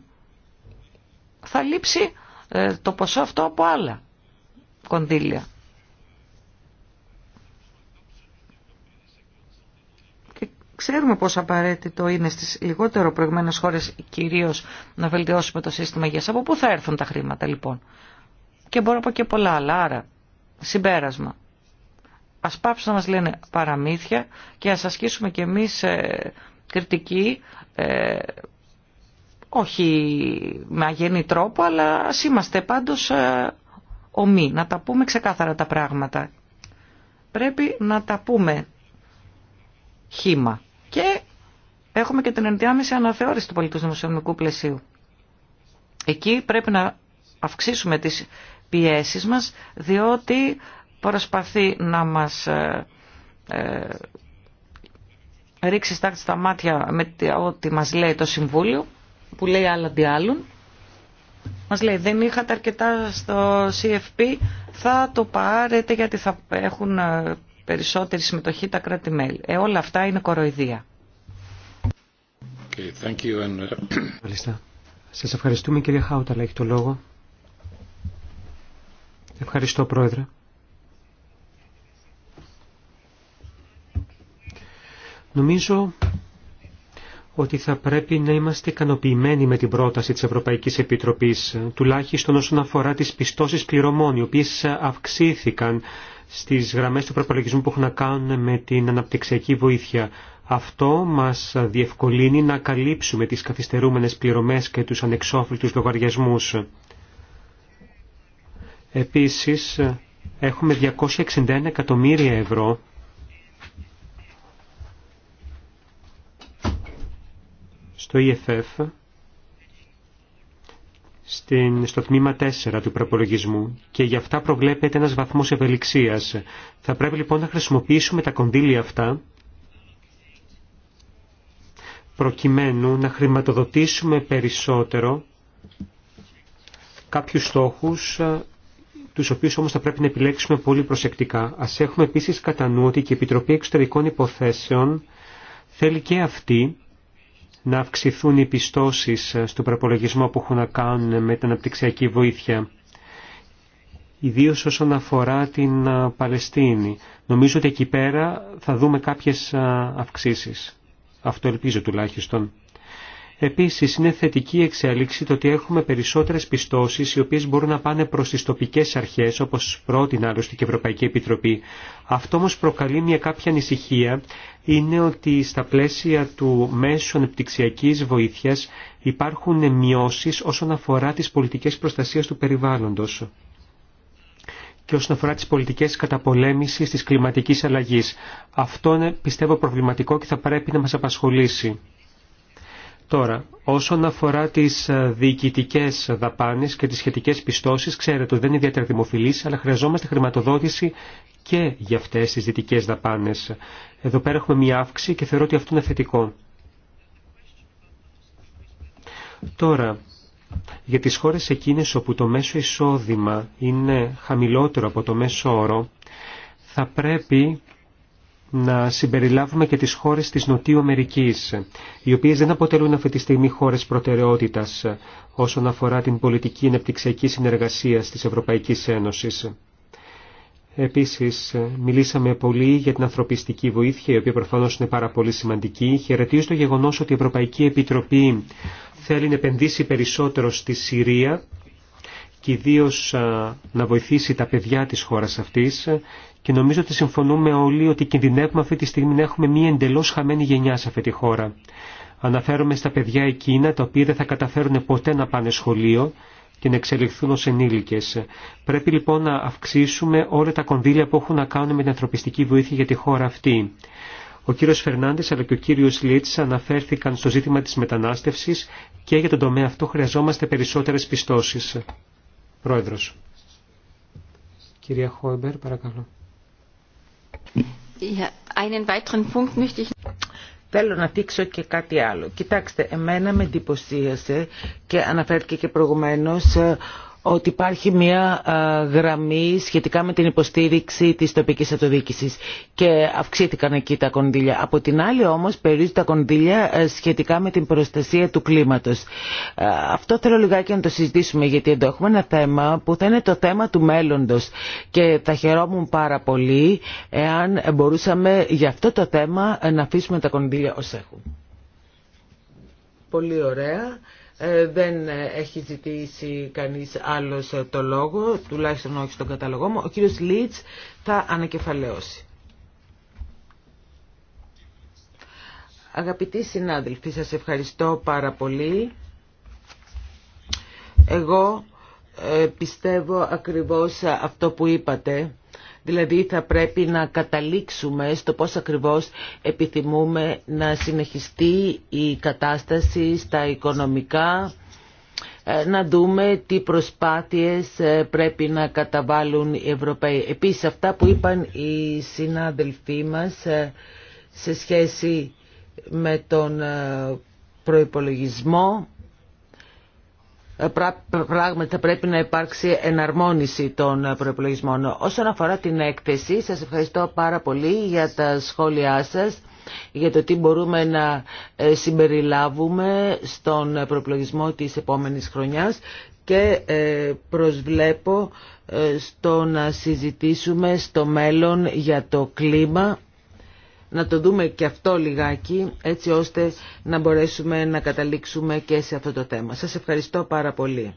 θα λείψει ε, το ποσό αυτό από άλλα κονδύλια. Ξέρουμε πόσο απαραίτητο είναι στι λιγότερο προηγμένες χώρες κυρίω να βελτιώσουμε το σύστημα υγεία. Από πού θα έρθουν τα χρήματα λοιπόν. Και μπορώ να πω και πολλά άλλα. Άρα, συμπέρασμα. Α πάψουν να μας λένε παραμύθια και α ασκήσουμε κι εμείς ε, κριτική, ε, όχι με αγενή τρόπο, αλλά ας είμαστε πάντως ε, ομοί. Να τα πούμε ξεκάθαρα τα πράγματα. Πρέπει να τα πούμε χήμα. Και έχουμε και την ενδιάμεση αναθεώρηση του πολιτικού δημοσιονομικού πλαισίου. Εκεί πρέπει να αυξήσουμε τις πιέσεις μας, διότι προσπαθεί να μας ε, ε, ρίξει στάχτη στα μάτια με ό,τι μας λέει το Συμβούλιο, που λέει άλλα αντί άλλων. Μας λέει δεν είχατε αρκετά στο CFP, θα το πάρετε γιατί θα έχουν ε, περισσότερη συμμετοχή τα κράτη-μέλη. Ε, όλα αυτά είναι κοροϊδία. Okay, thank you and... Uh, Σας ευχαριστούμε κυρία Χάουτα, αλλά έχει το λόγο. Ευχαριστώ πρόεδρε. Νομίζω ότι θα πρέπει να είμαστε ικανοποιημένοι με την πρόταση της Ευρωπαϊκής Επιτροπής, τουλάχιστον όσον αφορά τις πιστώσεις πληρωμών, οι οποίες αυξήθηκαν στις γραμμές του προπολογισμού που έχουν να κάνουν με την αναπτυξιακή βοήθεια. Αυτό μας διευκολύνει να καλύψουμε τις καθυστερούμενες πληρωμές και τους ανεξόφλητους λογαριασμούς. Επίσης, έχουμε 261 εκατομμύρια ευρώ στο EFF στο τμήμα 4 του προπολογισμού και γι' αυτά προβλέπεται ένας βαθμός ευελιξίας. Θα πρέπει λοιπόν να χρησιμοποιήσουμε τα κονδύλια αυτά προκειμένου να χρηματοδοτήσουμε περισσότερο κάποιους στόχους ε, τους οποίους όμως θα πρέπει να επιλέξουμε πολύ προσεκτικά. Ας έχουμε επίσης κατά νου ότι και η Επιτροπή Εξωτερικών Υποθέσεων θέλει και αυτή να αυξηθούν οι πιστώσεις ε, στον προπολογισμό που έχουν να κάνουν με την αναπτυξιακή βοήθεια. Ιδίως όσον αφορά την ε, Παλαιστίνη. Νομίζω ότι εκεί πέρα θα δούμε κάποιες ε, αυξήσεις. Αυτό ελπίζω τουλάχιστον. Επίση, είναι θετική η εξέλιξη το ότι έχουμε περισσότερες πιστώσεις οι οποίες μπορούν να πάνε προς τις τοπικές αρχές όπως πρότεινε άλλωστε και η Ευρωπαϊκή Επιτροπή. Αυτό όμως προκαλεί μια κάποια ανησυχία είναι ότι στα πλαίσια του μέσου ανεπτυξιακής βοήθειας υπάρχουν μειώσεις όσον αφορά τις πολιτικές προστασίας του περιβάλλοντος και όσον αφορά τις πολιτικές καταπολέμησης της κλιματικής αλλαγής. Αυτό είναι πιστεύω προβληματικό και θα πρέπει να μας απασχολήσει. Τώρα, όσον αφορά τις ε, διοικητικές δαπάνες και τις σχετικές πιστώσεις, ξέρετε ότι δεν είναι ιδιαίτερα δημοφιλής, αλλά χρειαζόμαστε χρηματοδότηση και για αυτές τις δυτικέ δαπάνες. Εδώ πέρα έχουμε μία αύξηση και θεωρώ ότι αυτό είναι θετικό. Τώρα, για τις χώρες εκείνες όπου το μέσο εισόδημα είναι χαμηλότερο από το μέσο όρο, θα πρέπει να συμπεριλάβουμε και τις χώρες της Νοτιού Αμερικής, οι οποίες δεν αποτελούν αυτή τη στιγμή χώρες προτεραιότητας όσον αφορά την πολιτική ενεπτυξιακή συνεργασία της Ευρωπαϊκής Ένωσης. Επίσης, μιλήσαμε πολύ για την ανθρωπιστική βοήθεια, η οποία προφανώς είναι πάρα πολύ σημαντική. Χαιρετίζω το γεγονός ότι η Ευρωπαϊκή Επιτροπή θέλει να επενδύσει περισσότερο στη Συρία και ιδίω να βοηθήσει τα παιδιά της χώρας αυτής και νομίζω ότι συμφωνούμε όλοι ότι κινδυνεύουμε αυτή τη στιγμή να έχουμε μία εντελώς χαμένη γενιά σε αυτή τη χώρα. Αναφέρομαι στα παιδιά εκείνα τα οποία δεν θα καταφέρουν ποτέ να πάνε σχολείο και να εξελιχθούν ως ενήλικες. Πρέπει λοιπόν να αυξήσουμε όλα τα κονδύλια που έχουν να κάνουν με την ανθρωπιστική βοήθεια για τη χώρα αυτή. Ο κύριος Φερνάντες αλλά και ο κύριος Λίτς αναφέρθηκαν στο ζήτημα της μετανάστευσης και για τον τομέα αυτό χρειαζόμαστε περισσότερες πιστώσεις. Πρόεδρος. Κυρία Χόιμπερ, παρακαλώ. Θέλω να δείξω και κάτι άλλο. Κοιτάξτε, εμένα με εντυπωσίασε και αναφέρθηκε και προηγουμένως ε, ότι υπάρχει μια ε, γραμμή σχετικά με την υποστήριξη της τοπικής αυτοδιοίκησης και αυξήθηκαν εκεί τα κονδύλια. Από την άλλη όμως περιορίζουν τα κονδύλια ε, σχετικά με την προστασία του κλίματος. Ε, αυτό θέλω λιγάκι να το συζητήσουμε γιατί εδώ έχουμε ένα θέμα που θα είναι το θέμα του μέλλοντος και θα χαιρόμουν πάρα πολύ εάν μπορούσαμε για αυτό το θέμα να αφήσουμε τα κονδύλια ως έχουν. Πολύ ωραία. Ε, δεν έχει ζητήσει κανείς άλλος το λόγο, τουλάχιστον όχι στον καταλογό μου. Ο κύριος Λίτς θα ανακεφαλαίωσει. Αγαπητοί συνάδελφοι, σας ευχαριστώ πάρα πολύ. Εγώ ε, πιστεύω ακριβώς αυτό που είπατε Δηλαδή θα πρέπει να καταλήξουμε στο πώς ακριβώς επιθυμούμε να συνεχιστεί η κατάσταση στα οικονομικά, ε, να δούμε τι προσπάθειες ε, πρέπει να καταβάλουν οι Ευρωπαίοι. Επίσης αυτά που είπαν οι συνάδελφοί μας ε, σε σχέση με τον προϋπολογισμό ε, πράγματι θα πρέπει να υπάρξει εναρμόνιση των ε, προεπλογισμών. Όσον αφορά την έκθεση, σας ευχαριστώ πάρα πολύ για τα σχόλιά σας για το τι μπορούμε να ε, συμπεριλάβουμε στον προεπλογισμό της επόμενης χρονιάς και προσβλέπω στο να συζητήσουμε στο μέλλον για το κλίμα να το δούμε και αυτό λιγάκι έτσι ώστε να μπορέσουμε να καταλήξουμε και σε αυτό το θέμα. Σας ευχαριστώ πάρα πολύ.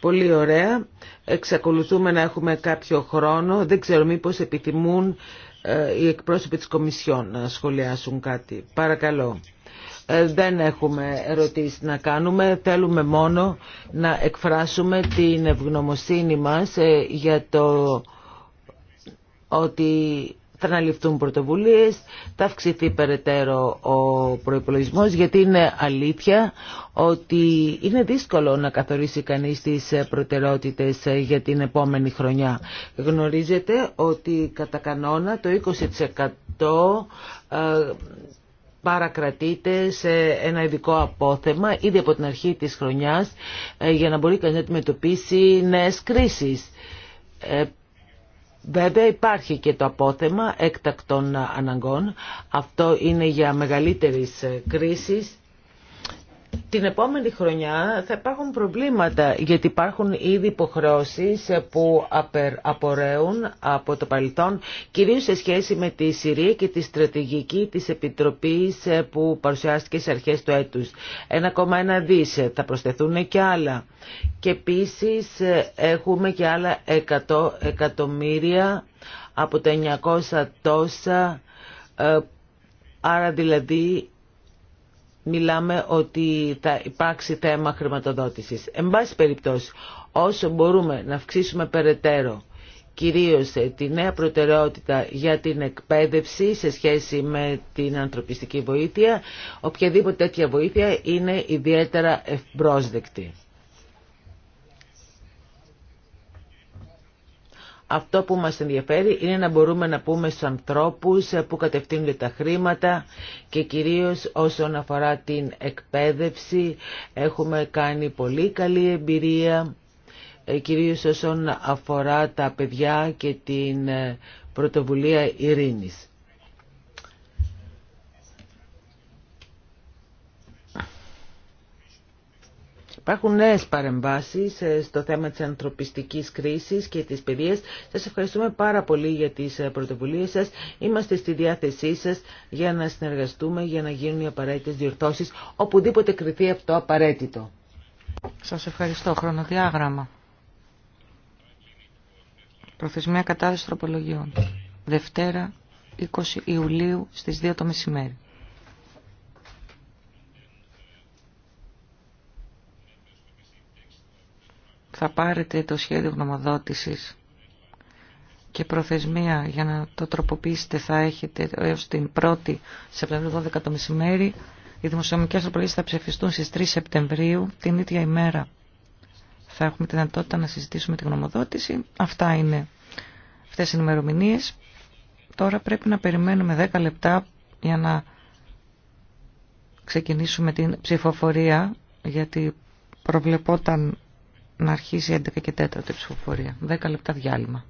Πολύ ωραία. Εξακολουθούμε να έχουμε κάποιο χρόνο. Δεν ξέρω μήπως επιθυμούν ε, οι εκπρόσωποι της Κομισιόν να σχολιάσουν κάτι. Παρακαλώ. Ε, δεν έχουμε ερωτήσεις να κάνουμε. Θέλουμε μόνο να εκφράσουμε την ευγνωμοσύνη μας ε, για το ότι θα αναλυφθούν πρωτοβουλίες, θα αυξηθεί περαιτέρω ο προϋπολογισμός, γιατί είναι αλήθεια ότι είναι δύσκολο να καθορίσει κανείς τις προτεραιότητες ε, για την επόμενη χρονιά. Γνωρίζετε ότι κατά κανόνα το 20% ε, παρακρατείται σε ένα ειδικό απόθεμα ήδη από την αρχή της χρονιάς ε, για να μπορεί κανείς να αντιμετωπίσει νέες κρίσεις. Βέβαια υπάρχει και το απόθεμα έκτακτων αναγκών. Αυτό είναι για μεγαλύτερης ε, κρίσης την επόμενη χρονιά θα υπάρχουν προβλήματα γιατί υπάρχουν ήδη υποχρεώσει που απορρέουν από το παρελθόν κυρίως σε σχέση με τη Συρία και τη στρατηγική της Επιτροπής που παρουσιάστηκε σε αρχές του έτους. 1,1 δις θα προσθεθούν και άλλα. Και επίσης έχουμε και άλλα 100 εκατομμύρια από τα 900 τόσα ε, Άρα δηλαδή μιλάμε ότι θα υπάρξει θέμα χρηματοδότησης. Εν πάση περιπτώσει, όσο μπορούμε να αυξήσουμε περαιτέρω κυρίως ε, τη νέα προτεραιότητα για την εκπαίδευση σε σχέση με την ανθρωπιστική βοήθεια, οποιαδήποτε τέτοια βοήθεια είναι ιδιαίτερα ευπρόσδεκτη. Αυτό που μας ενδιαφέρει είναι να μπορούμε να πούμε στους ανθρώπους που κατευθύνουν τα χρήματα και κυρίως όσον αφορά την εκπαίδευση έχουμε κάνει πολύ καλή εμπειρία ε, κυρίως όσον αφορά τα παιδιά και την ε, πρωτοβουλία ειρήνης. Υπάρχουν νέες παρεμβάσεις ε, στο θέμα της ανθρωπιστικής κρίσης και της παιδείας. Σας ευχαριστούμε πάρα πολύ για τις ε, πρωτοβουλίες σας. Είμαστε στη διάθεσή σας για να συνεργαστούμε, για να γίνουν οι απαραίτητες διορθώσεις, οπουδήποτε κριθεί αυτό απαραίτητο. Σας ευχαριστώ. Χρονοδιάγραμμα. Προθεσμία κατάθεση τροπολογιών. Δευτέρα 20 Ιουλίου στις 2 το μεσημέρι. θα πάρετε το σχέδιο γνωμοδότησης και προθεσμία για να το τροποποιήσετε θα έχετε έως την 1η Σεπτεμβρίου 12 το μεσημέρι. Οι δημοσιονομικές τροπολογίες θα ψηφιστούν στις 3 Σεπτεμβρίου την ίδια ημέρα. Θα έχουμε τη δυνατότητα να συζητήσουμε τη γνωμοδότηση. Αυτά είναι αυτές οι ημερομηνίε. Τώρα πρέπει να περιμένουμε 10 λεπτά για να ξεκινήσουμε την ψηφοφορία γιατί προβλεπόταν να αρχίσει 11 και 4 η ψηφοφορία. 10 λεπτά διάλειμμα.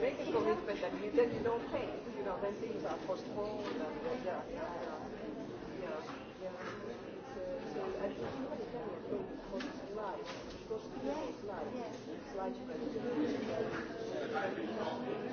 make a commitment and you, then you don't pay. You know, then things are postponed and yeah, yeah, yeah, it's life, life, life.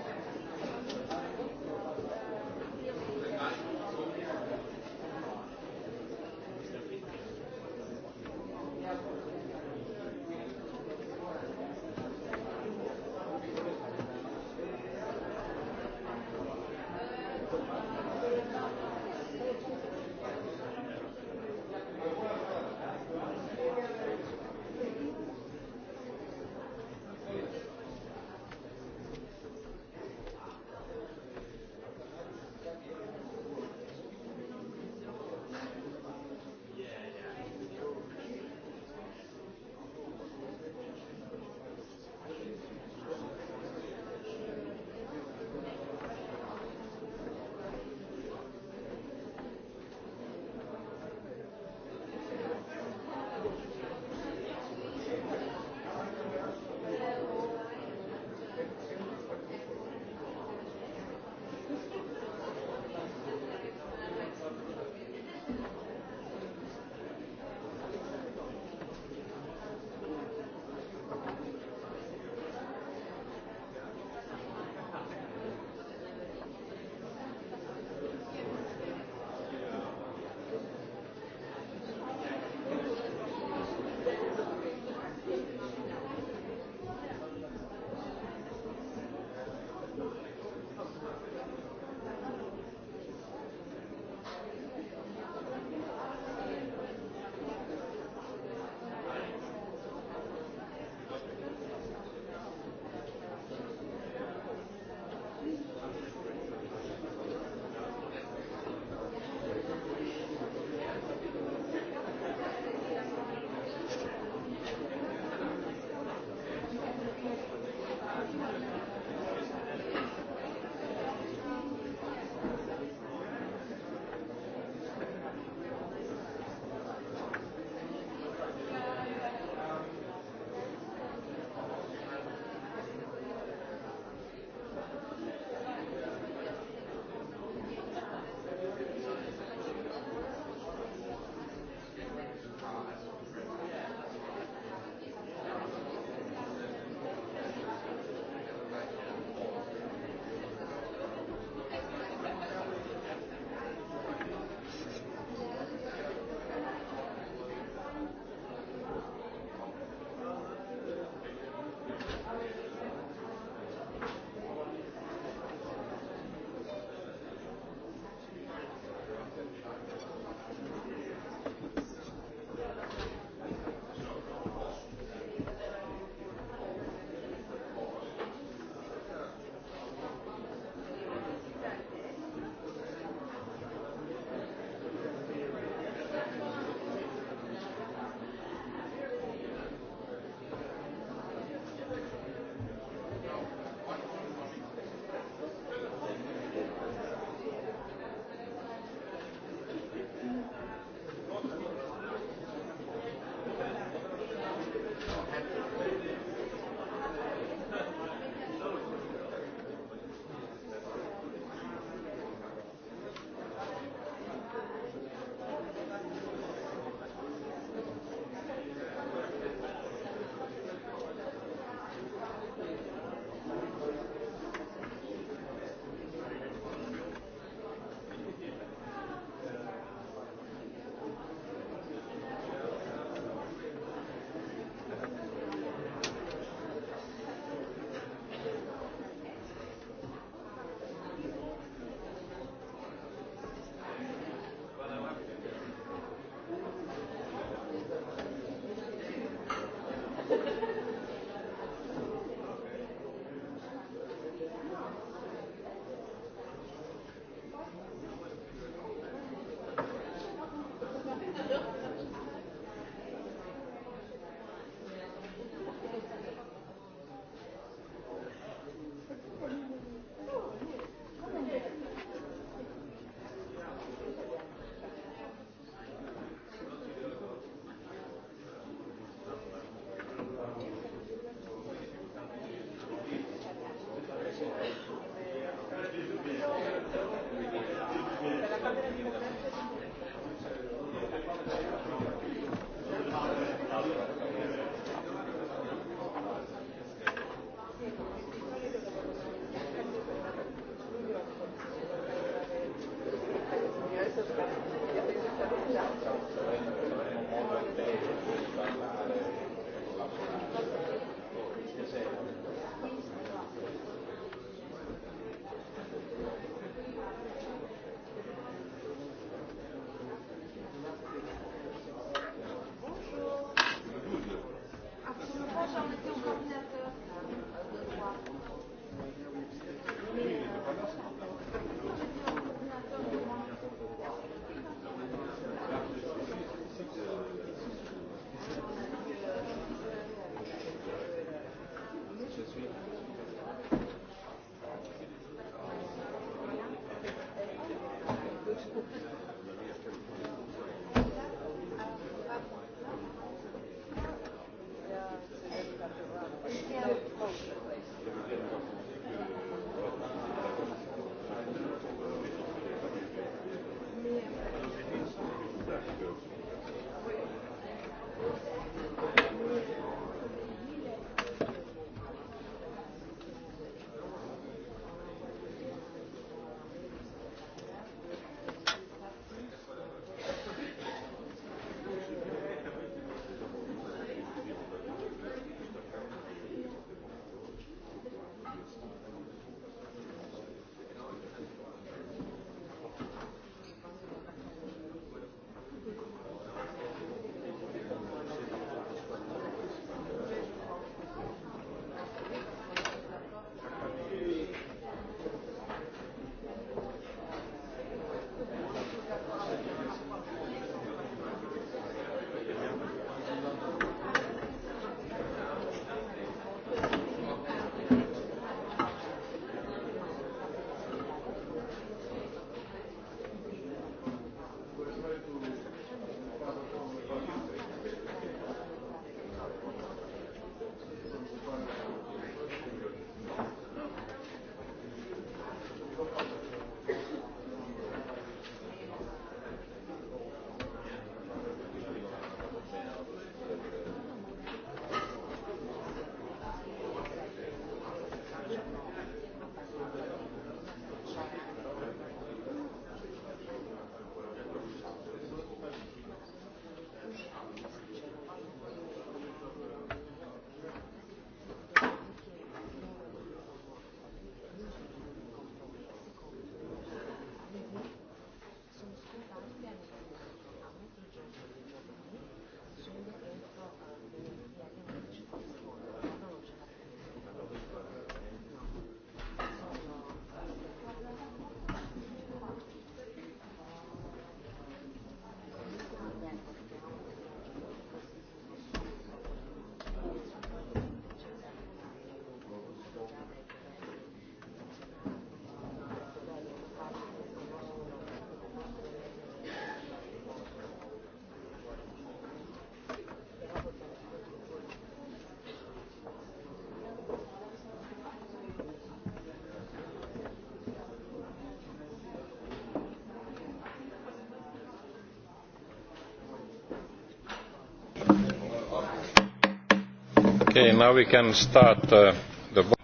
Uh,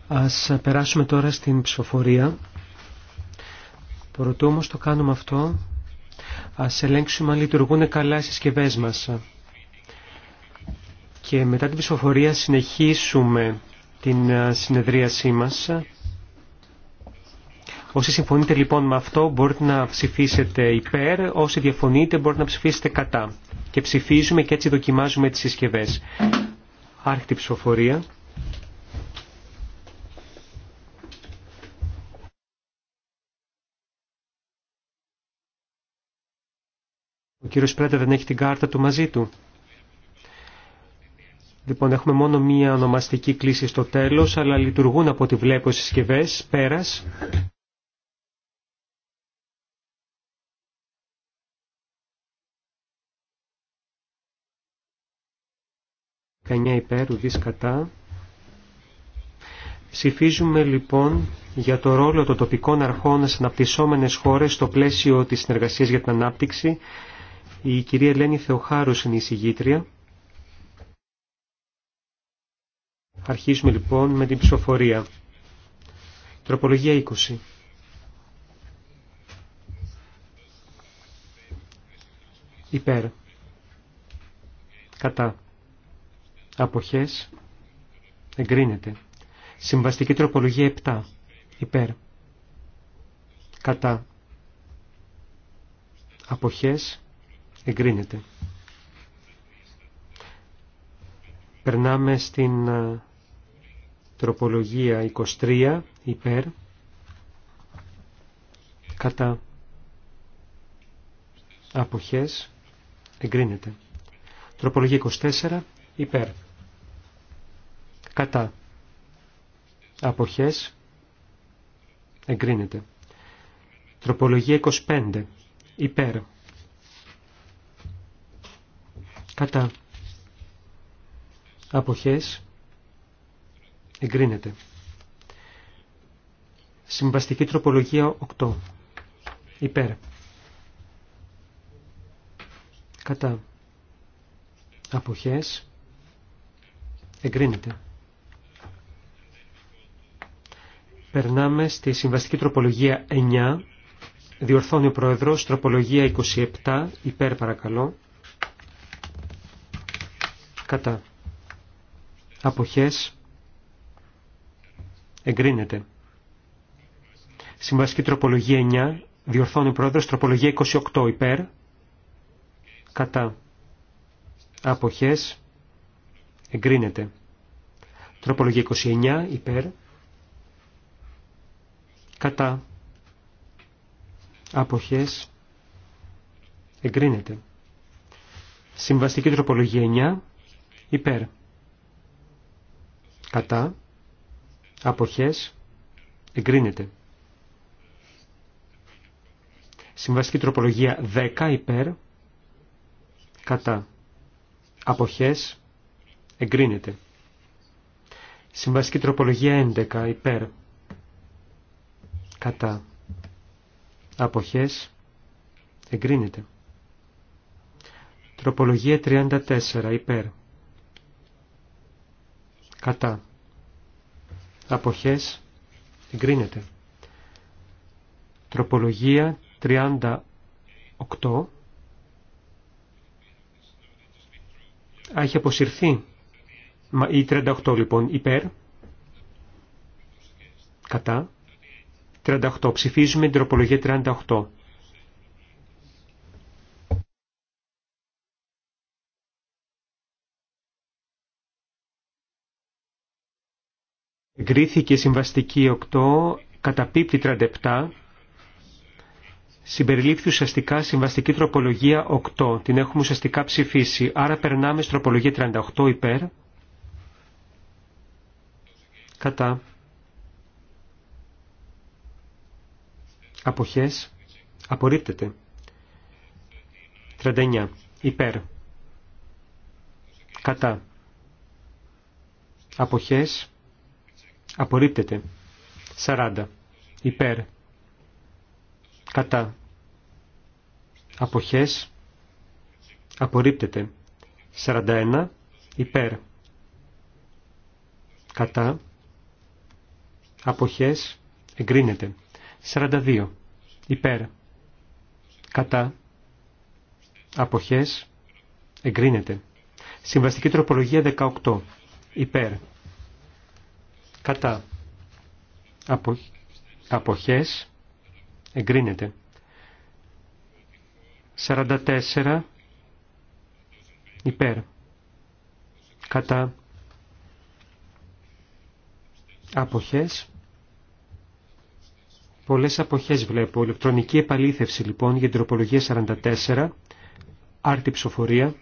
ας περάσουμε τώρα στην ψηφοφορία. Προτού όμως το κάνουμε αυτό, ας ελέγξουμε αν λειτουργούν καλά οι συσκευέ μας. Και μετά την ψηφοφορία συνεχίσουμε την ε, συνεδρίασή μας. Όσοι συμφωνείτε λοιπόν με αυτό μπορείτε να ψηφίσετε υπέρ, όσοι διαφωνείτε μπορείτε να ψηφίσετε κατά. Και ψηφίζουμε και έτσι δοκιμάζουμε τις συσκευές. Άρχιτη ψηφοφορία. Ο κύριος Πρέντερ δεν έχει την κάρτα του μαζί του. Λοιπόν, έχουμε μόνο μία ονομαστική κλίση στο τέλος, αλλά λειτουργούν από ό,τι βλέπω συσκευέ συσκευές. Πέρας. Κανιά υπέρ, ουδής κατά. Ψηφίζουμε λοιπόν για το ρόλο των τοπικών αρχών στι αναπτυσσόμενες χώρες στο πλαίσιο της συνεργασίας για την ανάπτυξη. Η κυρία Ελένη Θεοχάρου είναι η συγγήτρια. Αρχίζουμε λοιπόν με την ψηφοφορία. Τροπολογία 20. Υπέρ. Κατά αποχές, εγκρίνεται. Συμβαστική τροπολογία 7, υπέρ, κατά, αποχές, εγκρίνεται. Περνάμε στην ε, τροπολογία 23, υπέρ, κατά, αποχές, εγκρίνεται. Τροπολογία 24, υπέρ. Κατά. Αποχές. Εγκρίνεται. Τροπολογία 25. Υπέρ. Κατά. Αποχές. Εγκρίνεται. Συμβαστική τροπολογία 8. Υπέρ. Κατά. Αποχές. Εγκρίνεται. Περνάμε στη συμβαστική τροπολογία 9. Διορθώνει ο Πρόεδρος, τροπολογία 27, υπέρ παρακαλώ. Κατά. Αποχές. Εγκρίνεται. Συμβαστική τροπολογία 9. Διορθώνει ο Πρόεδρος, τροπολογία 28, υπέρ. Κατά. Αποχές. Εγκρίνεται. Τροπολογία 29, υπέρ κατά αποχές εγκρίνεται. Συμβαστική τροπολογία 9 υπέρ κατά αποχές εγκρίνεται. Συμβαστική τροπολογία 10 υπέρ κατά αποχές εγκρίνεται. Συμβαστική τροπολογία 11 υπέρ κατά αποχές εγκρίνεται. Τροπολογία 34 υπέρ κατά αποχές εγκρίνεται. Τροπολογία 38 έχει αποσυρθεί. η 38 λοιπόν υπέρ, κατά, 38. Ψηφίζουμε την τροπολογία 38. Εγκρίθηκε συμβαστική 8, καταπίπτει 37, συμπεριλήφθη ουσιαστικά συμβαστική τροπολογία 8, την έχουμε ουσιαστικά ψηφίσει, άρα περνάμε στην τροπολογία 38 υπέρ, κατά, Αποχές. Απορρίπτεται. 39. Υπέρ. Κατά. Αποχές. Απορρίπτεται. 40. Υπέρ. Κατά. Αποχές. Απορρίπτεται. 41. Υπέρ. Κατά. Αποχές. Εγκρίνεται. 42. Υπέρ. Κατά. Αποχές. Εγκρίνεται. Συμβαστική τροπολογία 18. Υπέρ. Κατά. Απο... Αποχές. Εγκρίνεται. 44. Υπέρ. Κατά. Αποχές. Πολλές αποχές βλέπω. Ηλεκτρονική επαλήθευση λοιπόν για την τροπολογία 44. Άρτη ψηφοφορία.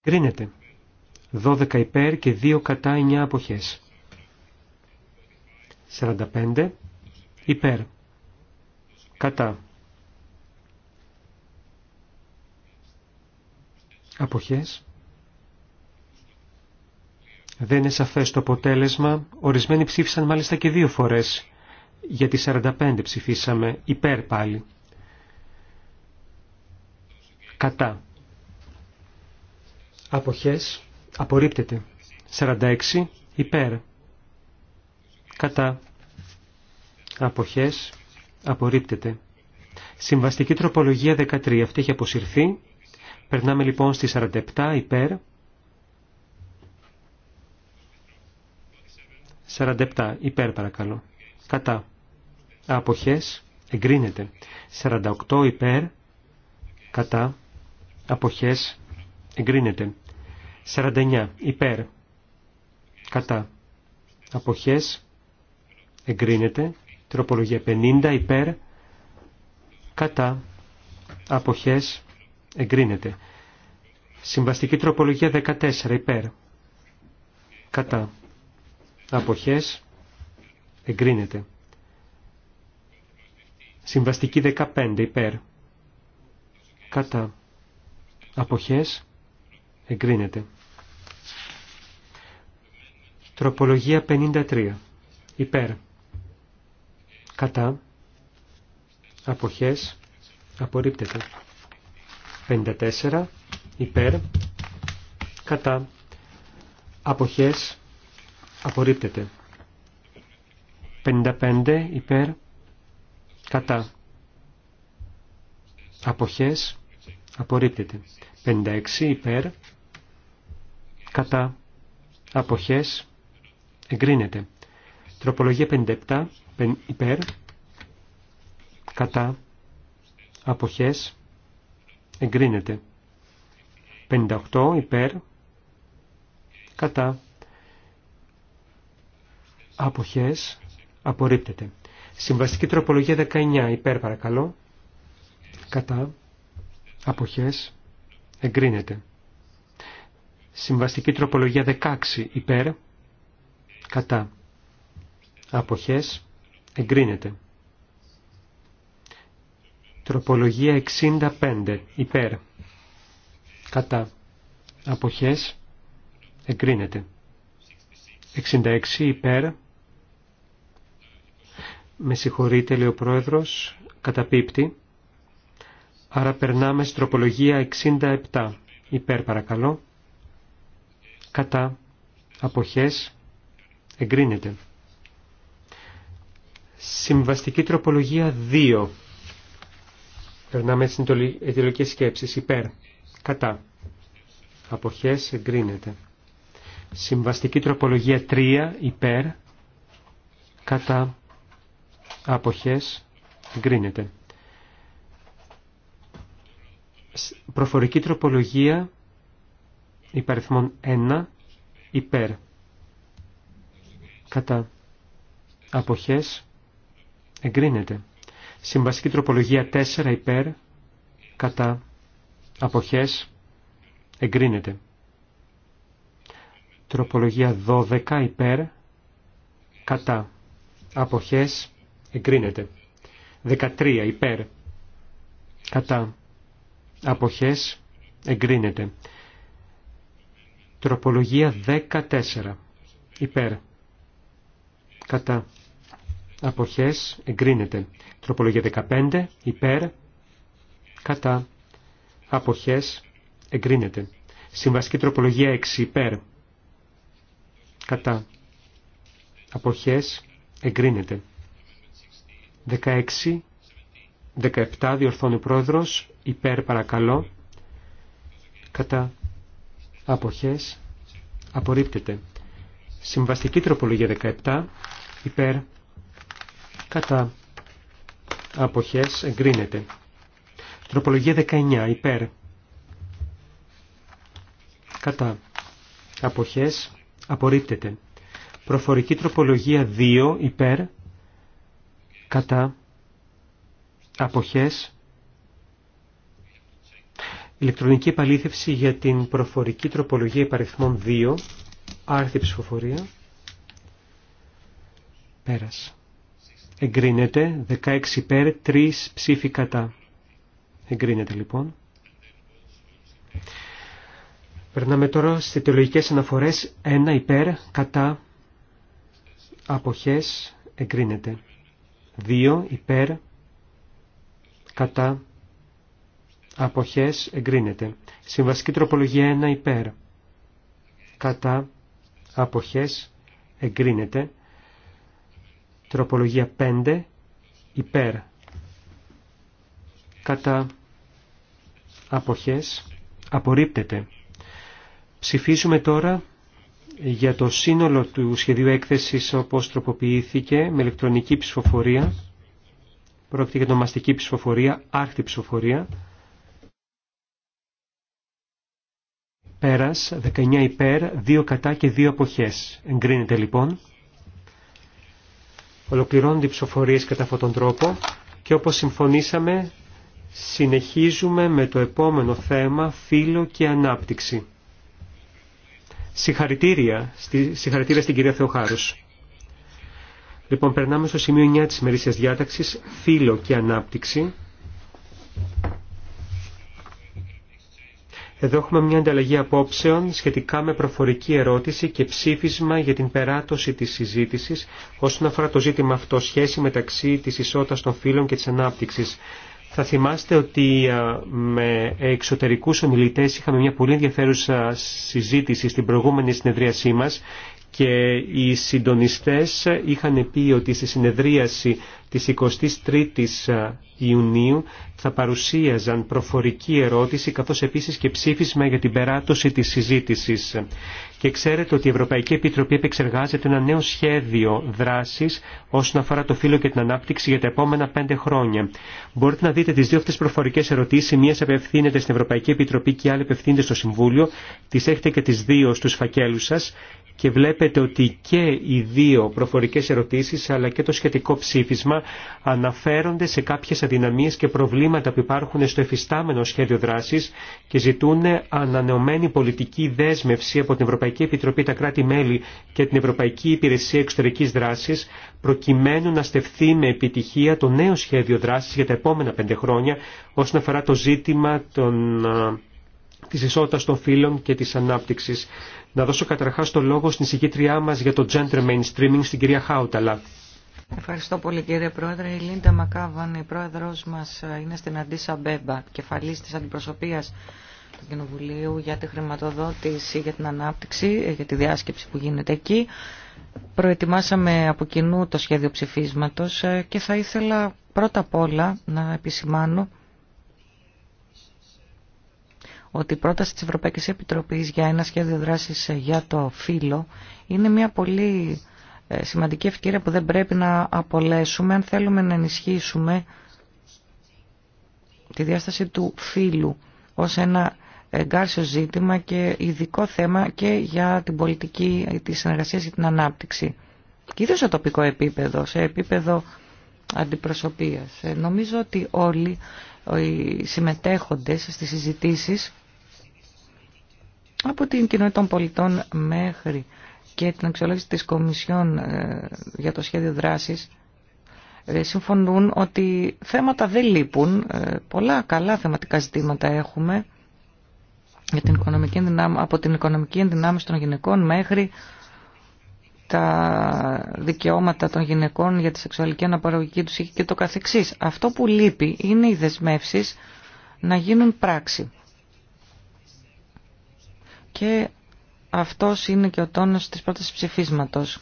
Κρίνεται. 12 υπέρ και 2 κατά 9 αποχές. 45 υπέρ. Κατά. Αποχές. Δεν είναι σαφές το αποτέλεσμα. Ορισμένοι ψήφισαν μάλιστα και δύο φορές. γιατί 45 ψηφίσαμε υπέρ πάλι. Κατά. Αποχές. Απορρίπτεται. 46 υπέρ. Κατά. Αποχές. Απορρίπτεται. Συμβαστική τροπολογία 13. Αυτή έχει αποσυρθεί. Περνάμε λοιπόν στη 47 υπέρ. 47 υπέρ παρακαλώ. Κατά. Αποχές. Εγκρίνεται. 48 υπέρ. Κατά. Αποχές. Εγκρίνεται. 49 υπέρ. Κατά. Αποχές. Εγκρίνεται. Τροπολογία 50 υπέρ. Κατά. Αποχές εγκρίνεται. Συμβαστική τροπολογία 14 υπέρ. Κατά. Αποχές εγκρίνεται. Συμβαστική 15 υπέρ. Κατά. Αποχές εγκρίνεται. Τροπολογία 53 υπέρ. Κατά. Αποχές απορρίπτεται. 54 υπέρ κατά αποχές απορρίπτεται 55 υπέρ κατά αποχές απορρίπτεται 56 υπέρ κατά αποχές εγκρίνεται τροπολογία 57 υπέρ κατά αποχές εγκρίνεται. 58 υπέρ κατά αποχές απορρίπτεται. Συμβαστική τροπολογία 19 υπέρ παρακαλώ κατά αποχές εγκρίνεται. Συμβαστική τροπολογία 16 υπέρ κατά αποχές εγκρίνεται. Τροπολογία 65. Υπέρ. Κατά. Αποχές. Εγκρίνεται. 66. Υπέρ. Με συγχωρείτε, λέει ο πρόεδρος. Καταπίπτει. Άρα περνάμε στην τροπολογία 67. Υπέρ παρακαλώ. Κατά. Αποχές. Εγκρίνεται. Συμβαστική τροπολογία 2. Περνάμε στην αιτιολογικές σκέψεις. Υπέρ. Κατά. Αποχές εγκρίνεται. Συμβαστική τροπολογία 3. Υπέρ. Κατά. Αποχές εγκρίνεται. Προφορική τροπολογία υπαριθμών 1. Υπέρ. Κατά. Αποχές εγκρίνεται. Συμβασική τροπολογία 4 υπέρ κατά αποχές εγκρίνεται. Τροπολογία 12 υπέρ κατά αποχές εγκρίνεται. 13 υπέρ κατά αποχές εγκρίνεται. Τροπολογία 14 υπέρ κατά αποχές εγκρίνεται. Τροπολογία 15 υπέρ κατά αποχές εγκρίνεται. Συμβαστική τροπολογία 6 υπέρ κατά αποχές εγκρίνεται. 16, 17 διορθώνει ο πρόεδρος υπέρ παρακαλώ κατά αποχές απορρίπτεται. Συμβαστική τροπολογία 17 υπέρ κατά αποχές εγκρίνεται. Τροπολογία 19 υπέρ κατά αποχές απορρίπτεται. Προφορική τροπολογία 2 υπέρ κατά αποχές ηλεκτρονική επαλήθευση για την προφορική τροπολογία υπαριθμών 2 άρθρη ψηφοφορία Πέρασε. Εγκρίνεται 16 υπέρ, 3 ψήφοι κατά. Εγκρίνεται λοιπόν. Περνάμε τώρα στις θεολογικές αναφορές 1 υπέρ, κατά, αποχές, εγκρίνεται. 2 υπέρ, κατά, αποχές, εγκρίνεται. Συμβασική τροπολογία 1 υπέρ, κατά, αποχές, εγκρίνεται. Τροπολογία 5 υπέρ κατά αποχές απορρίπτεται. Ψηφίσουμε τώρα για το σύνολο του σχεδίου έκθεσης όπως τροποποιήθηκε με ηλεκτρονική ψηφοφορία. Πρόκειται για νομαστική ψηφοφορία, άρχτη ψηφοφορία. Πέρας, 19 υπέρ, 2 κατά και 2 αποχές. Εγκρίνεται λοιπόν. Ολοκληρώνονται οι ψηφοφορίες κατά αυτόν τον τρόπο και όπως συμφωνήσαμε συνεχίζουμε με το επόμενο θέμα φύλλο και ανάπτυξη. Συγχαρητήρια, στη, συγχαρητήρια στην κυρία Θεοχάρους. Λοιπόν, περνάμε στο σημείο 9 της ημερήσιας διάταξης, φύλλο και ανάπτυξη. Εδώ έχουμε μια ανταλλαγή απόψεων σχετικά με προφορική ερώτηση και ψήφισμα για την περάτωση της συζήτησης όσον αφορά το ζήτημα αυτό σχέση μεταξύ της ισότητας των φύλων και της ανάπτυξης. Θα θυμάστε ότι με εξωτερικούς ομιλητές είχαμε μια πολύ ενδιαφέρουσα συζήτηση στην προηγούμενη συνεδρίασή μας και οι συντονιστές είχαν πει ότι στη συνεδρίαση της 23ης ε, Ιουνίου θα παρουσίαζαν προφορική ερώτηση καθώς επίσης και ψήφισμα για την περάτωση της συζήτησης. Και ξέρετε ότι η Ευρωπαϊκή Επιτροπή επεξεργάζεται ένα νέο σχέδιο δράσης όσον αφορά το φύλλο και την ανάπτυξη για τα επόμενα πέντε χρόνια. Μπορείτε να δείτε τις δύο αυτές προφορικές ερωτήσεις, η μία απευθύνεται στην Ευρωπαϊκή Επιτροπή και η άλλη απευθύνεται στο Συμβούλιο. Τις έχετε και τις δύο στους φακέλους σας και βλέπετε ότι και οι δύο προφορικές ερωτήσεις αλλά και το σχετικό ψήφισμα αναφέρονται σε κάποιες αδυναμίες και προβλήματα που υπάρχουν στο εφιστάμενο σχέδιο δράσης και ζητούν ανανεωμένη πολιτική δέσμευση από την Ευρωπαϊκή Επιτροπή, τα κράτη-μέλη και την Ευρωπαϊκή Υπηρεσία Εξωτερικής Δράσης προκειμένου να στεφθεί με επιτυχία το νέο σχέδιο δράσης για τα επόμενα πέντε χρόνια όσον αφορά το ζήτημα των της ισότητας των φύλων και της ανάπτυξης. Να δώσω καταρχάς το λόγο στην συγκήτριά μας για το gender mainstreaming στην κυρία Χάουταλα. Ευχαριστώ πολύ κύριε Πρόεδρε. Η Λίντα Μακάβαν, η πρόεδρος μας, είναι στην Αντίσα Μπέμπα, κεφαλής της αντιπροσωπείας του Κοινοβουλίου για τη χρηματοδότηση, για την ανάπτυξη, για τη διάσκεψη που γίνεται εκεί. Προετοιμάσαμε από κοινού το σχέδιο ψηφίσματος ε, και θα ήθελα πρώτα απ' όλα να επισημάνω ότι η πρόταση της Ευρωπαϊκής Επιτροπής για ένα σχέδιο δράσης για το φύλλο είναι μια πολύ ε, σημαντική ευκαιρία που δεν πρέπει να απολέσουμε αν θέλουμε να ενισχύσουμε τη διάσταση του φίλου ως ένα εγκάρσιο ζήτημα και ειδικό θέμα και για την πολιτική της συνεργασία για την ανάπτυξη. Και ιδίως σε τοπικό επίπεδο, σε επίπεδο αντιπροσωπείας. Ε, νομίζω ότι όλοι οι συμμετέχοντες στις συζητήσεις από την κοινότητα των πολιτών μέχρι και την αξιολόγηση της Κομισιόν ε, για το σχέδιο δράσης ε, συμφωνούν ότι θέματα δεν λείπουν. Ε, πολλά καλά θεματικά ζητήματα έχουμε για την οικονομική από την οικονομική ενδυνάμωση των γυναικών μέχρι τα δικαιώματα των γυναικών για τη σεξουαλική αναπαραγωγική τους και το καθεξής. Αυτό που λείπει είναι οι δεσμεύσεις να γίνουν πράξη. Και αυτός είναι και ο τόνος της πρώτης ψηφίσματος.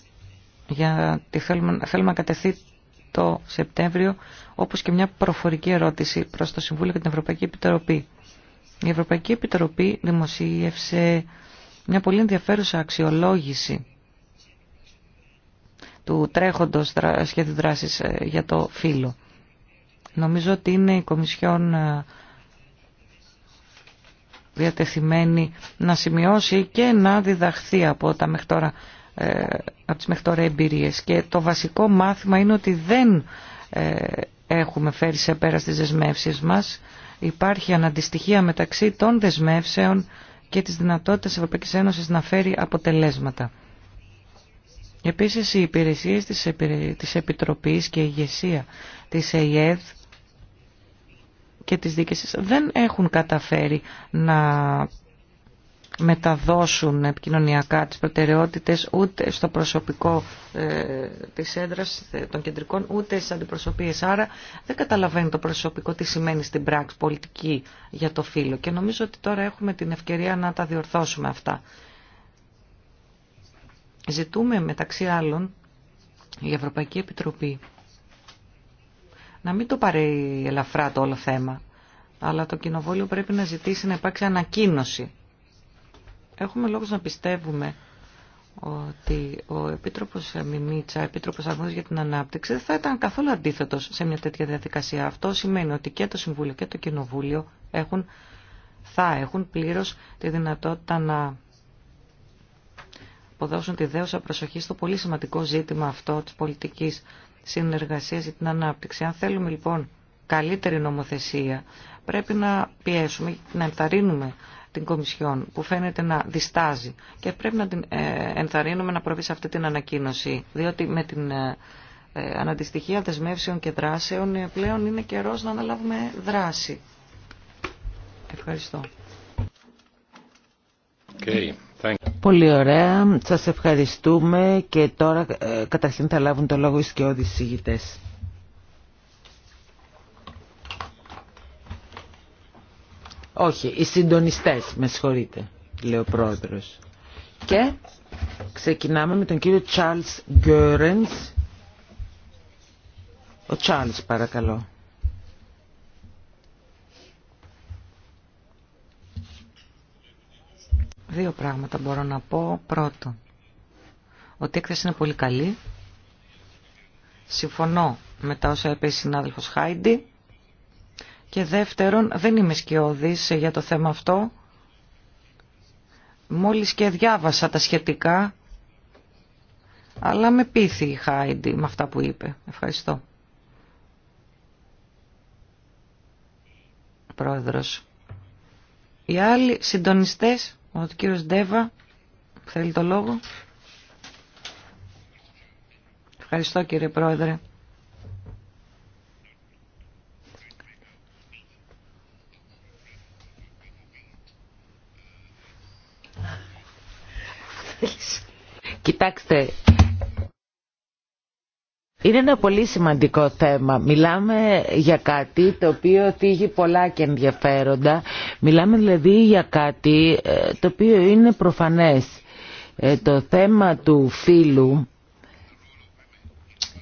Γιατί θέλουμε, θέλουμε να κατεθεί το Σεπτέμβριο, όπως και μια προφορική ερώτηση προς το Συμβούλιο και την Ευρωπαϊκή Επιτροπή. Η Ευρωπαϊκή Επιτροπή δημοσίευσε μια πολύ ενδιαφέρουσα αξιολόγηση του τρέχοντος σχέδιου δράσης ε, για το φύλλο. Νομίζω ότι είναι η Κομισιόν ε, διατεθειμένη να σημειώσει και να διδαχθεί από, τα μέχρι τώρα, ε, από τις εμπειρίες. Και το βασικό μάθημα είναι ότι δεν ε, έχουμε φέρει σε πέρα στις δεσμεύσεις μας. Υπάρχει αναντιστοιχία μεταξύ των δεσμεύσεων και της δυνατότητας Ευρωπαϊκής Ένωσης να φέρει αποτελέσματα. Επίσης οι υπηρεσίες της Επιτροπής και η ηγεσία της ΕΙΕΔ και της δίκησης δεν έχουν καταφέρει να μεταδώσουν επικοινωνιακά τις προτεραιότητες ούτε στο προσωπικό ε, της έδρας ε, των κεντρικών ούτε στις αντιπροσωπείες. Άρα δεν καταλαβαίνει το προσωπικό τι σημαίνει στην πράξη πολιτική για το φύλλο και νομίζω ότι τώρα έχουμε την ευκαιρία να τα διορθώσουμε αυτά. Ζητούμε μεταξύ άλλων η Ευρωπαϊκή Επιτροπή να μην το πάρει ελαφρά το όλο θέμα. Αλλά το κοινοβόλιο πρέπει να ζητήσει να υπάρξει ανακοίνωση. Έχουμε λόγους να πιστεύουμε ότι ο Επίτροπος Μιμίτσα, ο Επίτροπος Αρμόδιος για την Ανάπτυξη, δεν θα ήταν καθόλου αντίθετος σε μια τέτοια διαδικασία. Αυτό σημαίνει ότι και το Συμβούλιο και το Κοινοβούλιο έχουν, θα έχουν πλήρως τη δυνατότητα να αποδώσουν τη δέωσα προσοχή στο πολύ σημαντικό ζήτημα αυτό της πολιτικής Συνεργασία για την ανάπτυξη. Αν θέλουμε λοιπόν καλύτερη νομοθεσία, πρέπει να πιέσουμε, να ενθαρρύνουμε την Κομισιόν που φαίνεται να διστάζει και πρέπει να την ε, ενθαρρύνουμε να προβεί σε αυτή την ανακοίνωση, διότι με την ε, ε, αναντιστοιχεία δεσμεύσεων και δράσεων πλέον είναι καιρός να αναλάβουμε δράση. Ευχαριστώ. Πολύ ωραία. Σας ευχαριστούμε και τώρα ε, καταρχήν θα λάβουν το λόγο οι σκιώδεις συγητές. Όχι, οι συντονιστές, με συγχωρείτε, λέει ο πρόεδρος. Και ξεκινάμε με τον κύριο Charles Γκέρενς. Ο Charles παρακαλώ. Δύο πράγματα μπορώ να πω. Πρώτον, ότι η έκθεση είναι πολύ καλή. Συμφωνώ με τα όσα είπε η συνάδελφος Χάιντι. Και δεύτερον, δεν είμαι σκιώδης για το θέμα αυτό. Μόλις και διάβασα τα σχετικά, αλλά με πείθει η Χάιντι με αυτά που είπε. Ευχαριστώ. Πρόεδρος. Οι άλλοι συντονιστές ο κύριος Ντέβα θέλει το λόγο. Ευχαριστώ κύριε Πρόεδρε. Κοιτάξτε, είναι ένα πολύ σημαντικό θέμα. Μιλάμε για κάτι το οποίο θίγει πολλά και ενδιαφέροντα. Μιλάμε δηλαδή για κάτι ε, το οποίο είναι προφανές. Ε, το θέμα του φύλου,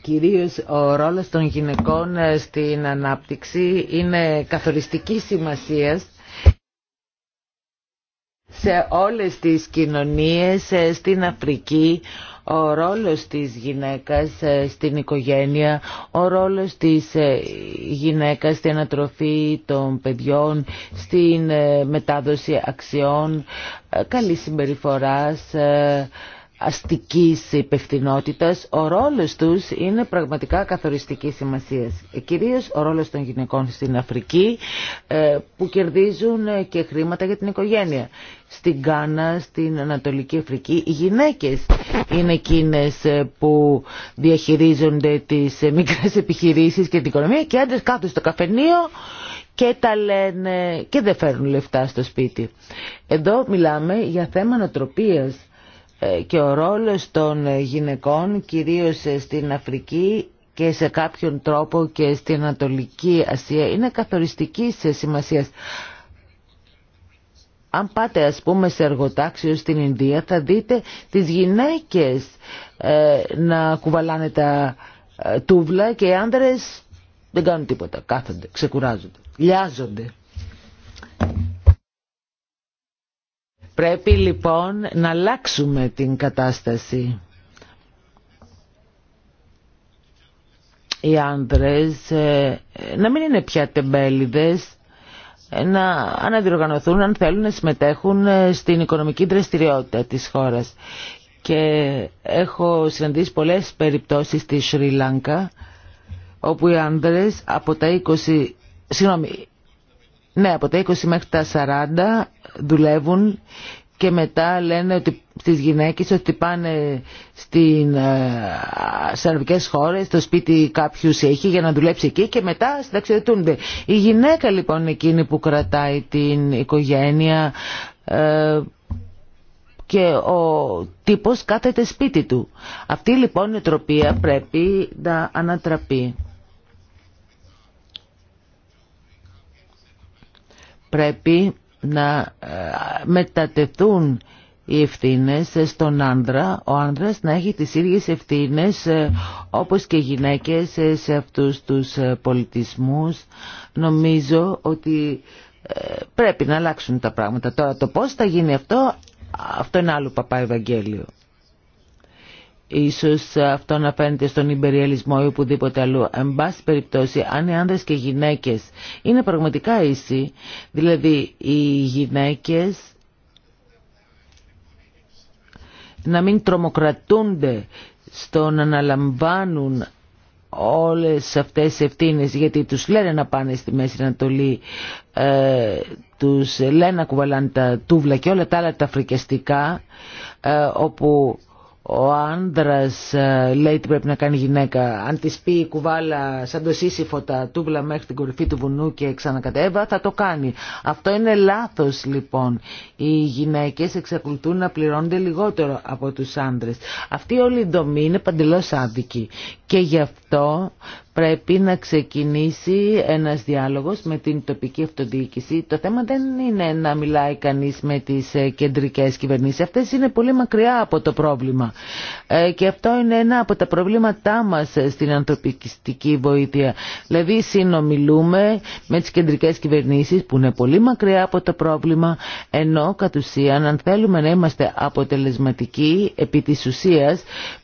κυρίως ο ρόλος των γυναικών ε, στην ανάπτυξη, είναι καθοριστική σημασίας σε όλες τις κοινωνίες, στην Αφρική, ο ρόλος της γυναίκας ε, στην οικογένεια, ο ρόλος της ε, γυναίκας στην ανατροφή των παιδιών, στην ε, μετάδοση αξιών, καλή συμπεριφοράς, αστικής υπευθυνότητα, ο ρόλος τους είναι πραγματικά καθοριστική σημασίας. Κυρίως ο ρόλος των γυναικών στην Αφρική ε, που κερδίζουν ε, και χρήματα για την οικογένεια. Στην Κάνα, στην Ανατολική Αφρική, οι γυναίκες είναι εκείνες ε, που διαχειρίζονται τις μικρές επιχειρήσεις και την οικονομία και άντρες κάθονται στο καφενείο και τα λένε και δεν φέρνουν λεφτά στο σπίτι. Εδώ μιλάμε για θέμα νοτροπίας ε, και ο ρόλος των γυναικών κυρίως στην Αφρική και σε κάποιον τρόπο και στην Ανατολική Ασία είναι καθοριστική σε σημασία. Αν πάτε ας πούμε σε εργοτάξιο στην Ινδία θα δείτε τις γυναίκες ε, να κουβαλάνε τα ε, τούβλα και οι άντρες δεν κάνουν τίποτα, κάθονται, ξεκουράζονται, λιάζονται. Πρέπει λοιπόν να αλλάξουμε την κατάσταση. Οι άνδρες ε, να μην είναι πια τεμπέληδες, ε, να αναδιοργανωθούν αν θέλουν να συμμετέχουν ε, στην οικονομική δραστηριότητα της χώρας. Και έχω συναντήσει πολλές περιπτώσεις στη Σρι Λάνκα, όπου οι άνδρες από τα 20, συγγνώμη, ναι, από τα 20 μέχρι τα 40 δουλεύουν και μετά λένε ότι στις γυναίκες ότι πάνε στην, ε, σε χώρες, στο σπίτι κάποιου έχει για να δουλέψει εκεί και μετά συνταξιδετούνται. Η γυναίκα λοιπόν εκείνη που κρατάει την οικογένεια ε, και ο τύπος κάθεται σπίτι του. Αυτή λοιπόν η τροπία πρέπει να ανατραπεί. Πρέπει να ε, μετατεθούν οι ευθύνε στον άντρα, ο άνδρας να έχει τις ίδιες ευθύνε ε, όπως και οι γυναίκες ε, σε αυτούς τους πολιτισμούς. Νομίζω ότι πρέπει να αλλάξουν τα πράγματα. Τώρα το πώς θα γίνει αυτό, αυτό είναι άλλο παπά Ευαγγέλιο. Ίσως αυτό να φαίνεται στον υπεριαλισμό ή οπουδήποτε αλλού. Εν πάση περιπτώσει, αν οι άνδρες και οι γυναίκες είναι πραγματικά ίσοι, δηλαδή οι γυναίκες να μην τρομοκρατούνται στο να αναλαμβάνουν όλες αυτές τις ευθύνες γιατί τους λένε να πάνε στη Μέση Ανατολή ε, τους λένε να κουβαλάνε τα τούβλα και όλα τα άλλα τα φρικιαστικά ε, όπου ο άνδρας ε, λέει τι πρέπει να κάνει η γυναίκα, αν της πει η κουβάλα σαν το σύσυφο τα τούβλα μέχρι την κορυφή του βουνού και ξανακατέβα, θα το κάνει. Αυτό είναι λάθος λοιπόν. Οι γυναίκες εξακολουθούν να πληρώνονται λιγότερο από τους άνδρες. Αυτή όλη η δομή είναι παντελώς άδικη και γι' αυτό πρέπει να ξεκινήσει ένας διάλογος με την τοπική αυτοδιοίκηση. Το θέμα δεν είναι να μιλάει κανείς με τις ε, κεντρικές κυβερνήσεις. Αυτές είναι πολύ μακριά από το πρόβλημα. Ε, και αυτό είναι ένα από τα προβλήματά μας ε, στην ανθρωπιστική βοήθεια. Δηλαδή συνομιλούμε με τις κεντρικές κυβερνήσεις που είναι πολύ μακριά από το πρόβλημα, ενώ κατ' ουσίαν αν θέλουμε να είμαστε αποτελεσματικοί επί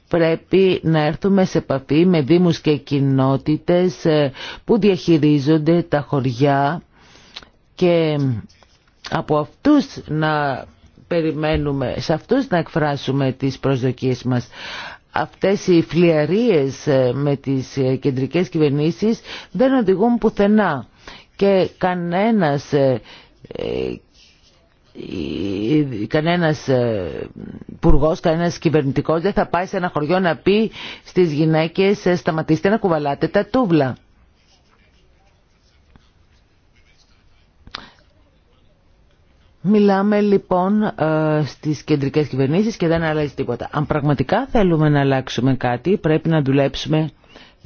πρέπει να έρθουμε σε επαφή με δήμους και κοινότητες ε, που διαχειρίζονται τα χωριά και από αυτούς να περιμένουμε, σε αυτούς να εκφράσουμε τις προσδοκίες μας. Αυτές οι φλιαρίες ε, με τις ε, κεντρικές κυβερνήσεις δεν οδηγούν πουθενά και κανένας κανένας ε, υπουργό, κανένας κυβερνητικός δεν θα πάει σε ένα χωριό να πει στις γυναίκες ε, σταματήστε να κουβαλάτε τα τούβλα. Μιλάμε λοιπόν ε, στις κεντρικές κυβερνήσεις και δεν αλλάζει τίποτα. Αν πραγματικά θέλουμε να αλλάξουμε κάτι πρέπει να δουλέψουμε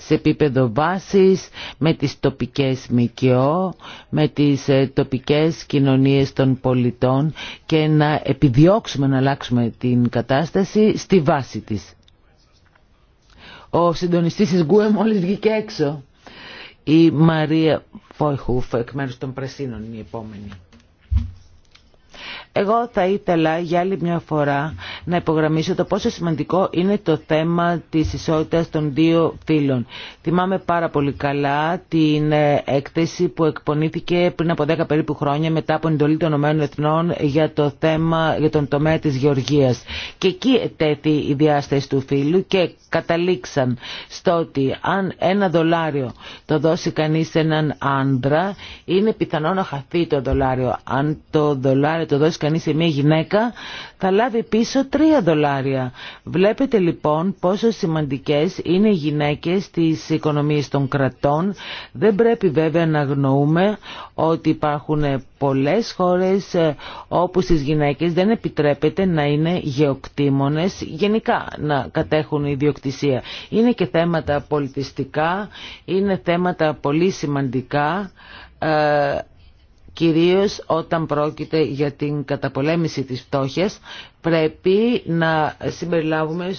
σε επίπεδο βάσης, με τις τοπικές ΜΚΟ, με τις ε, τοπικές κοινωνίες των πολιτών και να επιδιώξουμε να αλλάξουμε την κατάσταση στη βάση της. Ο συντονιστής της Γκουε μόλις βγήκε έξω. Η Μαρία Φόιχουφ εκ μέρους των Πρεσίνων είναι η επόμενη. Εγώ θα ήθελα για άλλη μια φορά να υπογραμμίσω το πόσο σημαντικό είναι το θέμα της ισότητας των δύο φίλων. Θυμάμαι πάρα πολύ καλά την ε, έκθεση που εκπονήθηκε πριν από 10 περίπου χρόνια μετά από εντολή των ΗΠΑ για το θέμα, για τον τομέα της γεωργίας. Και εκεί τέθη η διάσταση του φίλου και καταλήξαν στο ότι αν ένα δολάριο το δώσει κανείς σε έναν άντρα είναι πιθανό να χαθεί το δολάριο. Αν το δολάριο το δώσει κανείς σε μια γυναίκα θα λάβει πίσω 3 δολάρια. Βλέπετε λοιπόν πόσο σημαντικές είναι οι γυναίκες στις οικονομίες των κρατών. Δεν πρέπει βέβαια να γνωρούμε ότι υπάρχουν πολλές χώρες ε, όπου στις γυναίκες δεν επιτρέπεται να είναι γεωκτήμονες γενικά να κατέχουν ιδιοκτησία. Είναι και θέματα πολιτιστικά, είναι θέματα πολύ σημαντικά ε, κυρίως όταν πρόκειται για την καταπολέμηση της φτώχειας, πρέπει να συμπεριλάβουμε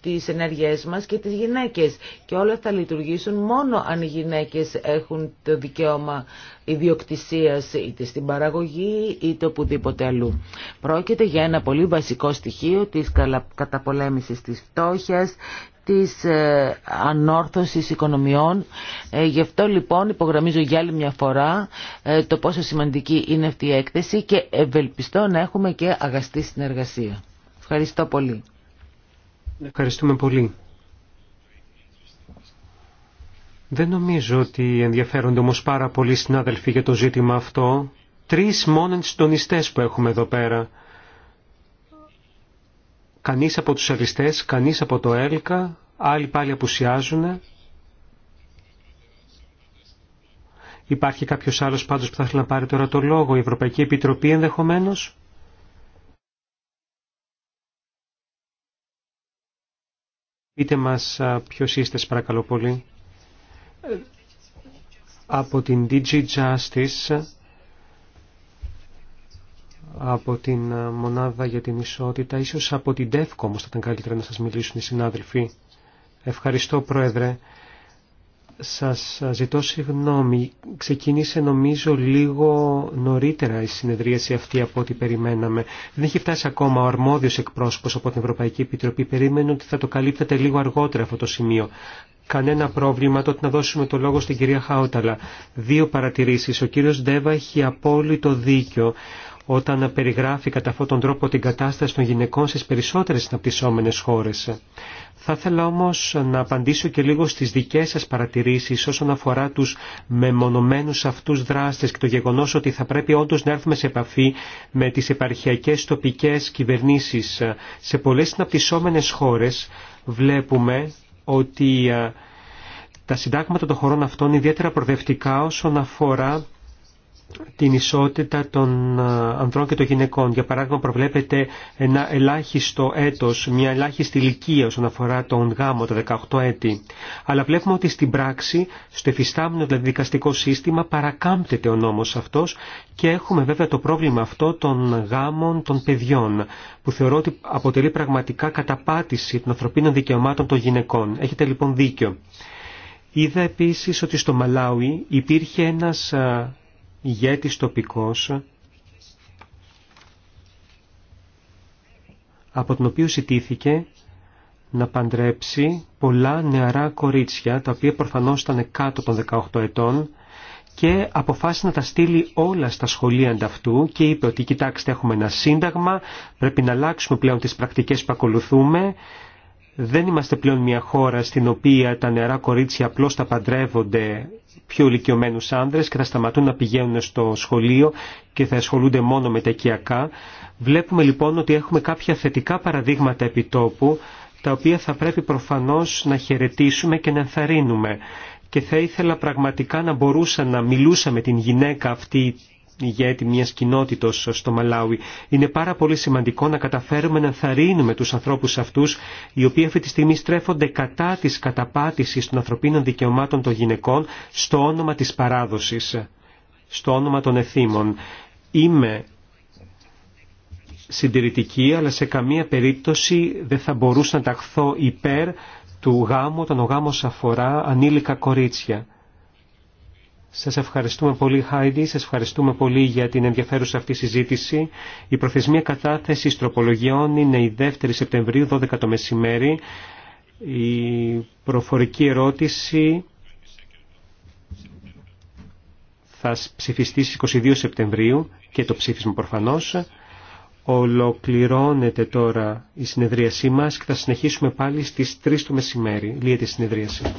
τις ενέργειές μας και τις γυναίκες. Και όλα θα λειτουργήσουν μόνο αν οι γυναίκες έχουν το δικαίωμα ιδιοκτησίας είτε στην παραγωγή είτε οπουδήποτε αλλού. Πρόκειται για ένα πολύ βασικό στοιχείο της καταπολέμησης της φτώχειας, της ε, ανόρθωσης οικονομιών. Ε, γι' αυτό λοιπόν υπογραμμίζω για άλλη μια φορά ε, το πόσο σημαντική είναι αυτή η έκθεση και ευελπιστώ να έχουμε και αγαστή συνεργασία. Ευχαριστώ πολύ. Ευχαριστούμε πολύ. Δεν νομίζω ότι ενδιαφέρονται όμως πάρα πολλοί συνάδελφοι για το ζήτημα αυτό. Τρεις μόνον συντονιστές που έχουμε εδώ πέρα. Κανείς από τους αριστές, κανείς από το ΕΛΚΑ, άλλοι πάλι απουσιάζουν. Υπάρχει κάποιος άλλος πάντως που θα ήθελε να πάρει τώρα το λόγο, η Ευρωπαϊκή Επιτροπή ενδεχομένως. Πείτε μας ποιος είστε, παρακαλώ πολύ. Ε, από την DG Justice από την ε, Μονάδα για την Ισότητα, ίσως από την ΤΕΦΚΟ όμως θα ήταν καλύτερα να σας μιλήσουν οι συνάδελφοι. Ευχαριστώ Πρόεδρε. Σας ε, ζητώ συγγνώμη. Ξεκίνησε νομίζω λίγο νωρίτερα η συνεδρίαση αυτή από ό,τι περιμέναμε. Δεν έχει φτάσει ακόμα ο αρμόδιος εκπρόσωπος από την Ευρωπαϊκή Επιτροπή. Περίμενε ότι θα το καλύπτεται λίγο αργότερα αυτό το σημείο. Κανένα πρόβλημα τότε να δώσουμε το λόγο στην κυρία Χάουταλα. Δύο παρατηρήσεις. Ο κύριος Ντέβα έχει απόλυτο δίκιο όταν περιγράφει κατά αυτόν τον τρόπο την κατάσταση των γυναικών στις περισσότερες αναπτυσσόμενες χώρες. Θα ήθελα όμως να απαντήσω και λίγο στις δικές σας παρατηρήσεις όσον αφορά τους μεμονωμένους αυτούς δράστες και το γεγονός ότι θα πρέπει όντως να έρθουμε σε επαφή με τις επαρχιακές τοπικές κυβερνήσεις. Σε πολλές αναπτυσσόμενες χώρες βλέπουμε ότι ε, τα συντάγματα των χωρών αυτών ιδιαίτερα προδευτικά όσον αφορά την ισότητα των ε, ανδρών και των γυναικών. Για παράδειγμα προβλέπεται ένα ελάχιστο έτος, μια ελάχιστη ηλικία όσον αφορά τον γάμο τα 18 έτη. Αλλά βλέπουμε ότι στην πράξη, στο εφιστάμενο δηλαδή δικαστικό σύστημα παρακάμπτεται ο νόμος αυτός και έχουμε βέβαια το πρόβλημα αυτό των γάμων των παιδιών που θεωρώ ότι αποτελεί πραγματικά καταπάτηση των ανθρωπίνων δικαιωμάτων των γυναικών. Έχετε λοιπόν δίκιο. Είδα επίσης ότι στο Μαλάουι υπήρχε ένας ε, ηγέτης τοπικός, από τον οποίο ζητήθηκε να παντρέψει πολλά νεαρά κορίτσια, τα οποία προφανώς ήταν κάτω των 18 ετών, και αποφάσισε να τα στείλει όλα στα σχολεία ανταυτού και είπε ότι κοιτάξτε έχουμε ένα σύνταγμα, πρέπει να αλλάξουμε πλέον τις πρακτικές που ακολουθούμε, δεν είμαστε πλέον μια χώρα στην οποία τα νεαρά κορίτσια απλώς τα παντρεύονται πιο ηλικιωμένους άνδρες και θα σταματούν να πηγαίνουν στο σχολείο και θα ασχολούνται μόνο με τα οικιακά. Βλέπουμε λοιπόν ότι έχουμε κάποια θετικά παραδείγματα επιτόπου τα οποία θα πρέπει προφανώς να χαιρετήσουμε και να ενθαρρύνουμε. Και θα ήθελα πραγματικά να μπορούσα να μιλούσα με την γυναίκα αυτή ηγέτη μιας κοινότητος στο Μαλάουι. Είναι πάρα πολύ σημαντικό να καταφέρουμε να θαρρύνουμε τους ανθρώπους αυτούς οι οποίοι αυτή τη στιγμή στρέφονται κατά της καταπάτησης των ανθρωπίνων δικαιωμάτων των γυναικών στο όνομα της παράδοσης, στο όνομα των εθήμων. Είμαι συντηρητική αλλά σε καμία περίπτωση δεν θα μπορούσα να ταχθώ υπέρ του γάμου όταν ο γάμος αφορά ανήλικα κορίτσια. Σας ευχαριστούμε πολύ Χάιντι, σας ευχαριστούμε πολύ για την ενδιαφέρουσα αυτή συζήτηση. Η προθεσμία κατάθεσης τροπολογιών είναι η 2η Σεπτεμβρίου, 12 το μεσημέρι. Η προφορική ερώτηση θα ψηφιστεί στις 22 Σεπτεμβρίου και το ψήφισμα προφανώς. Ολοκληρώνεται τώρα η συνεδρίασή μας και θα συνεχίσουμε πάλι στις 3 το μεσημέρι. Λύεται η συνεδρίαση.